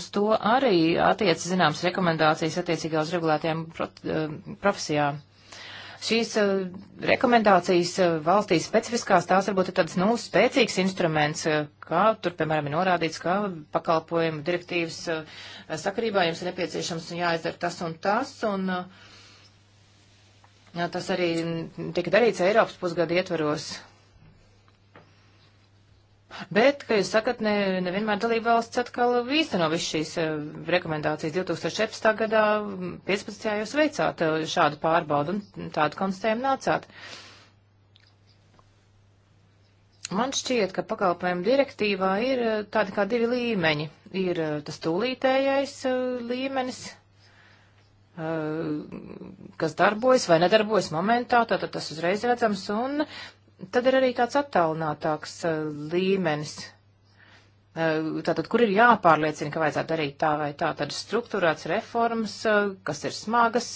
uz to arī attiec zināmas rekomendācijas attiecīgā uz regulētajām profesijām. Šīs eh, rekomendācijas eh, valstīs specifiskās, tās varbūt ir tāds, nu, spēcīgs instruments, eh, kā tur, piemēram, ir norādīts, ka pakalpojumu direktīvas sakarībā jums ir nepieciešams un jāizdara tas un tas. Un, Jā, tas arī tika darīts Eiropas pusgada ietvaros, Bet, kā jūs sakat, ne, nevienmēr dalība valsts atkal īsteno visu šīs eh, rekomendācijas. 2014. gadā 15. jūs veicāt eh, šādu pārbaudu un tādu konstatējumu nācāt. Man šķiet, ka pakalpojumu direktīvā ir eh, tādi kā divi līmeņi. Ir tas tūlītējais līmenis, kas darbojas vai nedarbojas momentā, tātad tas uzreiz redzams, un Tad ir arī tāds attālinātāks eh, līmenis, eh, Tātad, kur ir jāpārliecina, ka vajadzētu darīt tā vai tā, tad struktūrāts reformas, eh, kas ir smagas,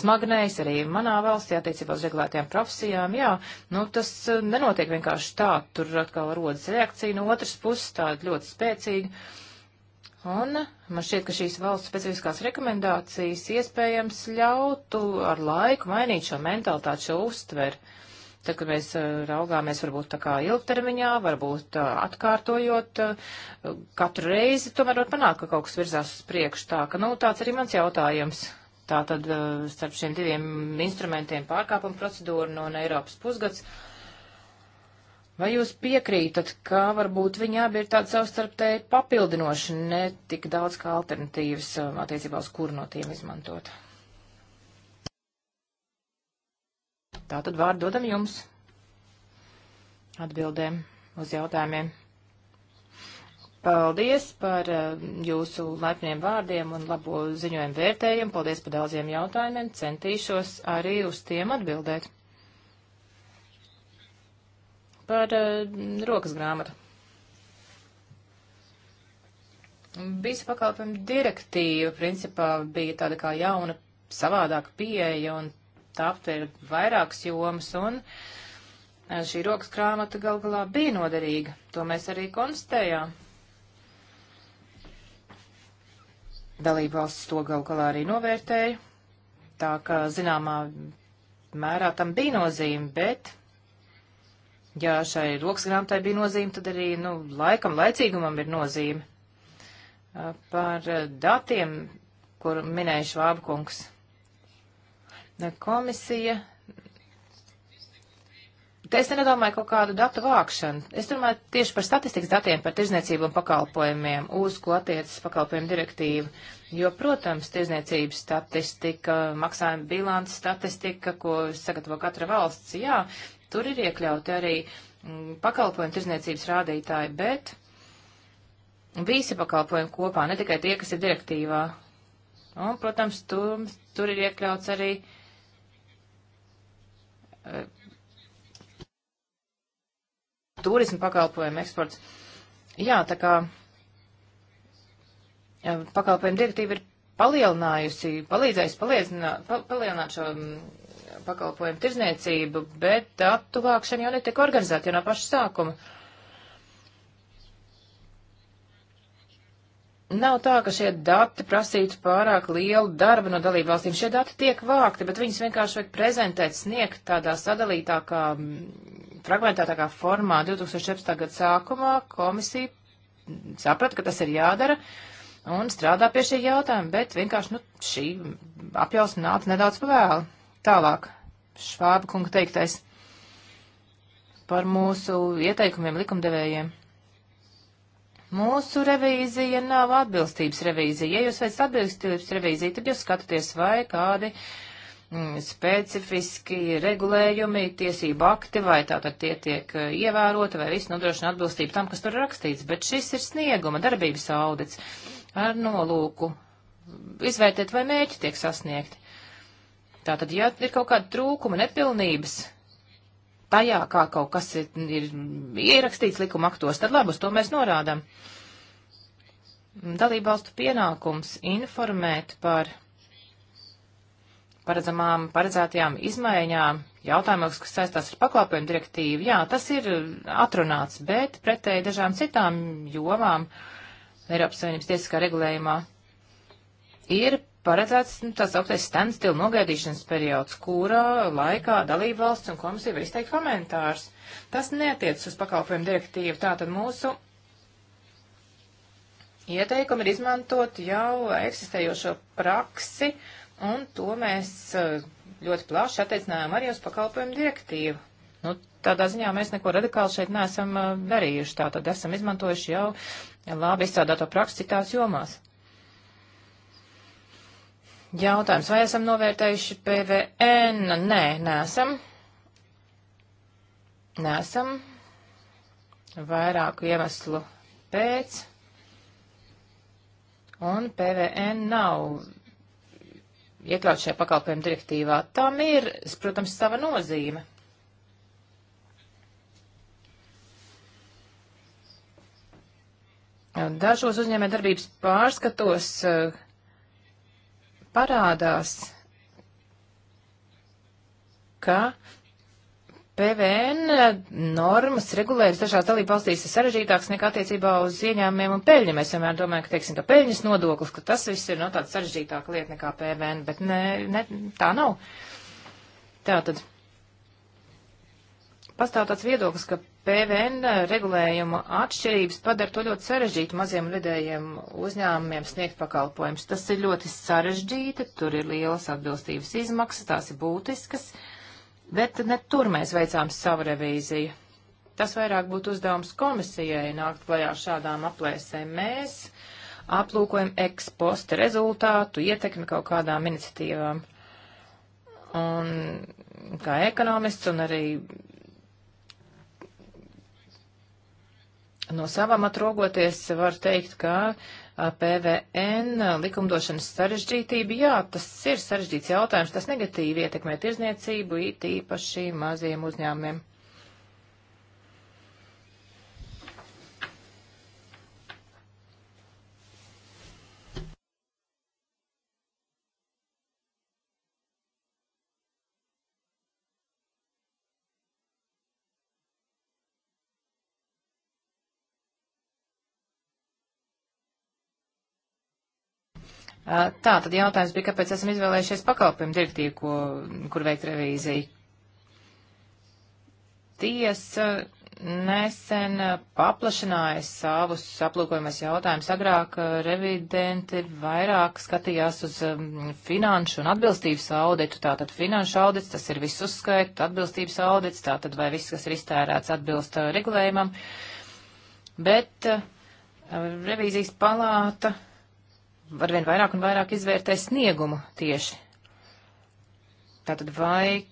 smagnējas arī manā valstī attiecībā uz regulētajām profesijām, jā, nu tas nenotiek vienkārši tā, tur atkal rodas reakcija no otras puses, tāda ļoti spēcīga. Un man šķiet, ka šīs valsts specifiskās rekomendācijas iespējams ļautu ar laiku mainīt šo mentalitāti, šo uztveri. Tad, kad mēs uh, raugāmies varbūt tā kā ilgtermiņā, varbūt uh, atkārtojot uh, katru reizi, tomēr var panākt, ka kaut kas virzās uz priekšu. Tā, ka, nu, tāds arī mans jautājums. Tātad starp šiem diviem instrumentiem pārkāpuma procedūra nu, un no Eiropas pusgads. Vai jūs piekrītat, ka varbūt viņi abi ir tādi savstarpēji papildinoši, ne tik daudz kā alternatīvas um, attiecībā uz kuru no tiem izmantot? Tā tad vārdu dodam jums atbildēm uz jautājumiem. Paldies par eh, jūsu laipniem vārdiem un labo ziņojumu vērtējumu. Paldies par daudziem jautājumiem. Centīšos arī uz tiem atbildēt. Par uh, rokas grāmatu. Visa pakalpojuma direktīva principā bija tāda kā jauna savādāka pieeja un tā aptver vairākas jomas, un e, šī rokas krāmata gal galā bija noderīga. To mēs arī konstatējām. Dalībvalsts to gal galā arī novērtēja, tā ka zināmā mērā tam bija nozīme, bet ja šai rokas grāmatai bija nozīme, tad arī nu, laikam, laicīgumam ir nozīme. E, par datiem, kur minēja Švābkungs. Komisija. Te es nedomāju kaut kādu datu vākšanu. Es domāju tieši par statistikas datiem, par tirzniecību un pakalpojumiem, uz ko attiecas pakalpojumu direktīva. Jo, protams, tirzniecības statistika, maksājuma bilants statistika, ko sagatavo katra valsts, jā, tur ir iekļauti arī mm, pakalpojumu tirzniecības rādītāji, bet visi pakalpojumi kopā, ne tikai tie, kas ir direktīvā. Un, protams, tur, tur ir iekļauts arī uh, Eh, turismu pakalpojumu eksports. Jā, tā kā eh, pakalpojumu direktīva ir palielinājusi, palīdzējusi pa, palielināt šo mm, pakalpojumu tirzniecību, bet datu vākšana jau netiek organizēta jau no paša sākuma. Uh, Nav tā, ka šie dati prasītu pārāk lielu darbu no dalībvalstīm. Šie dati tiek vākti, bet viņus vienkārši vajag prezentēt, sniegt tādā sadalītākā, fragmentētākā formā. 2014. gada sākumā komisija saprata, ka tas ir jādara un strādā pie šī jautājuma, bet vienkārši nu, šī apjausma nāca nedaudz pa vēlu. Tālāk, Švāba kunga teiktais par mūsu ieteikumiem likumdevējiem. Mūsu revīzija nav atbilstības revīzija. Ja jūs veicat atbilstības revīziju, tad jūs skatāties, vai kādi mm, specifiski regulējumi, tiesību akti, vai tātad tie tiek eh, ievēroti, vai viss nodrošina atbilstību tam, kas tur rakstīts. Bet šis ir snieguma darbības audits ar nolūku izvērtēt, vai mēķi tiek sasniegti. Tātad, ja ir kaut kāda trūkuma, nepilnības, tajā, kā kaut kas ir, ir ierakstīts likuma aktos, tad labi, uz to mēs norādām. Dalībvalstu pienākums informēt par paredzamām, paredzētajām izmaiņām, jautājumos, kas saistās ar pakalpojumu direktīvu, jā, tas ir atrunāts, bet pretēji dažām citām jomām Eiropas Savienības tiesiskā regulējumā ir paredzēts nu, tās augtais standstill nogaidīšanas periods, kurā laikā dalība valsts un komisija var izteikt komentārus. Tas netiec uz pakalpojumu direktīvu, tātad mūsu ieteikumi ir izmantot jau eksistējošo praksi, un to mēs eh, ļoti plaši attiecinājām arī uz pakalpojumu direktīvu. Nu, tādā ziņā mēs neko radikāli šeit neesam eh, darījuši, tātad esam izmantojuši jau labi izstrādāto praksi citās jomās. Jautājums, vai esam novērtējuši PVN? Nē, nesam. Nesam. Vairāku iemeslu pēc. Un PVN nav iekļauts šajā pakalpojumu direktīvā. Tam ir, protams, sava nozīme. Dažos uzņēmē darbības pārskatos uh, parādās, ka PVN normas regulējums dažās dalībvalstīs ir sarežģītāks nekā attiecībā uz ieņēmumiem un peļņu. Mēs vienmēr domājam, ka, teiksim, ka peļņas nodoklis, ka tas viss ir no nu, tāda sarežģītāka lieta nekā PVN, bet ne, ne, tā nav. Tā tad pastāv tāds viedoklis, ka PVN eh, regulējuma atšķirības padara to ļoti sarežģītu maziem vidējiem uzņēmumiem sniegt pakalpojumus. Tas ir ļoti sarežģīti, tur ir lielas atbilstības izmaksas, tās ir būtiskas, bet ne tur mēs veicām savu revīziju. Tas vairāk būtu uzdevums komisijai nākt klajā šādām aplēsēm. Mēs aplūkojam eksposta rezultātu, ietekmi kaut kādām iniciatīvām. Un kā ekonomists un arī No savam atrogoties var teikt, ka PVN likumdošanas sarežģītība, jā, tas ir sarežģīts jautājums, tas negatīvi ietekmē tirzniecību, it īpaši maziem uzņēmumiem. Tā, tad jautājums bija, kāpēc esam izvēlējušies pakalpojumu direktīvu, ko, kur veikt revīziju. Tiesa nesen paplašināja savus aplūkojumus jautājumus. Agrāk revidenti vairāk skatījās uz um, finanšu un atbilstības auditu. Tātad finanšu audits, tas ir viss uzskaita, atbilstības audits, tātad vai viss, kas ir iztērēts, atbilst uh, regulējumam. Bet uh, revīzijas palāta arvien vairāk un vairāk izvērtē sniegumu tieši. Tātad vai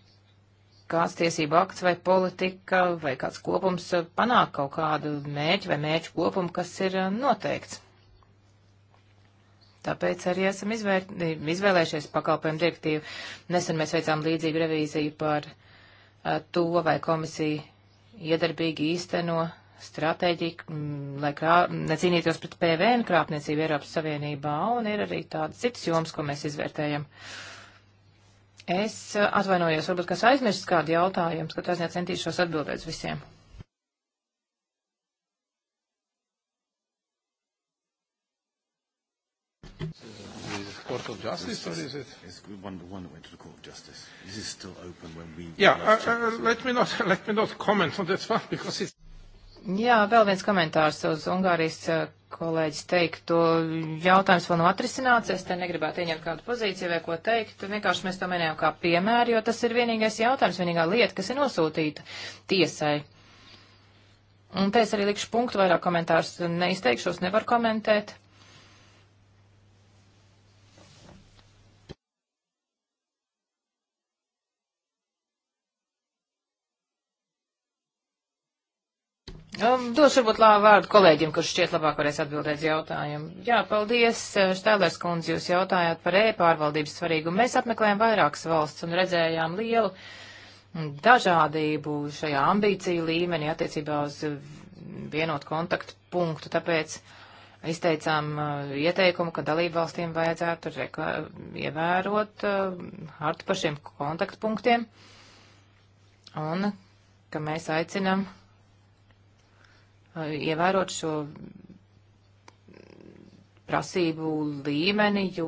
kāds tiesību akts vai politika vai kāds kopums panāk kaut kādu mēķu vai mēķu kopumu, kas ir noteikts. Tāpēc arī esam izvēr... izvēlējušies pakalpojumu direktīvu. Nesen mēs veicām līdzīgu revīziju par uh, to, vai komisija iedarbīgi īsteno stratēģiju, mm, lai krā, necīnītos pret PVN krāpniecību Eiropas Savienībā, un ir arī tādas citas jomas, ko mēs izvērtējam. Es eh, atvainojos, varbūt kas aizmirst kādu jautājumu, ka tās centīšos atbildēt visiem. Court of Justice, or is it? It's one, one that went to the Court of Justice. Is it still open when we? Yeah, uh, uh, let me not let me not comment on that one because it's. Jā, vēl viens komentārs uz Ungārijas kolēģis teikto. Jautājums vēl nav atrisināts, es te negribētu ieņemt kādu pozīciju vai ko teikt. Vienkārši mēs to minējām kā piemēru, jo tas ir vienīgais jautājums, vienīgā lieta, kas ir nosūtīta tiesai. Un te es arī likšu punktu, vairāk komentārus neizteikšos, nevaru komentēt. Um, došu varbūt labu vārdu kolēģim, kurš šķiet labāk varēs atbildēt jautājumu. Jā, paldies, uh, Štēlērs kundze, jūs jautājāt par e-pārvaldības svarīgumu. Mēs apmeklējām vairākas valsts un redzējām lielu dažādību šajā ambīciju līmenī attiecībā uz vienotu kontaktu punktu, tāpēc izteicām uh, ieteikumu, ka dalību valstīm vajadzētu reka, ievērot uh, hartu par šiem kontaktpunktiem un ka mēs aicinam Eh, ievērot šo prasību līmeni, jo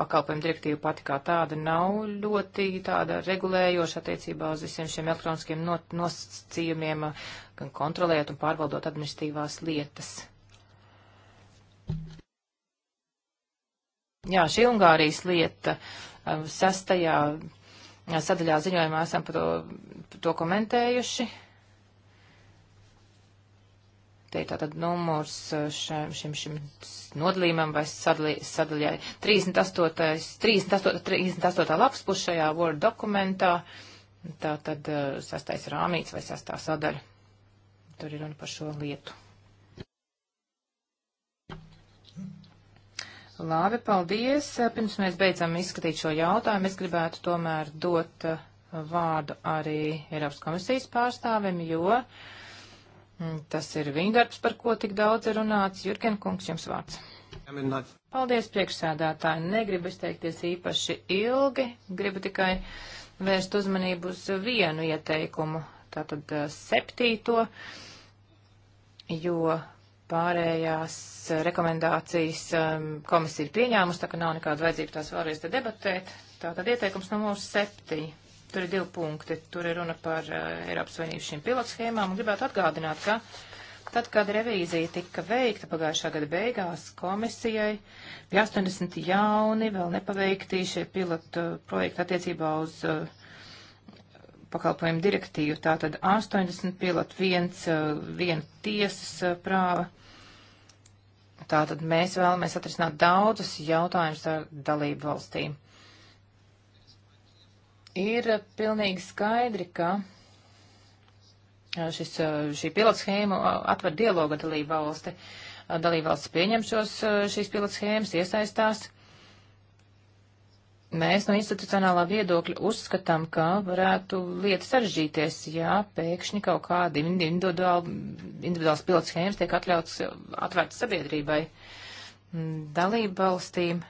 pakalpojumu direktīva pati kā tāda nav ļoti tāda regulējoša attiecībā uz visiem šiem elektroniskiem nosacījumiem, gan kontrolēt un pārvaldot administratīvās lietas. Jā, šī Ungārijas lieta eh, sastajā sadaļā ziņojumā esam par to, par to komentējuši. Te ir tātad numurs uh, šim, šim, šim nodalījumam vai sadaļai. 38. 38, 38. lapas pušajā Word dokumentā. Tā tad uh, sastais rāmīts vai sastā sadaļa. Tur ir runa par šo lietu. Labi, paldies. Pirms mēs beidzam izskatīt šo jautājumu, es gribētu tomēr dot uh, vārdu arī Eiropas komisijas pārstāvim, jo uh, Mm, tas ir viņa darbs, par ko tik daudz ir runāts. Jurgen kungs, jums vārds. Paldies, priekšsēdētāji. Negribu izteikties īpaši ilgi, gribu tikai vērst uzmanību uz vienu ieteikumu, tātad eh, septīto, jo pārējās eh, rekomendācijas eh, komisija ir pieņēmusi, tā ka nav nekāda vajadzība tās vēlreiz te debatēt. Tātad ieteikums no mūsu septiņi. Tur ir divi punkti. Tur ir runa par eh, Eiropas Savienības šīm pilotschēmām un gribētu atgādināt, ka Tad, kad revīzija tika veikta pagājušā gada beigās, komisijai bija 80 jauni, vēl nepaveikti šie pilotu eh, projekti attiecībā uz uh, pakalpojumu direktīvu. Tātad 80 pilotu, viens, uh, viena tiesas uh, prāva. Tātad mēs vēlamies atrisināt daudzus jautājumus ar dalību valstīm. Ir pilnīgi skaidri, ka šis, šī pilotschēma atver dialogu dalībvalsti. Dalībvalsts pieņem šos, šīs pilotschēmas, iesaistās. Mēs no institucionālā viedokļa uzskatām, ka varētu lieta sarežģīties, ja pēkšņi kaut kādi individuāli, individuāls pilots schēmas tiek atļauts atvērt sabiedrībai. Dalību valstīm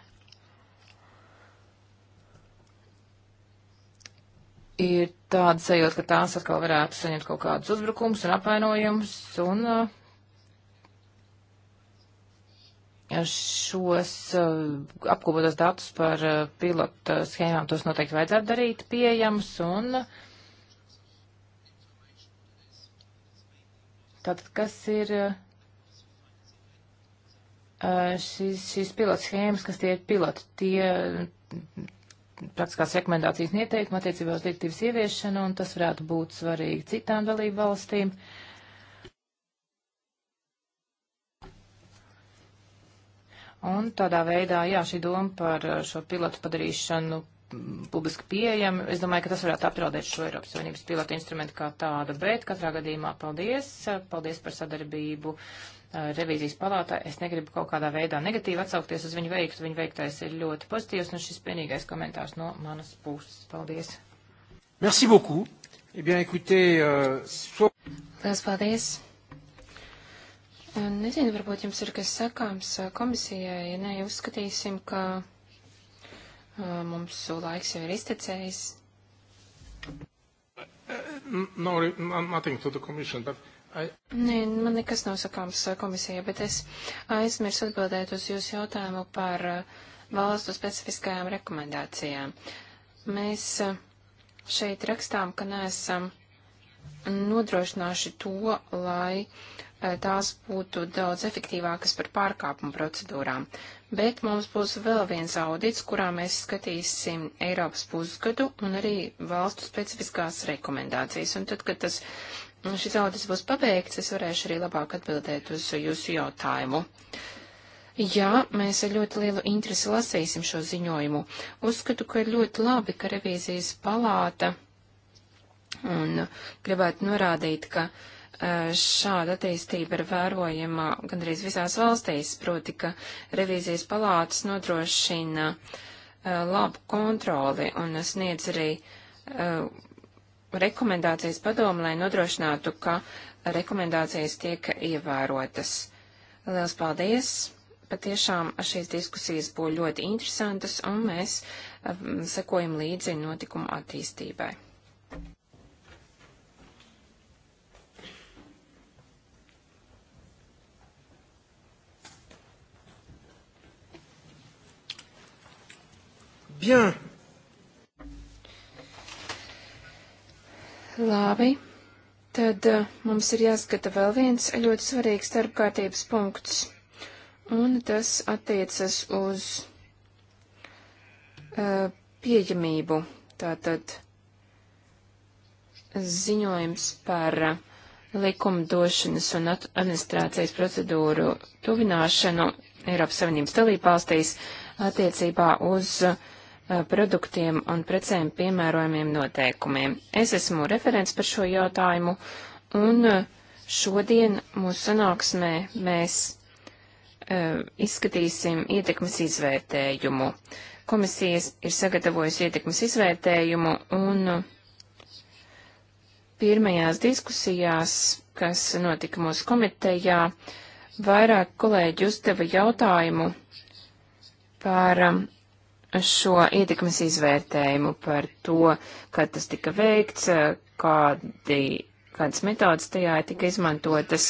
ir tāda sajūta, ka tās atkal varētu saņemt kaut kādus uzbrukumus un apvainojumus, un uh, šos uh, apkopotos datus par uh, pilotu schēmām tos noteikti vajadzētu darīt pieejams, un tātad kas ir šīs, šīs pilotu schēmas, kas tie ir piloti, tie praktiskās rekomendācijas un ieteikumu attiecībā uz direktīvas ieviešanu, un tas varētu būt svarīgi citām dalību valstīm. Un tādā veidā, jā, šī doma par šo pilotu padarīšanu publiski pieejami, es domāju, ka tas varētu apdraudēt šo Eiropas Savienības pilotu instrumentu kā tādu, bet katrā gadījumā paldies, paldies par sadarbību Eh, revīzijas palātā. Es negribu kaut kādā veidā negatīvi atsaukties uz viņu veiktu. Viņa veiktais ir ļoti pozitīvs, un šis vienīgais komentārs no manas puses. Paldies! Merci beaucoup! Eh bien, écoutez, euh, so... Lielas paldies! Eh, nezinu, varbūt jums ir kas sakāms eh, komisijai, ja ne, uzskatīsim, ka mums laiks jau ir iztecējis. No, nothing to the commission, but I... Nē, man nekas nav sakāms eh, komisija, bet es aizmirsu atbildēt uz jūsu jautājumu par eh, valstu specifiskajām rekomendācijām. Mēs eh, šeit rakstām, ka neesam nodrošinājuši to, lai tās būtu daudz efektīvākas par pārkāpumu procedūrām. Bet mums būs vēl viens audits, kurā mēs skatīsim Eiropas pusgadu un arī valstu specifiskās rekomendācijas. Un tad, kad tas šis audits būs pabeigts, es varēšu arī labāk atbildēt uz jūsu jautājumu. Jā, mēs ar ļoti lielu interesi lasīsim šo ziņojumu. Uzskatu, ka ir ļoti labi, ka revīzijas palāta un gribētu norādīt, ka e, šāda attīstība ir vērojama gandrīz visās valstīs, proti, ka revīzijas palātas nodrošina e, labu kontroli un sniedz arī e, rekomendācijas padomu, lai nodrošinātu, ka rekomendācijas tiek ievērotas. Liels paldies! Patiešām šīs diskusijas būtu ļoti interesantas, un mēs um, sekojam līdzi notikumu attīstībai. Bien. Labi, tad uh, mums ir jāskata vēl viens ļoti svarīgs starpkārtības punkts, un tas attiecas uz uh, pieejamību. Tātad ziņojums par uh, likumdošanas un administrācijas procedūru tuvināšanu Eiropas Savienības dalībvalstīs attiecībā uz uh, Eh, produktiem un precēm piemērojumiem noteikumiem. Es esmu referents par šo jautājumu, un eh, šodien mūsu sanāksmē mēs uh, izskatīsim ietekmes izvērtējumu. Komisijas ir sagatavojusi ietekmes izvērtējumu, un pirmajās diskusijās, kas notika mūsu komitejā, vairāk kolēģi uzdeva jautājumu par um, šo ietekmes izvērtējumu par to, kad tas tika veikts, kādi, kādas metodas tajā tika izmantotas,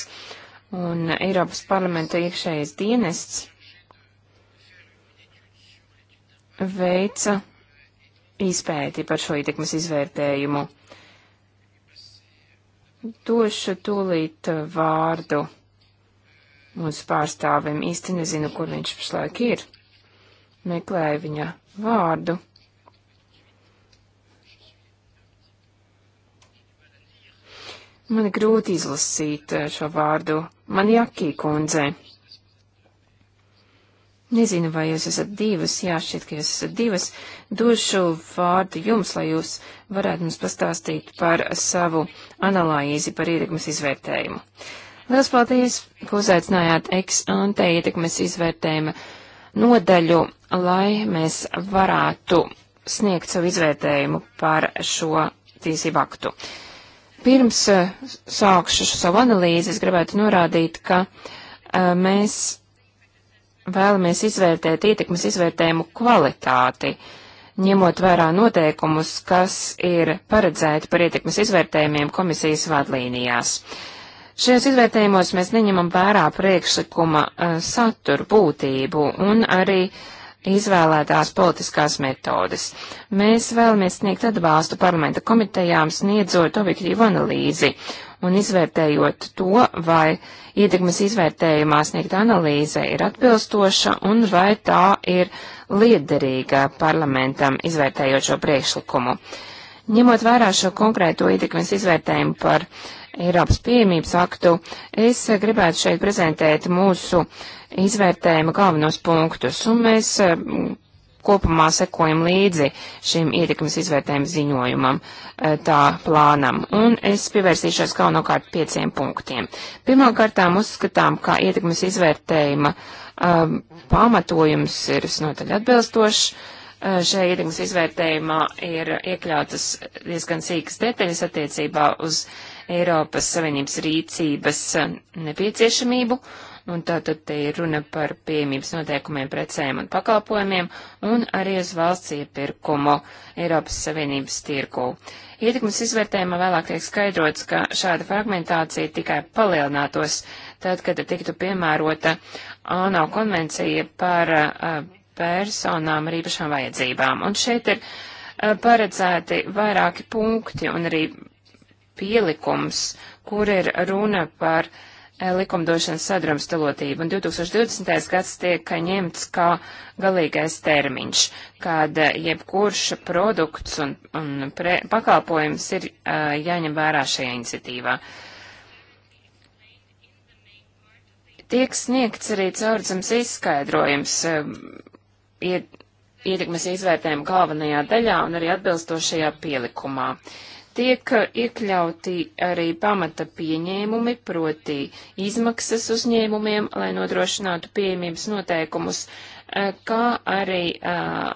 un Eiropas parlamenta iekšējais dienests veica izpēti par šo ietekmes izvērtējumu. Došu tūlīt vārdu mūsu pārstāvim. Īsti nezinu, kur viņš pašlaik ir meklēju viņa vārdu. Man ir grūti izlasīt eh, šo vārdu. Man jākī kundze. Nezinu, vai jūs esat divas, jā, šķiet, ka jūs esat divas. Došu vārdu jums, lai jūs varētu mums pastāstīt par savu analīzi, par ietekmes izvērtējumu. Lielas paldies, ka uzaicinājāt ex-ante ietekmes izvērtējuma nodaļu lai mēs varētu sniegt savu izvērtējumu par šo tiesību aktu. Pirms eh, sākšu savu analīzi, es gribētu norādīt, ka eh, mēs vēlamies izvērtēt ietekmes izvērtējumu kvalitāti, ņemot vērā noteikumus, kas ir paredzēti par ietekmes izvērtējumiem komisijas vadlīnijās. Šajos izvērtējumos mēs neņemam vērā priekšlikuma uh, eh, saturu būtību un arī uh, izvēlētās politiskās metodes. Mēs vēlamies sniegt atbalstu parlamenta komitejām, sniedzot objektīvu analīzi un izvērtējot to, vai ietekmes izvērtējumā sniegta analīze ir atbilstoša un vai tā ir liederīga parlamentam izvērtējot šo priekšlikumu. Ņemot vērā šo konkrēto ietekmes izvērtējumu par Eiropas pieejamības aktu, es gribētu šeit prezentēt mūsu izvērtējuma galvenos punktus, un mēs eh, kopumā sekojam līdzi šim ietekmes izvērtējuma ziņojumam, eh, tā plānam, un es pievērsīšos galvenokārt pieciem punktiem. Pirmkārtām uzskatām, ka ietekmes izvērtējuma um, pamatojums ir visnotaļ atbilstošs. Šajā ietekmes izvērtējumā ir iekļautas diezgan sīkas detaļas attiecībā uz uh, Eiropas Savienības rīcības eh, nepieciešamību, un tātad te ir runa par pieejamības noteikumiem precēm un pakalpojumiem, un arī uz valsts iepirkumu Eiropas Savienības tirku. Ietekmes izvērtējumā vēlāk tiek skaidrots, ka šāda fragmentācija tikai palielinātos tad, kad tiktu piemērota ANO konvencija par eh, personām ar īpašām vajadzībām. Un šeit ir eh, paredzēti vairāki punkti un arī pielikums, kur ir runa par eh, likumdošanas sadrumstalotību, un 2020. gads tiek ņemts kā galīgais termiņš, kad eh, jebkurš produkts un, un pre, pakalpojums ir uh, jāņem vērā šajā iniciatīvā. Tiek sniegts arī caurdzams izskaidrojums, uh, ir ietekmes izvērtējuma galvenajā daļā un arī atbilstošajā pielikumā. Uh, tiek iekļauti arī pamata pieņēmumi, proti izmaksas uzņēmumiem, lai nodrošinātu pieejamības noteikumus, kā arī uh,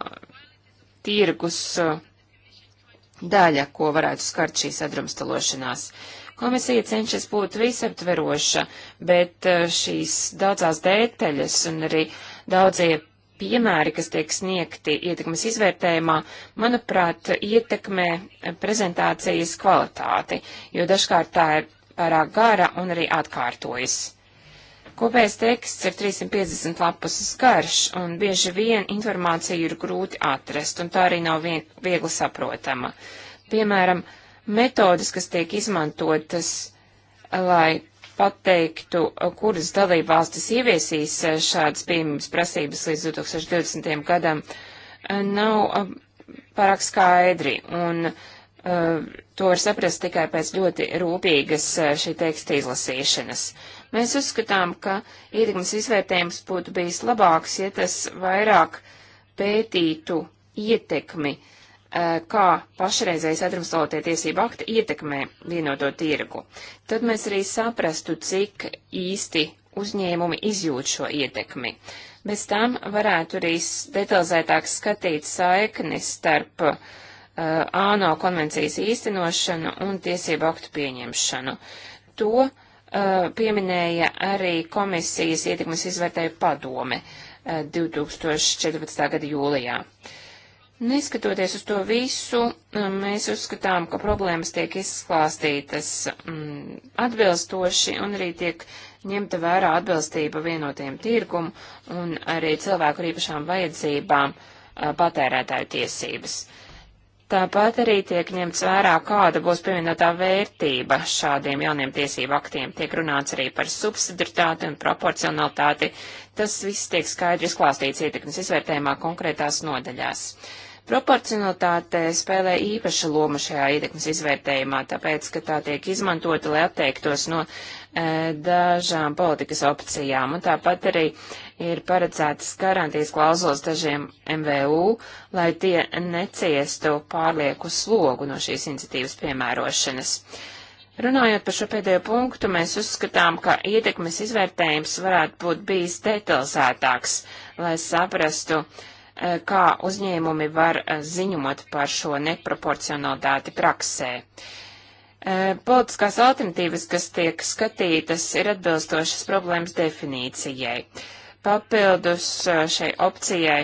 tirgus daļa, ko varētu skart šī sadrumstalošanās. Komisija cenšas būt visaptveroša, bet šīs daudzās detaļas un arī daudzie piemēri, kas tiek sniegti ietekmes izvērtējumā, manuprāt, ietekmē prezentācijas kvalitāti, jo dažkārt tā ir pārāk gara un arī atkārtojas. Kopējais teksts ir 350 lapus garš, un bieži vien informācija ir grūti atrast, un tā arī nav viegli saprotama. Piemēram, metodas, kas tiek izmantotas, lai pateiktu, kuras dalībvalstis ieviesīs eh, šādas pieejamības prasības līdz 2020. gadam, eh, nav eh, pārāk skaidri. Un, Uh, to var saprast tikai pēc ļoti rūpīgas uh, šī teksta izlasīšanas. Mēs uzskatām, ka ietekmes izvērtējums būtu bijis labāks, ja tas vairāk pētītu ietekmi uh, Eh, kā pašreizējas atrumstalotie tiesība akti ietekmē vienoto tirgu. Tad mēs arī saprastu, cik īsti uzņēmumi izjūt šo ietekmi. Bez tam varētu arī detalizētāk skatīt saikni starp uh, ANO konvencijas īstenošanu un tiesību aktu pieņemšanu. To uh, pieminēja arī komisijas ietekmes izvērtēja padome uh, 2014. gada jūlijā. Uh, Neskatoties uz to visu, um, mēs uzskatām, ka problēmas tiek izklāstītas mm, atbilstoši un arī tiek ņemta vērā atbilstība vienotiem tirgumu un arī cilvēku ar īpašām vajadzībām uh, patērētāju tiesības. Tāpat arī tiek ņemts vērā, kāda būs pievienotā vērtība šādiem jauniem tiesību aktiem. Tiek runāts arī par subsidiritāti un proporcionalitāti. Tas viss tiek skaidri izklāstīts ietekmes izvērtējumā konkrētās nodaļās. Uh, Proporcionalitāte spēlē īpaša loma šajā ietekmes izvērtējumā, tāpēc, ka tā tiek izmantota, lai atteiktos no e, dažām politikas opcijām, un tāpat arī ir paredzētas garantijas klauzulas dažiem MVU, lai tie neciestu pārlieku slogu no šīs iniciatīvas piemērošanas. Runājot par šo pēdējo punktu, mēs uzskatām, ka ietekmes izvērtējums varētu būt bijis detalizētāks, lai saprastu, uh, Eh, kā uzņēmumi var eh, ziņot par šo neproporcionalitāti praksē. Eh, politiskās alternatīvas, kas tiek skatītas, ir atbilstošas problēmas definīcijai. Papildus šai opcijai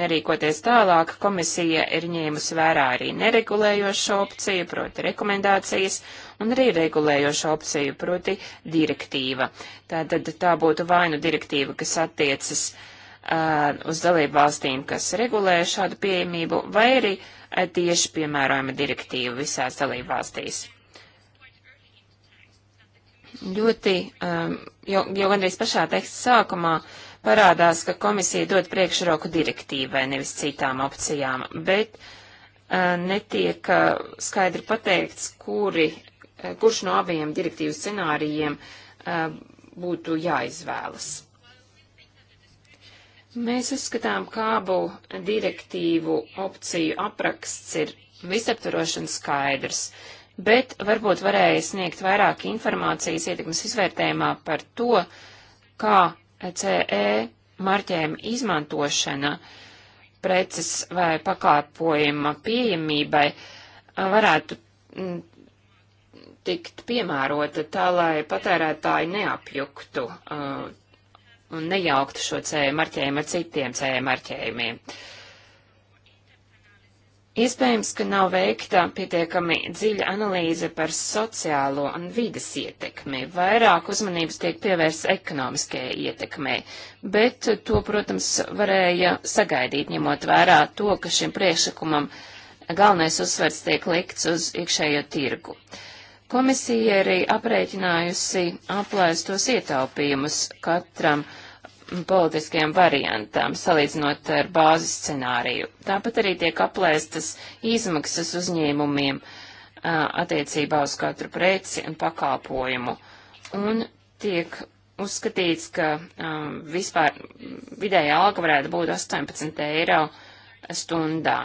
nerīkoties tālāk, komisija ir ņēmusi vērā arī neregulējošo opciju, proti rekomendācijas, un arī regulējošo opciju, proti direktīva. Tātad tā būtu vainu direktīva, kas attiecas uh, uz dalību valstīm, kas regulē šādu pieejamību, vai arī tieši piemērojama direktīva visās dalību valstīs. Ļoti, jo, jo gandrīz pašā teksta sākumā parādās, ka komisija dod priekšroku direktīvai, nevis citām opcijām, bet netiek skaidri pateikts, kuri, kurš no abiem direktīvas scenārijiem būtu jāizvēlas. Mēs uzskatām, ka abu direktīvu opciju apraksts ir visaptvarošana skaidrs, bet varbūt varēja sniegt vairāk informācijas ietekmes izvērtējumā par to, kā CE e marķējuma izmantošana preces vai pakalpojuma pieejamībai varētu mm, tikt piemērota tā, lai patērētāji neapjuktu uh, un nejauktu šo CE marķējumu ar citiem CE marķējumiem. Iespējams, ka nav veikta pietiekami dziļa analīze par sociālo un vidas ietekmi. Vairāk uzmanības tiek pievērsts ekonomiskajai ietekmei, bet to, protams, varēja sagaidīt, ņemot vērā to, ka šim priekšlikumam galvenais uzsvers tiek likts uz iekšējo tirgu. Uh, Komisija arī aprēķinājusi aplēstos ietaupījumus katram politiskajam variantam, salīdzinot ar bāzes scenāriju. Tāpat arī tiek aplēstas izmaksas uzņēmumiem attiecībā uz katru preci un pakalpojumu. Un tiek uzskatīts, ka um, vispār vidējā alga varētu būt 18 eiro stundā.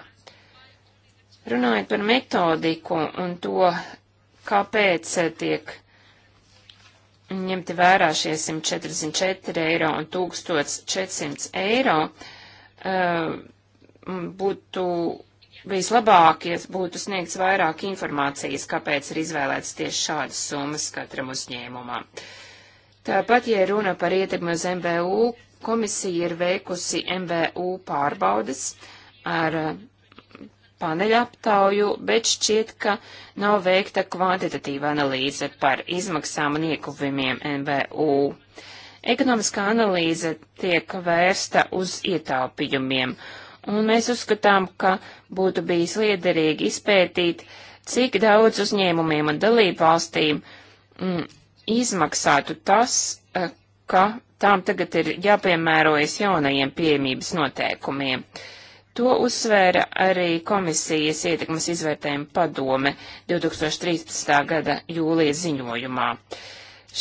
Runājot par metodiku un to, kāpēc eh, tiek ņemti vērā šie 144 eiro un 1400 eiro, eh, būtu vislabāk, ja būtu sniegts vairāk informācijas, kāpēc ir izvēlēts tieši šādas summas katram uzņēmumam. Tāpat, ja runa par ietekmi uz MBU, komisija ir veikusi MBU pārbaudes ar paneļa aptauju, bet šķiet, ka nav veikta kvantitatīva analīze par izmaksām un iekuvumiem MBU. Ekonomiskā analīze tiek vērsta uz ietaupījumiem, un mēs uzskatām, ka būtu bijis liederīgi izpētīt, cik daudz uzņēmumiem un dalību valstīm mm, izmaksātu tas, eh, ka tām tagad ir jāpiemērojas jaunajiem pieejamības noteikumiem. Uh, To uzsvēra arī komisijas ietekmes izvērtējuma padome 2013. gada jūlijas ziņojumā.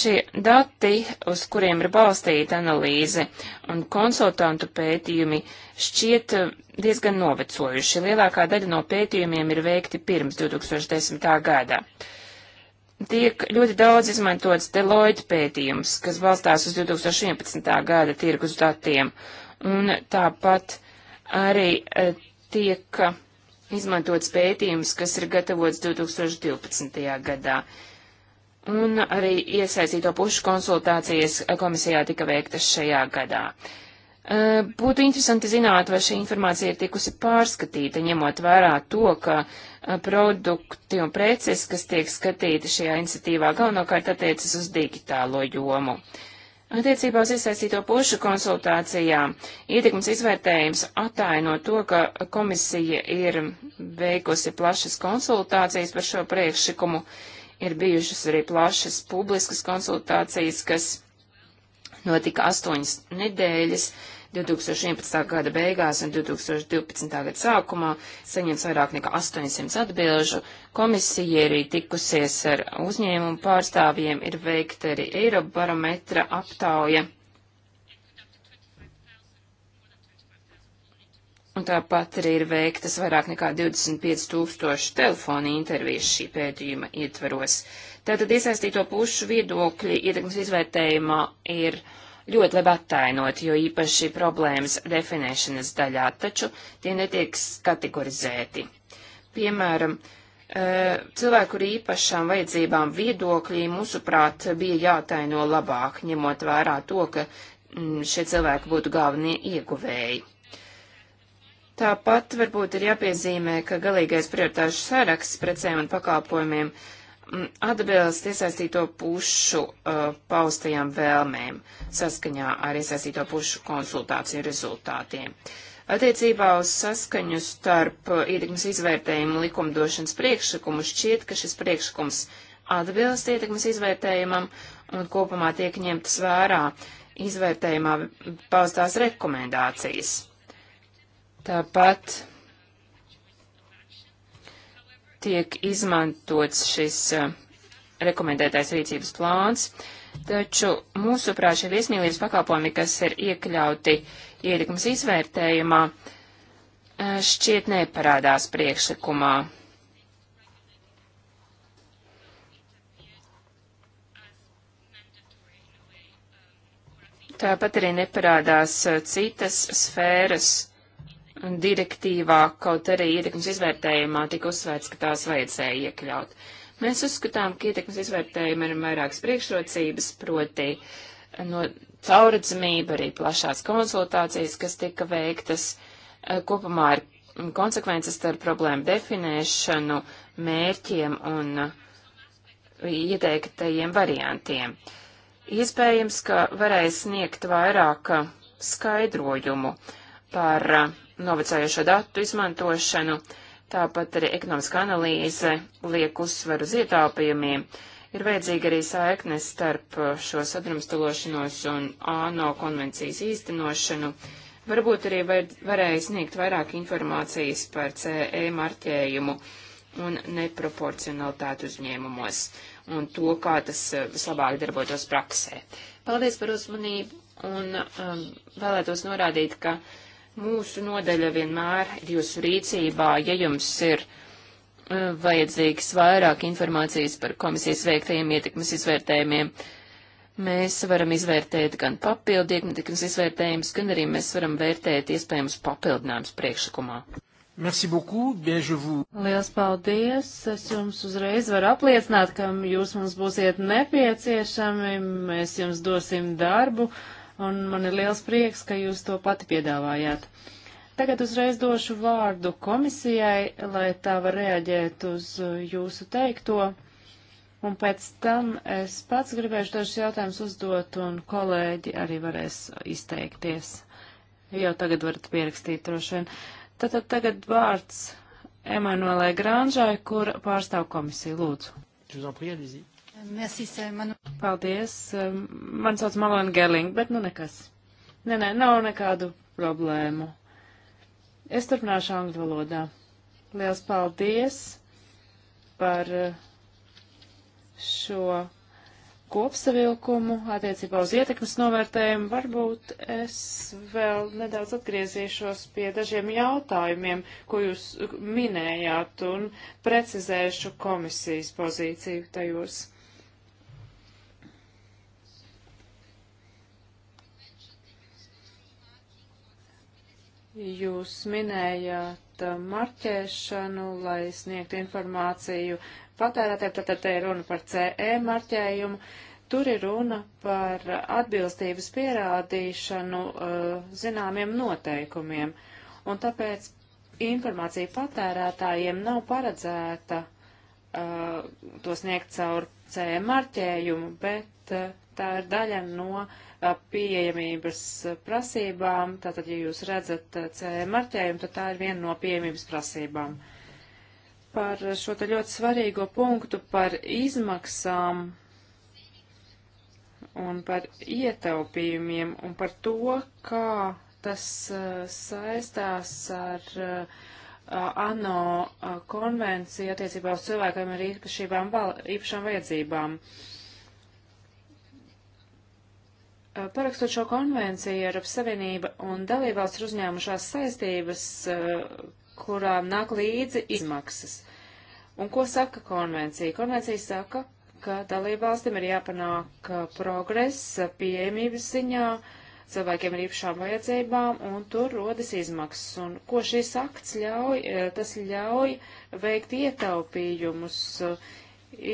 Šie dati, uz kuriem ir balstīta analīze un konsultantu pētījumi, šķiet diezgan novecojuši. Lielākā daļa no pētījumiem ir veikti pirms 2010. gada. Tiek ļoti daudz izmantots Deloitte pētījums, kas balstās uz 2011. gada tirgus datiem, un tāpat arī e, tiek izmantots pētījums, kas ir gatavots 2012. gadā. Un arī iesaistīto pušu konsultācijas komisijā tika veiktas šajā gadā. E, būtu interesanti zināt, vai šī informācija ir tikusi pārskatīta, ņemot vērā to, ka e, produkti un preces, kas tiek skatīti šajā iniciatīvā, galvenokārt attiecas uz digitālo jomu. Uh, Attiecībā uz iesaistīto pušu konsultācijām ietekmes izvērtējums ataino to, ka komisija ir veikusi plašas konsultācijas par šo priekšlikumu, ir bijušas arī plašas publiskas konsultācijas, kas notika astoņas nedēļas, uh, 2011. gada beigās un 2012. gada sākumā saņemts vairāk nekā 800 atbilžu. Komisija arī tikusies ar uzņēmumu pārstāvjiem, ir veikta arī Eirobarometra aptauja. Un tāpat arī ir veiktas vairāk nekā 25 tūkstoši telefona intervijas šī pētījuma ietveros. Tātad iesaistīto pušu viedokļi ietekmes izvērtējumā ir uh, ļoti labi attainot, jo īpaši problēmas definēšanas daļā, taču tie netiek kategorizēti. Piemēram, e, cilvēku ar īpašām vajadzībām viedokļi, mūsuprāt, bija jātaino labāk, ņemot vērā to, ka šie cilvēki būtu galvenie ieguvēji. Tāpat varbūt ir jāpiezīmē, ka galīgais prioritāšu saraksts precēm un pakalpojumiem uh, Mm, atbilst iesaistīto pušu uh, paustajām vēlmēm saskaņā ar iesaistīto pušu konsultāciju rezultātiem. Attiecībā uz saskaņu starp ietekmes izvērtējumu likumdošanas priekšlikumu šķiet, ka šis priekšlikums atbilst ietekmes izvērtējumam un kopumā tiek ņemtas vērā izvērtējumā paustās rekomendācijas. Tāpat tiek izmantots šis rekomendētais rīcības plāns, taču mūsuprāt šie viesmīlības pakalpojumi, kas ir iekļauti ietekmes izvērtējumā, šķiet neparādās priekšlikumā. Tāpat arī neparādās citas sfēras, direktīvā, kaut arī ietekmes izvērtējumā tika uzsvērts, ka tās vajadzēja iekļaut. Mēs uzskatām, ka ietekmes izvērtējumi ir vairākas priekšrocības, proti no cauradzamība, arī plašās konsultācijas, kas tika veiktas eh, kopumā ar konsekvences starp problēmu definēšanu, mērķiem un eh, ieteiktajiem variantiem. Iespējams, ka varēs sniegt vairāk eh, skaidrojumu par novecējošo datu izmantošanu, tāpat arī ekonomiska analīze liek uzsveru uz ietāpījumiem. Ir vajadzīga arī saikne starp uh, šo sadrumstalošanos un ANO konvencijas īstenošanu. Varbūt arī var, varēja sniegt vairāk informācijas par CE marķējumu un neproporcionalitāti uzņēmumos un to, kā tas uh, vislabāk darbotos praksē. Paldies par uzmanību un um, vēlētos norādīt, ka uh, Mūsu nodaļa vienmēr ir jūsu rīcībā, ja jums ir uh, vajadzīgs vairāk informācijas par komisijas veiktajiem ietekmes izvērtējumiem. Mēs varam izvērtēt gan papildu ietekmes izvērtējumus, gan arī mēs varam vērtēt iespējams papildinājumus priekšlikumā. Merci beaucoup, bien je vous. Liels paldies, es jums uzreiz varu apliecināt, ka jūs mums būsiet nepieciešami, mēs jums dosim darbu un man ir liels prieks, ka jūs to pati piedāvājāt. Tagad uzreiz došu vārdu komisijai, lai tā var reaģēt uz uh, jūsu teikto, un pēc tam es pats gribēšu dažus jautājumus uzdot, un kolēģi arī varēs izteikties. Jau tagad varat pierakstīt droši vien. Tātad tagad vārds Emanuelai Grāņžai, kur pārstāv komisiju. Lūdzu. Merci, manu... Paldies. Man sauc Malona Gerling, bet nu nekas. Nē, nē, nav nekādu problēmu. Es turpināšu angļu valodā. Liels paldies par eh, šo kopsavilkumu attiecībā uz ietekmes novērtējumu. Varbūt es vēl nedaudz atgriezīšos pie dažiem jautājumiem, ko jūs minējāt, un precizēšu komisijas pozīciju tajos. Jūs minējāt uh, marķēšanu, lai sniegtu informāciju patērētājiem, tad te ir runa par CE marķējumu. Tur ir runa par atbilstības pierādīšanu uh, zināmiem noteikumiem, un tāpēc informācija patērētājiem nav paredzēta uh, to sniegt caur CE marķējumu, bet tā ir daļa no uh, pieejamības prasībām. Tātad, ja jūs redzat CE marķējumu, tad tā ir viena no pieejamības prasībām. Par šo te ļoti svarīgo punktu par izmaksām un par ietaupījumiem un par to, kā tas saistās ar ANO konvenciju attiecībā uz cilvēkiem ar īpašībām, īpašām vajadzībām. Uh, Uh, parakstot šo konvenciju, Eiropas Savienība un dalībvalsts ir uzņēmušās saistības, uh, kurām nāk līdzi izmaksas. Un ko saka konvencija? Konvencija saka, ka dalībvalstim ir jāpanāk uh, progress pieejamības ziņā cilvēkiem ar īpašām vajadzībām, un tur rodas izmaksas. Un ko šis akts ļauj? Tas ļauj veikt ietaupījumus,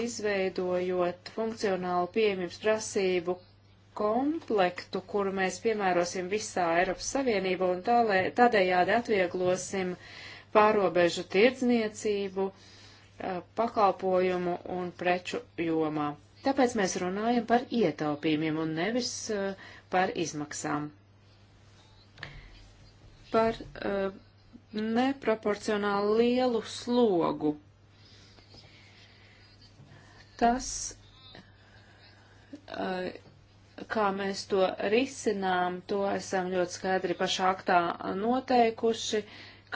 izveidojot funkcionālu pieejamības prasību, komplektu, kuru mēs piemērosim visā Eiropas Savienībā un tā, lai, tādējādi atvieglosim pārobežu tirdzniecību, eh, pakalpojumu un preču jomā. Tāpēc mēs runājam par ietaupījumiem un nevis eh, par izmaksām. Par eh, neproporcionāli lielu slogu. Tas kā mēs to risinām, to esam ļoti skaidri pašā aktā noteikuši,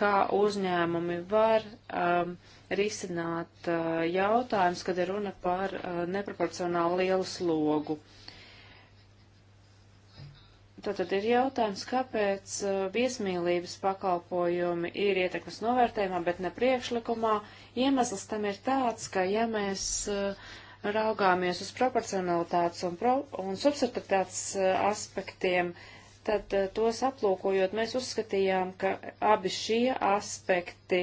kā uzņēmumi var um, risināt uh, jautājums, kad ir runa par uh, neproporcionāli lielu slogu. Tātad ir jautājums, kāpēc uh, viesmīlības pakalpojumi ir ietekmes novērtējumā, bet ne priekšlikumā. Iemesls tam ir tāds, ka ja mēs uh, raugāmies uz proporcionalitātes un, pro, un subsidiaritātes eh, aspektiem, tad eh, tos aplūkojot, mēs uzskatījām, ka abi šie aspekti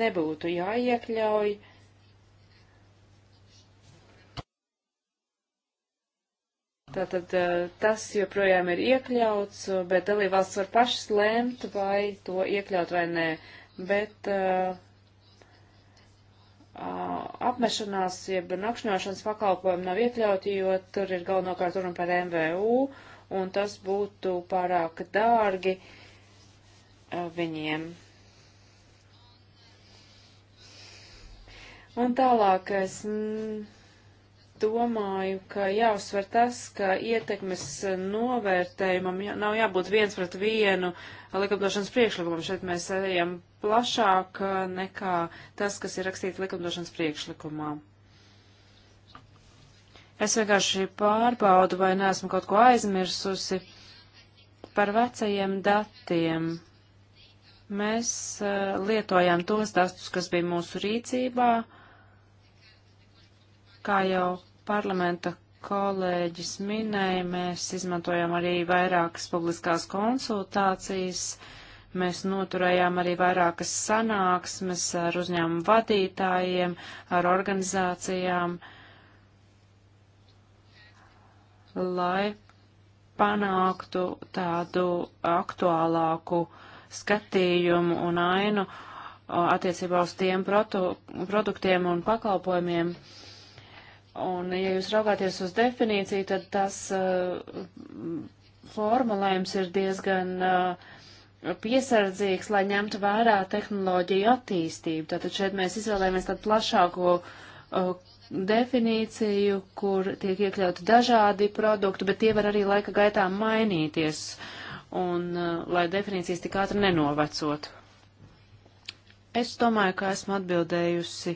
nebūtu jāiekļauj. Tātad eh, tas joprojām ir iekļauts, bet dalībvalsts var pašas lēmt, vai to iekļaut vai nē. Bet uh, apmešanās, jeb nakšņošanas pakalpojumi nav iekļauti, jo tur ir galvenokārt runa par MVU, un tas būtu pārāk dārgi viņiem. Un tālāk es domāju, ka jāuzsver tas, ka ietekmes novērtējumam nav jābūt viens pret vienu likumdošanas priekšlikumam. Šeit mēs ejam plašāk eh, nekā tas, kas ir rakstīts likumdošanas priekšlikumā. Es vienkārši pārbaudu, vai neesmu kaut ko aizmirsusi par vecajiem datiem. Mēs uh, lietojām tos datus, kas bija mūsu rīcībā, kā jau parlamenta kolēģis minēja, mēs izmantojam arī vairākas publiskās konsultācijas, uh, Mēs noturējām arī vairākas sanāksmes ar uzņēmumu vadītājiem, ar organizācijām, lai panāktu tādu aktuālāku skatījumu un ainu attiecībā uz tiem protu, produktiem un pakalpojumiem. Un, ja jūs raugāties uz definīciju, tad tas uh, formulējums ir diezgan uh, piesardzīgs, lai ņemtu vērā tehnoloģiju attīstību. Tātad šeit mēs izvēlējamies tādu plašāko uh, definīciju, kur tiek iekļauti dažādi produkti, bet tie var arī laika gaitā mainīties, un uh, lai definīcijas tik ātri nenovecotu. Es domāju, ka esmu atbildējusi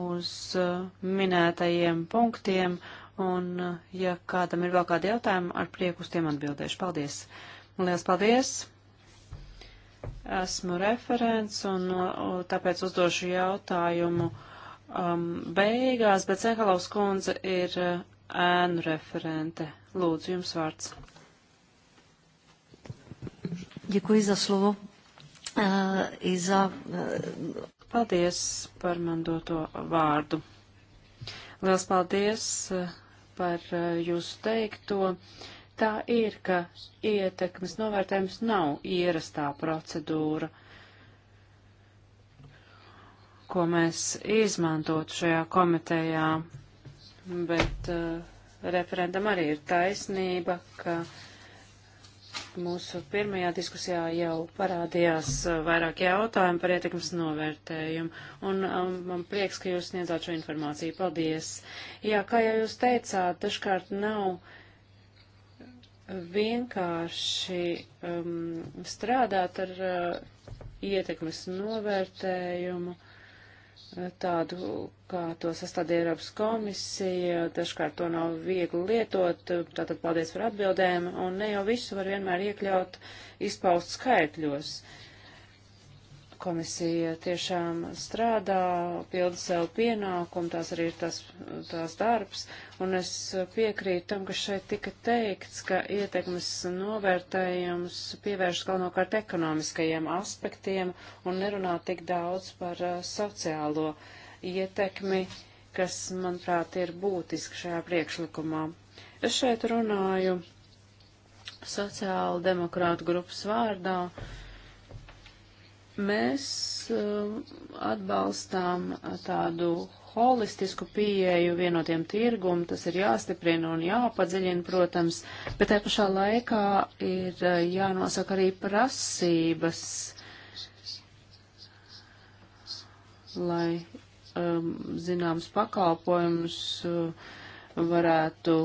uz uh, minētajiem punktiem, un ja kādam ir vēl kādi jautājumi, ar prieku uz tiem atbildēšu. Paldies! Lielas paldies! Esmu referents un tāpēc uzdošu jautājumu um, beigās, bet Senhalovs kundze ir uh, ēnu referente. Lūdzu, jums vārds. Děkuji za slovo uh, i za. Uh... Paldies par man doto vārdu. Liels paldies uh, par uh, jūsu teikto. Uh, tā ir, ka ietekmes novērtējums nav ierastā procedūra, ko mēs izmantotu šajā komitejā, bet uh, referendam arī ir taisnība, ka mūsu pirmajā diskusijā jau parādījās uh, vairāk jautājumu par ietekmes novērtējumu, un um, man prieks, ka jūs sniedzāt šo informāciju. Paldies! Jā, kā jau jūs teicāt, dažkārt nav vienkārši um, strādāt ar uh, ietekmes novērtējumu, uh, tādu, kā to sastādīja Eiropas komisija, dažkārt to nav viegli lietot, uh, tātad paldies par atbildēm, un ne jau visu var vienmēr iekļaut izpaust skaitļos. Uh, Komisija tiešām strādā, pilda sev pienākumu, tās arī ir tas, tās darbs, un es piekrītu tam, kas šeit tika teikts, ka ietekmes novērtējums pievēršas galvenokārt ekonomiskajiem aspektiem un nerunā tik daudz par uh, sociālo ietekmi, kas, manuprāt, ir būtiski šajā priekšlikumā. Es šeit runāju sociāla demokrāta grupas vārdā. Uh, Mēs uh, atbalstām tādu holistisku pieeju vienotiem tirgumu, tas ir jāstiprina un jāpadziļina, protams, bet tajā pašā laikā ir uh, jānosaka arī prasības, lai um, zināms pakalpojums uh, varētu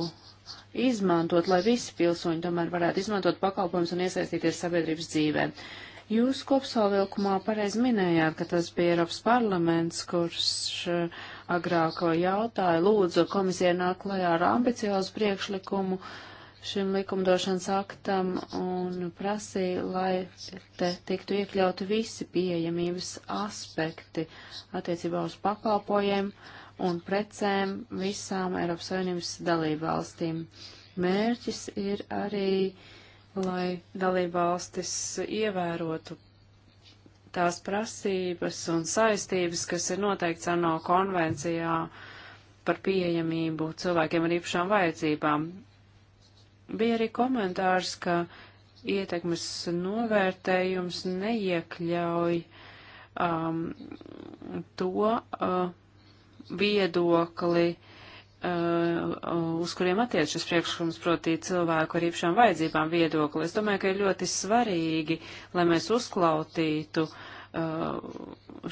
izmantot, lai visi pilsoņi tomēr varētu izmantot pakalpojumus un iesaistīties sabiedrības dzīvē. Uh, Jūs kopsavilkumā pareizi minējāt, ka tas bija Eiropas parlaments, kurš eh, agrāk jautāja, lūdzu, komisija nāk klajā ar ambiciozu priekšlikumu šim likumdošanas aktam un prasīja, lai te tiktu iekļauti visi pieejamības aspekti attiecībā uz pakalpojiem un precēm visām Eiropas Savienības dalībvalstīm. Mērķis ir arī uh, lai dalībvalstis ievērotu tās prasības un saistības, kas ir noteikts ANO konvencijā par pieejamību cilvēkiem ar īpašām vajadzībām. Bija arī komentārs, ka ietekmes novērtējums neiekļauj um, to uh, viedokli, uh, Uh, uz kuriem attiec šis priekšlikums, proti cilvēku ar īpašām vajadzībām viedokli. Es domāju, ka ir ļoti svarīgi, lai mēs uzklautītu uh,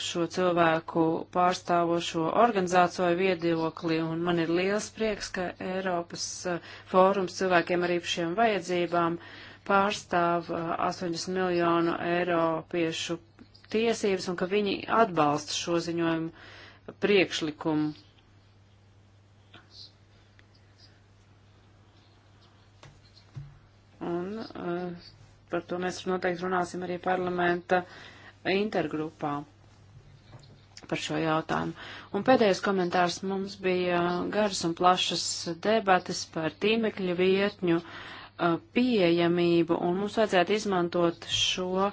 šo cilvēku pārstāvošo organizāciju viedokli, un man ir liels prieks, ka Eiropas uh, fórums cilvēkiem ar īpašiem vajadzībām pārstāv 80 miljonu eiropiešu tiesības, un ka viņi atbalsta šo ziņojumu priekšlikumu Un uh, par to mēs noteikti runāsim arī parlamenta intergrupā par šo jautājumu. Un pēdējais komentārs mums bija garas un plašas debates par tīmekļa vietņu uh, Uh, pieejamību, un mums vajadzētu izmantot šo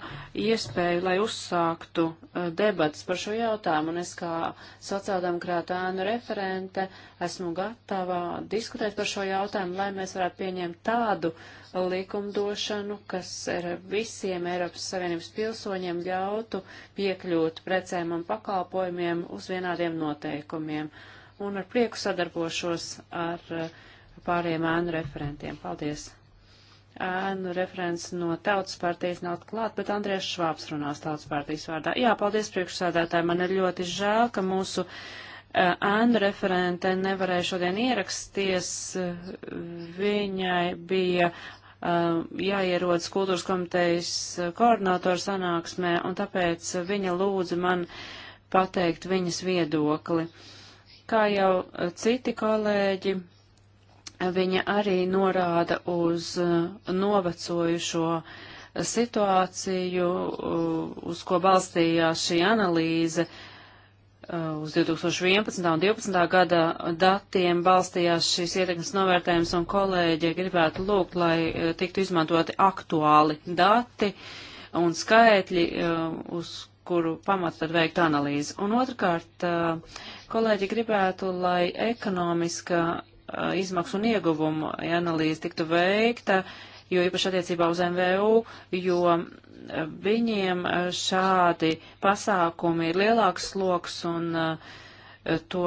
iespēju, lai uzsāktu uh, debats par šo jautājumu. Un es kā sociāldemokrāta ēnu referente esmu gatava diskutēt par šo jautājumu, lai mēs varētu pieņemt tādu likumdošanu, kas ar visiem Eiropas Savienības pilsoņiem ļautu piekļūt precēm un pakalpojumiem uz vienādiem noteikumiem. Un ar prieku sadarbošos ar uh, pārējiem ēnu referentiem. Paldies! ēnu referents no Tautas partijas nav klāt, bet Andrēs Švāps runās Tautas partijas vārdā. Jā, paldies priekšsādātāji. Man ir ļoti žēl, ka mūsu ēnu referente nevarēja šodien ieraksties. Viņai bija jāierodas kultūras komitejas koordinātoru sanāksmē, un tāpēc viņa lūdza man pateikt viņas viedokli. Kā jau citi kolēģi, viņa arī norāda uz uh, novecojušo situāciju, uh, uz ko balstījās šī analīze, uh, uz 2011. un 2012. gada datiem balstījās šīs ietekmes novērtējums, un kolēģi gribētu lūgt, lai tiktu izmantoti aktuāli dati un skaitļi, uz kuru pamatu tad veikt analīzi. Un otrkārt, kolēģi gribētu, lai ekonomiska Uh, izmaksu un ieguvumu analīze tiktu veikta, jo īpaši attiecībā uz MVU, jo uh, viņiem uh, šādi pasākumi ir lielāks sloks un to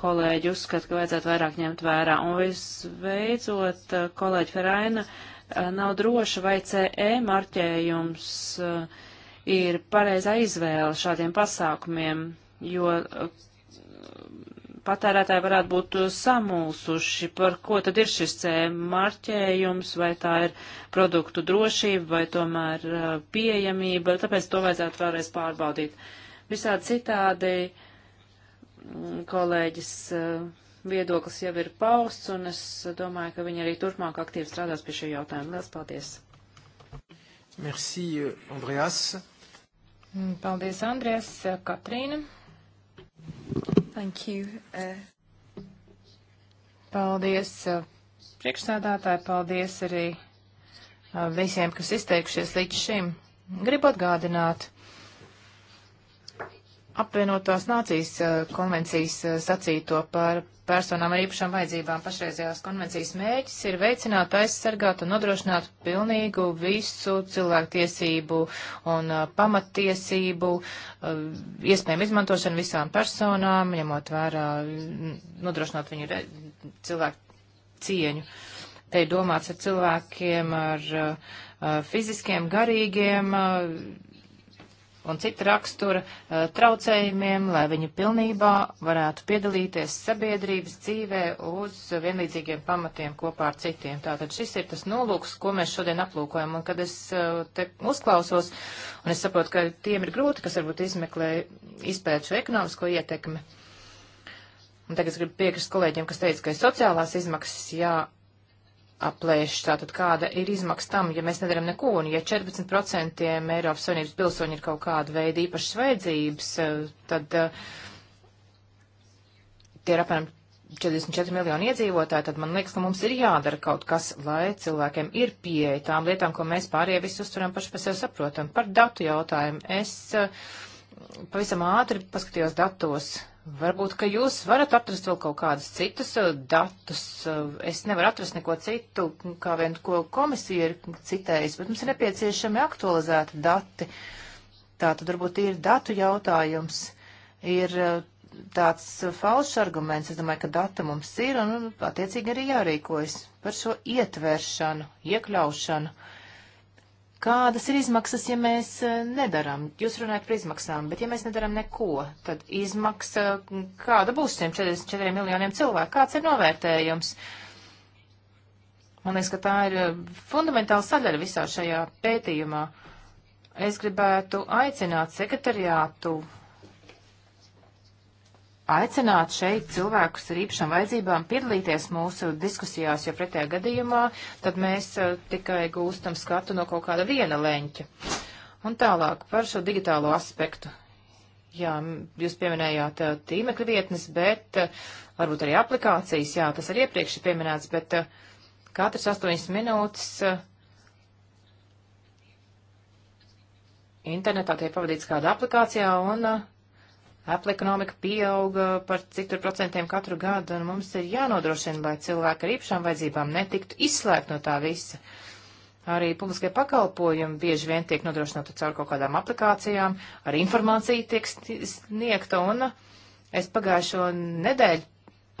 kolēģi uzskata, ka vajadzētu vairāk ņemt vērā. Un visbeidzot, kolēģi Feraina nav droša, vai CE marķējums ir pareizā izvēle šādiem pasākumiem, jo patērētāji varētu būt uh, samulsuši, par ko tad ir šis C eh, marķējums, vai tā ir produktu drošība, vai tomēr uh, pieejamība, tāpēc to vajadzētu vēlreiz pārbaudīt. Visādi citādi mm, kolēģis uh, viedoklis jau ir pausts, un es domāju, ka viņi arī turpmāk aktīvi strādās pie šī jautājuma. Lielas paldies! Merci, Andreas! Mm, paldies, Andrēs, Katrīna! Thank you. Uh... Paldies uh, priekšsādātāji, paldies arī uh, visiem, kas izteikušies līdz šim. Gribu atgādināt apvienotās nācijas uh, konvencijas sacīto par personām ar īpašām vajadzībām. Pašreizējās konvencijas mērķis ir veicināt, aizsargāt un nodrošināt pilnīgu visu cilvēktiesību un uh, pamattiesību uh, iespējumu izmantošanu visām personām, ņemot vērā, mm, nodrošināt viņu re, cilvēku cieņu. Te ir domāts ar cilvēkiem ar uh, uh fiziskiem, garīgiem uh, un cita rakstura eh, traucējumiem, lai viņi pilnībā varētu piedalīties sabiedrības dzīvē uz vienlīdzīgiem pamatiem kopā ar citiem. Tātad šis ir tas nolūks, ko mēs šodien aplūkojam, un kad es eh, te uzklausos, un es saprotu, ka tiem ir grūti, kas varbūt izmeklē, izpēt šo ekonomisko ietekmi. Un tagad es gribu piekrist kolēģiem, kas teica, ka ir sociālās izmaksas jā jāaplēš, tātad kāda ir izmaksa tam, ja mēs nedaram neko, un ja 14% Eiropas Savienības pilsoņi ir kaut kāda veida īpašas vajadzības, eh, tad eh, tie ir apmēram 44 miljoni iedzīvotāji, tad man liekas, ka mums ir jādara kaut kas, lai cilvēkiem ir pieeja tām lietām, ko mēs pārējie visi uzturam paši par sevi saprotam. Par datu jautājumu es eh, pavisam ātri paskatījos datos Varbūt, ka jūs varat atrast vēl kaut kādus citus uh, datus. Uh, es nevaru atrast neko citu, kā vien ko komisija ir citējusi, bet mums ir nepieciešami aktualizēti dati. Tā tad varbūt ir datu jautājums. Ir uh, tāds falšs arguments. Es domāju, ka data mums ir un, attiecīgi, arī jārīkojas par šo ietveršanu, iekļaušanu. Uh, Kādas ir izmaksas, ja mēs eh, nedaram? Jūs runājat par izmaksām, bet ja mēs nedaram neko, tad izmaksa kāda būs šiem 44 miljoniem cilvēku? Kāds ir novērtējums? Man liekas, ka tā ir eh, fundamentāla sadaļa visā šajā pētījumā. Es gribētu aicināt sekretariātu aicināt šeit cilvēkus ar īpašām vajadzībām piedalīties mūsu diskusijās, jo pretējā gadījumā tad mēs eh, tikai gūstam skatu no kaut kāda viena leņķa. Un tālāk par šo digitālo aspektu. Jā, jūs pieminējāt eh, tīmekļa vietnes, bet eh, varbūt arī aplikācijas, jā, tas arī iepriekš ir pieminēts, bet katrs astoņas minūtes internetā tiek pavadīts kāda aplikācijā un uh, Apple ekonomika pieauga par cik tur procentiem katru gadu, un mums ir jānodrošina, lai cilvēki ar īpašām vajadzībām netiktu izslēgt no tā visa. Arī publiskie pakalpojumi bieži vien tiek nodrošināti caur kaut kādām aplikācijām, arī informācija tiek sniegta, un es pagājušo nedēļu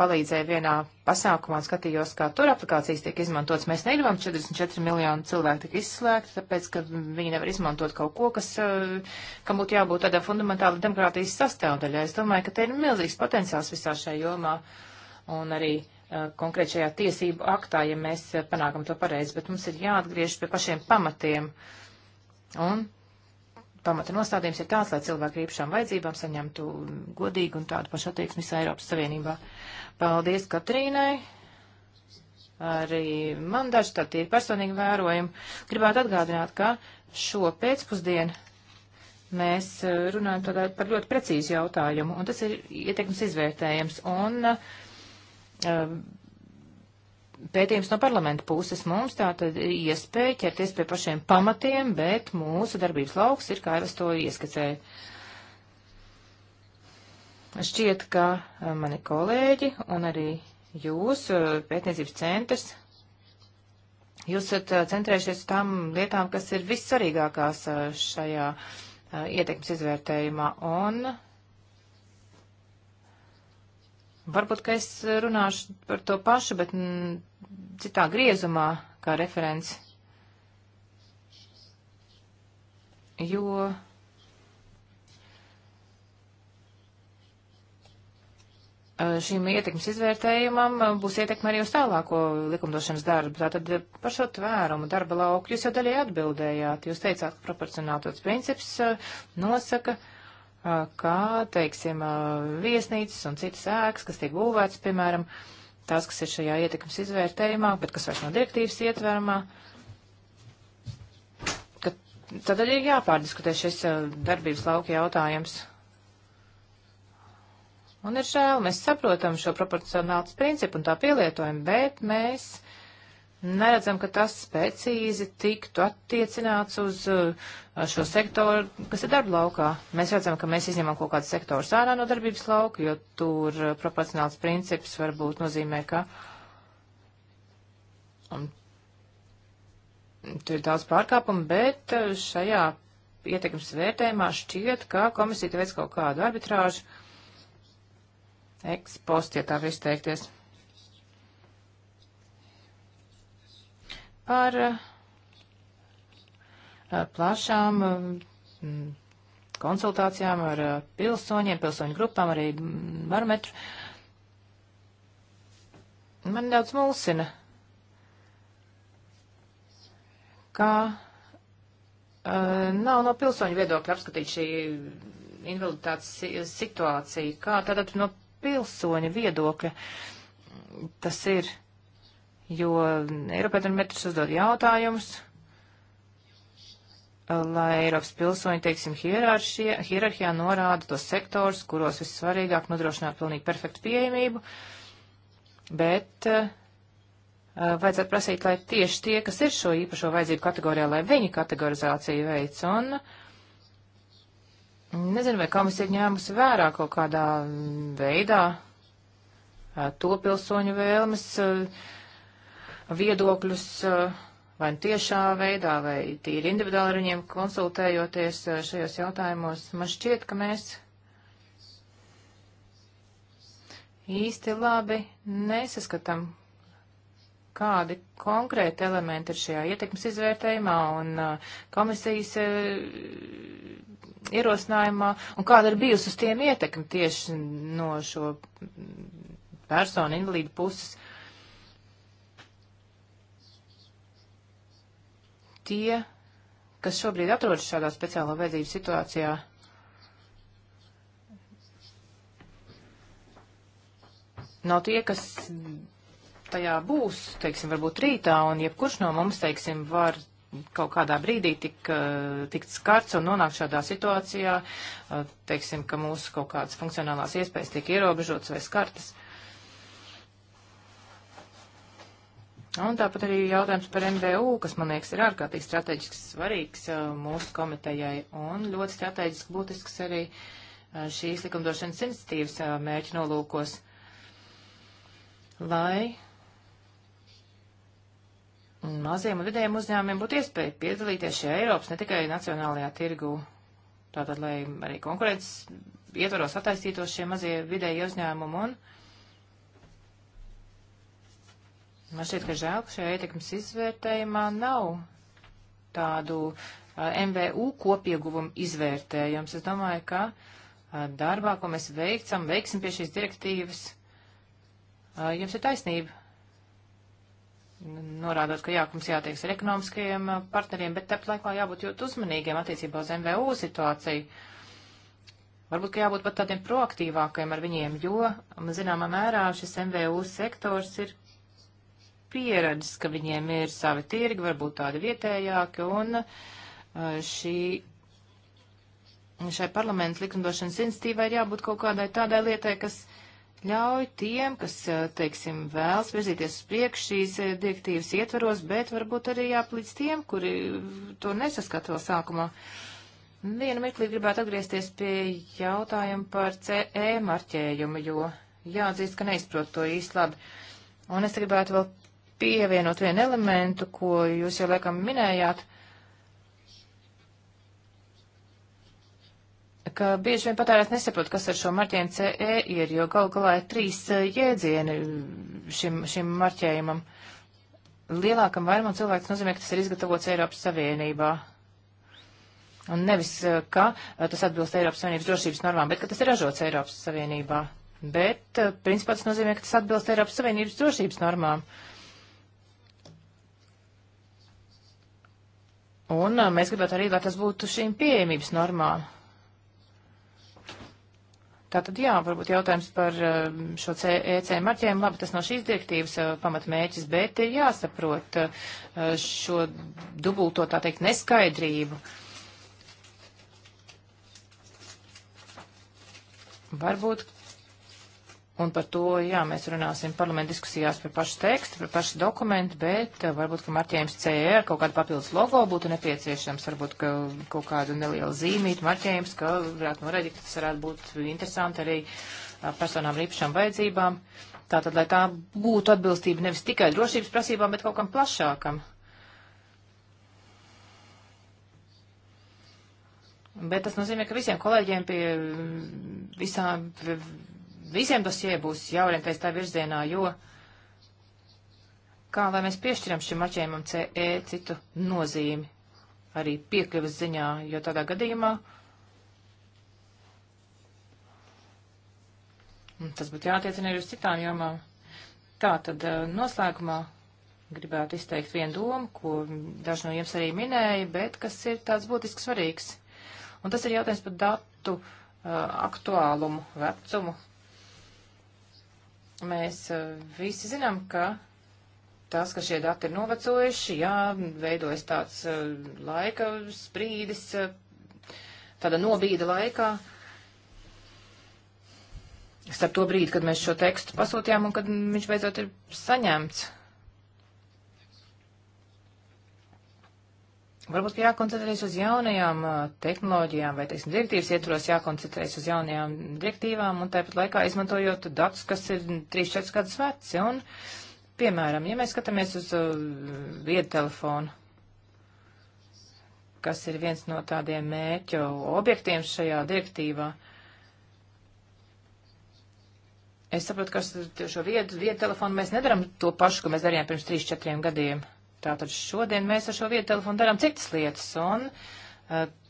palīdzēju vienā pasākumā un skatījos, kā tur aplikācijas tiek izmantotas. Mēs negribam 44 miljonu cilvēku tik izslēgt, tāpēc, ka viņi nevar izmantot kaut ko, kas, eh, kam būtu jābūt tādā fundamentāla demokrātijas sastāvdaļā. Es domāju, ka te ir milzīgs potenciāls visā šajā jomā un arī eh, konkrēt šajā tiesību aktā, ja mēs eh, panākam to pareizi, bet mums ir jāatgriež pie pašiem pamatiem. Un pamata nostādījums ir tāds, lai cilvēki ar īpašām vajadzībām saņemtu godīgu un tādu pašu attieksmi visā Eiropas Savienībā. Paldies Katrīnai! Arī man daži tādi ir personīgi vērojumi. Gribētu atgādināt, ka šo pēcpusdienu mēs eh, runājam tādā, par ļoti precīzu jautājumu, un tas ir ietekmes izvērtējums. Un, uh, pētījums no parlamenta puses mums tā tad iespēja ķerties pie pašiem pamatiem, bet mūsu darbības lauks ir, kā jau es to ieskicēju. Šķiet, ka eh, mani kolēģi un arī jūs, eh, pētniecības centrs, jūs esat eh, centrējušies tam lietām, kas ir vissvarīgākās šajā ietekmes izvērtējumā, un Varbūt, ka es runāšu par to pašu, bet m, citā griezumā kā referents. Jo šīm ietekmes izvērtējumam būs ietekme arī uz tālāko likumdošanas darbu. Tātad par šo tvērumu darba lauku jūs jau daļai atbildējāt. Jūs teicāt, ka proporcionātots princips nosaka, uh, kā, teiksim, viesnīcas un citas ēkas, kas tiek būvētas, piemēram, tās, kas ir šajā ietekmes izvērtējumā, bet kas vairs nav no direktīvas ietverumā. Tādēļ ir jāpārdiskutē šis darbības lauka jautājums. Un ir žēl, mēs saprotam šo proporcionāls principu un tā pielietojumu, bet mēs neredzam, ka tas precīzi tiktu attiecināts uz uh, šo sektoru, kas ir darba laukā. Mēs redzam, ka mēs izņemam kaut kādu sektoru sārā no darbības lauka, jo tur uh, proporcionāls princips varbūt nozīmē, ka un, um, tur ir daudz pārkāpumu, bet uh, šajā ietekmes vērtējumā šķiet, ka komisija veic kaut kādu arbitrāžu ekspostu, ja tā var izteikties. par eh, plašām eh, konsultācijām ar eh, pilsoņiem, pilsoņu grupām, arī barometru. Man daudz mulsina, ka nav no pilsoņu viedokļa apskatīt šī invaliditātes situācija, kā tātad no pilsoņa viedokļa tas ir jo Eiropēdometrs uzdod jautājumus, lai Eiropas pilsoņi, teiksim, hierarhijā norāda tos sektors, kuros vissvarīgāk nodrošināt pilnīgi perfektu pieejamību, bet uh, vajadzētu prasīt, lai tieši tie, kas ir šo īpašo vajadzību kategorijā, lai viņi kategorizāciju veic. Un nezinu, vai komisija ir ņēmusi vērā kaut kādā veidā uh, to pilsoņu vēlmes. Uh, viedokļus eh, vai nu tiešā veidā, vai tīri individuāli ar viņiem konsultējoties eh, šajos jautājumos. Man šķiet, ka mēs īsti labi nesaskatām, kādi konkrēti elementi ir šajā ietekmes izvērtējumā un eh, komisijas ierosinājumā, un kāda ir bijusi uz tiem ietekme tieši no šo mm, personu invalīdu puses. tie, kas šobrīd atrodas šādā speciālo vajadzību situācijā, nav tie, kas tajā būs, teiksim, varbūt rītā, un jebkurš no mums, teiksim, var kaut kādā brīdī tik, eh, tikt skarts un nonākt šādā situācijā, eh, teiksim, ka mūsu kaut kādas funkcionālās iespējas tiek ierobežotas vai skartas. Uh, Un tāpat arī jautājums par MVU, kas, man liekas, ir ārkārtīgi strateģiski svarīgs uh, mūsu komitejai un ļoti strateģiski būtisks arī uh, šīs likumdošanas iniciatīvas uh, mērķi nolūkos, lai maziem un vidējiem uzņēmumiem būtu iespēja piedalīties šajā Eiropas, ne tikai nacionālajā tirgu, tātad, lai arī konkurences ietvaros attaistītos šie mazie vidēji uzņēmumi un. Uh, Man šķiet, ka žēl, ka šajā ietekmes izvērtējumā nav tādu MVU kopieguvumu izvērtējums. Es domāju, ka darbā, ko mēs veikcam, veiksim pie šīs direktīvas, jums ir taisnība. Norādot, ka jā, mums jātieks ar ekonomiskajiem partneriem, bet tepat laikā jābūt ļoti uzmanīgiem attiecībā uz MVU situāciju. Varbūt, ka jābūt pat tādiem proaktīvākiem ar viņiem, jo, zināmā mērā, šis MVU sektors ir pieredzes, ka viņiem ir savi tirgi, varbūt tādi vietējāki, un eh, šī, šai parlamentu likumdošanas institīvai ir jābūt kaut kādai tādai lietai, kas ļauj tiem, kas, eh, teiksim, vēlas virzīties uz priekšu šīs eh, direktīvas ietvaros, bet varbūt arī jāplīdz tiem, kuri to nesaskata vēl sākumā. Vienu mirklī gribētu atgriezties pie jautājuma par CE marķējumu, jo jāatzīst, ka neizprot to īsti labi. Un es gribētu vēl pievienot vienu elementu, ko jūs jau laikam minējāt, ka bieži vien patērēt nesaprot, kas ar šo marķējumu CE ir, jo gal galā ir trīs eh, jēdzieni šim, šim marķējumam. Lielākam vairumam cilvēks nozīmē, ka tas ir izgatavots Eiropas Savienībā. Un nevis, eh, ka eh, tas atbilst Eiropas Savienības drošības normām, bet ka tas ir ražots Eiropas Savienībā. Bet, principā, tas nozīmē, ka tas atbilst Eiropas Savienības drošības normām. Uh, Un mēs gribētu arī, lai tas būtu šīm pieejamības normām. Tātad jā, varbūt jautājums par šo EC e marķējumu. Labi, tas nav no šīs direktīvas pamatmēķis, bet ir jāsaprot šo dubulto, tā teikt, neskaidrību. Varbūt Un par to, jā, mēs runāsim parlamentu diskusijās par pašu tekstu, par pašu dokumentu, bet eh, varbūt, ka marķējums CR kaut kāda papildus logo būtu nepieciešams, varbūt, ka kaut kādu nelielu zīmītu marķējums, ka varētu noraidīt, tas varētu būt interesanti arī eh, personām ar īpašām vajadzībām. Tātad, lai tā būtu atbilstība nevis tikai drošības prasībām, bet kaut kam plašākam. Bet tas nozīmē, ka visiem kolēģiem pie visām visiem dosie būs jāorientēs tā virzienā, jo kā lai mēs piešķiram šim maķējumam CE citu nozīmi arī piekļuvas ziņā, jo tādā gadījumā tas būtu jātiecina arī uz citām jomām. Tā tad eh, noslēgumā gribētu izteikt vienu domu, ko daži no jums arī minēja, bet kas ir tāds būtiski svarīgs. Un tas ir jautājums par datu uh, aktuālumu, vecumu, Mēs eh, visi zinām, ka tas, ka šie dati ir novecojuši, jā, veidojas tāds eh, laika sprīdis, eh, tāda nobīda laikā. Starp to brīdi, kad mēs šo tekstu pasūtījām un kad viņš beidzot ir saņemts. Varbūt jākoncentrējas uz jaunajām uh, tehnoloģijām vai, teiksim, direktīvas ietvaros jākoncentrējas uz jaunajām direktīvām un tāpat laikā izmantojot datus, kas ir 3-4 gadus veci. Un, piemēram, ja mēs skatāmies uz uh, viedu telefonu, kas ir viens no tādiem mēķu objektiem šajā direktīvā, es saprotu, ka šo viedu, viedu telefonu mēs nedaram to pašu, ko mēs darījām pirms 3-4 gadiem. Tātad šodien mēs ar šo vietu telefonu darām citas lietas, un uh,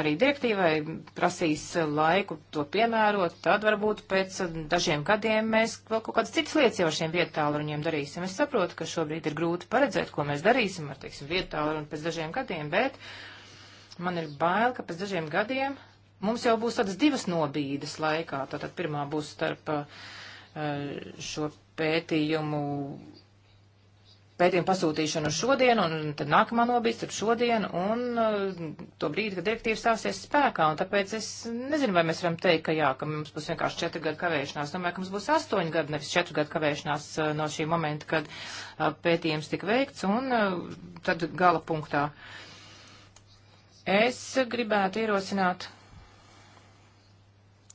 arī direktīvai prasīs laiku to piemērot, tad varbūt pēc dažiem gadiem mēs vēl kaut kādas citas lietas jau ar šiem vietāluņiem darīsim. Es saprotu, ka šobrīd ir grūti paredzēt, ko mēs darīsim ar, teiksim, vietāluņu pēc dažiem gadiem, bet man ir bail, ka pēc dažiem gadiem mums jau būs tādas divas nobīdes laikā. Tātad pirmā būs starp eh, šo pētījumu pētījumu pasūtīšanu šodien, un tad nākamā nobīst ir šodien, un uh, to brīdi, kad direktīva stāsies spēkā, un tāpēc es nezinu, vai mēs varam teikt, ka jā, ka mums būs vienkārši četri gadu kavēšanās. Domāju, ka mums būs astoņi gadi, nevis četri gadu kavēšanās uh, no šī momenta, kad uh, pētījums tika veikts, un tad gala punktā. Es gribētu ierosināt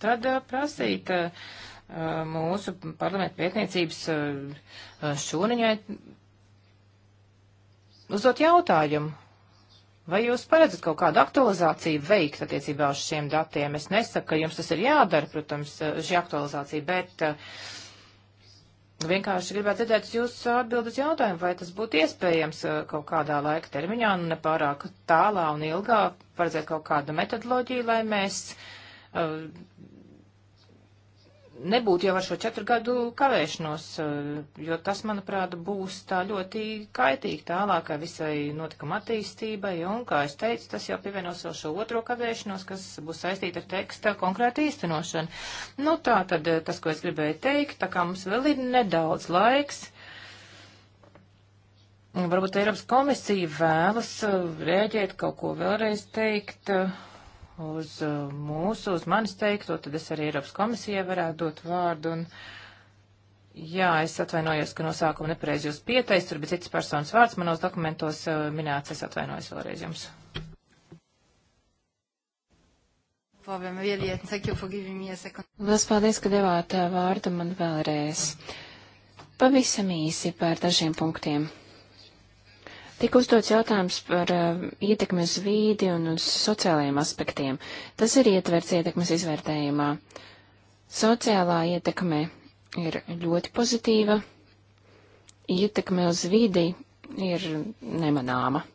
tad prasīt mūsu parlamentu pētniecības šūniņai uzdot jautājumu. Vai jūs paredzat kaut kādu aktualizāciju veikt attiecībā uz šiem datiem? Es nesaku, ka jums tas ir jādara, protams, eh, šī aktualizācija, bet uh, Vienkārši gribētu dzirdēt jūsu atbildes jautājumu, vai tas būtu iespējams eh, kaut kādā laika termiņā, nu nepārāk tālā un ilgā, paredzēt kaut kādu metodoloģiju, lai mēs uh, nebūtu jau ar šo četru gadu kavēšanos, eh, jo tas, manuprāt, būs tā ļoti kaitīgi tālākai visai notikuma attīstībai, un, kā es teicu, tas jau pievienos vēl šo otro kavēšanos, kas būs saistīta ar teksta konkrēti īstenošanu. Nu, tā tad eh, tas, ko es gribēju teikt, tā kā mums vēl ir nedaudz laiks. Varbūt Eiropas komisija vēlas eh, rēģēt kaut ko vēlreiz teikt. Uh, uz uh, mūsu, uz manis teikto, tad es arī Eiropas komisijai varētu dot vārdu. Un, jā, es atvainojos, ka no sākuma nepareiz jūs pieteicis, tur bija cits personas vārds manos dokumentos uh, minēts, es atvainojos vēlreiz jums. Lielas paldies, ka devāt uh, vārdu man vēlreiz. Pavisam īsi par dažiem punktiem. Tik uzdots jautājums par uh, ietekmi uz vīdi un uz sociālajiem aspektiem. Tas ir ietverts ietekmes izvērtējumā. Sociālā ietekme ir ļoti pozitīva, ietekme uz vidi ir nemanāma.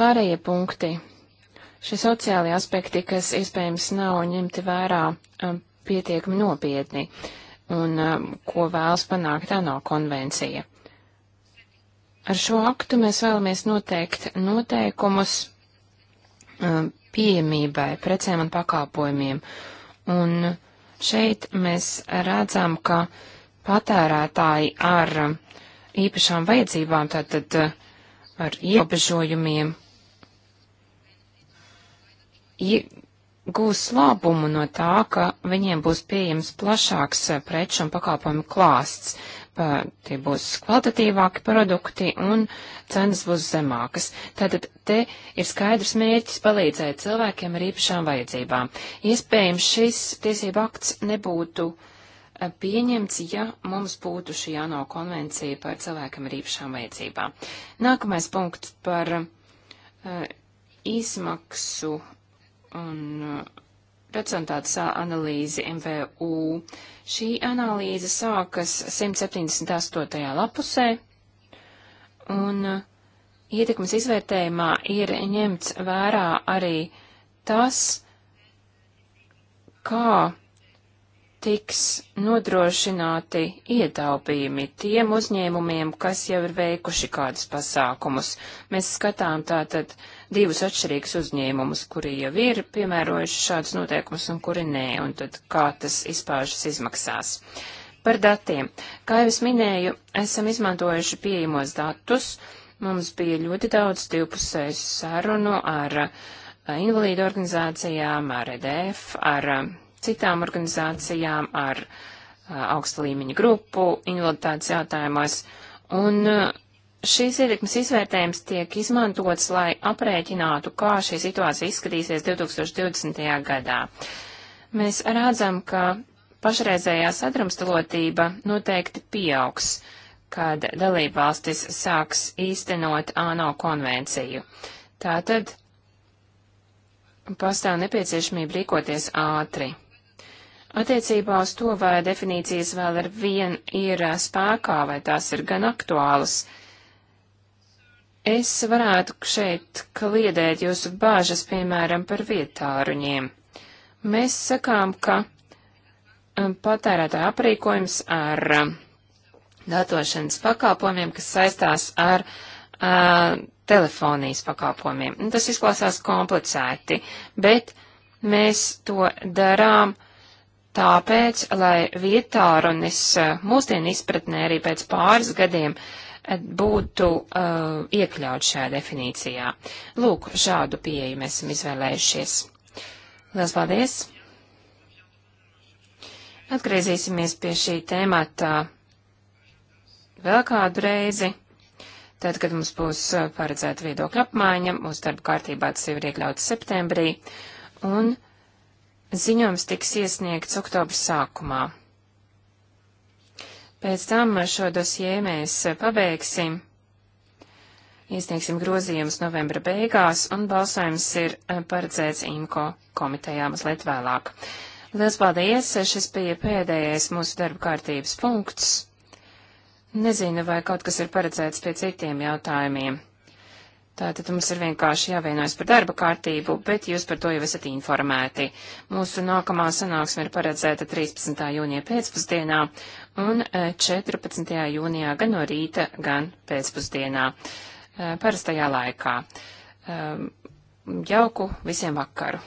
Pārējie punkti. Šie sociālie aspekti, kas iespējams nav ņemti vērā eh, pietiekami nopietni. Uh, un um, ko vēlas panākt ANO konvencija. Ar šo aktu mēs vēlamies noteikt noteikumus um, pieejamībai, precēm un pakalpojumiem. Un šeit mēs redzam, ka patērētāji ar īpašām vajadzībām, tātad uh, ar ierobežojumiem, gūs labumu no tā, ka viņiem būs pieejams plašāks eh, preču un pakalpojumu klāsts. Pa, tie būs kvalitatīvāki produkti un cenas būs zemākas. Tātad te ir skaidrs mērķis palīdzēt cilvēkiem ar īpašām vajadzībām. Iespējams, šis tiesība akts nebūtu eh, pieņemts, ja mums būtu šī ANO konvencija par cilvēkam ar īpašām vajadzībām. Nākamais punkts par uh, izmaksu un uh, procentāta uh, analīzi MVU. Šī analīze sākas 178. lapusē, un uh, ietekmes izvērtējumā ir ņemts vērā arī tas, kā tiks nodrošināti ietaupījumi tiem uzņēmumiem, kas jau ir veikuši kādus pasākumus. Mēs skatām tātad divus atšķirīgus uzņēmumus, kuri jau ir piemērojuši šādus noteikumus un kuri nē, un tad kā tas izpaužas izmaksās. Par datiem. Kā jau es minēju, esam izmantojuši pieejamos datus. Mums bija ļoti daudz divpusēju sarunu ar eh, invalīdu organizācijām, ar EDF, ar eh, citām organizācijām, ar eh, augsta līmeņa grupu invaliditātes jautājumos. Un Šīs ietekmes izvērtējums tiek izmantots, lai aprēķinātu, kā šī situācija izskatīsies 2020. gadā. Mēs redzam, ka pašreizējā sadrumstalotība noteikti pieaugs, kad dalībvalstis sāks īstenot ANO konvenciju. Tātad pastāv nepieciešamība rīkoties ātri. Attiecībā uz to, vai definīcijas vēl ar vien ir spēkā, vai tās ir gan aktuālas, Es varētu šeit kliedēt jūsu bāžas, piemēram, par vietāruņiem. Mēs sakām, ka um, patērētāja aprīkojums ar um, datošanas pakalpojumiem, kas saistās ar uh, telefonijas pakalpojumiem. Tas izklausās komplicēti, bet mēs to darām tāpēc, lai vietārunis uh, mūsdienu izpratnē arī pēc pāris gadiem uh, būtu uh, iekļauts šajā definīcijā. Lūk, šādu pieeju mēs esam izvēlējušies. Lielas paldies! Atgriezīsimies pie šī tēmata vēl kādu reizi. Tad, kad mums būs uh, paredzēta viedokļa apmaiņa, mūsu darba kārtībā tas jau ir iekļauts septembrī, un ziņojums tiks iesniegts oktobra sākumā. Pēc tam šo dosie mēs pabeigsim, iesniegsim grozījumus novembra beigās, un balsojums ir eh, paredzēts IMCO komitejā mazliet vēlāk. Lielas paldies! Šis bija pēdējais mūsu darba kārtības punkts. Nezinu, vai kaut kas ir paredzēts pie citiem jautājumiem. Tātad mums ir vienkārši jāvienojas par darba kārtību, bet jūs par to jau esat informēti. Mūsu nākamā sanāksme ir paredzēta 13. jūnija pēcpusdienā un 14. Eh, jūnijā gan no rīta, gan pēcpusdienā eh, parastajā laikā. Eh, jauku visiem vakaru!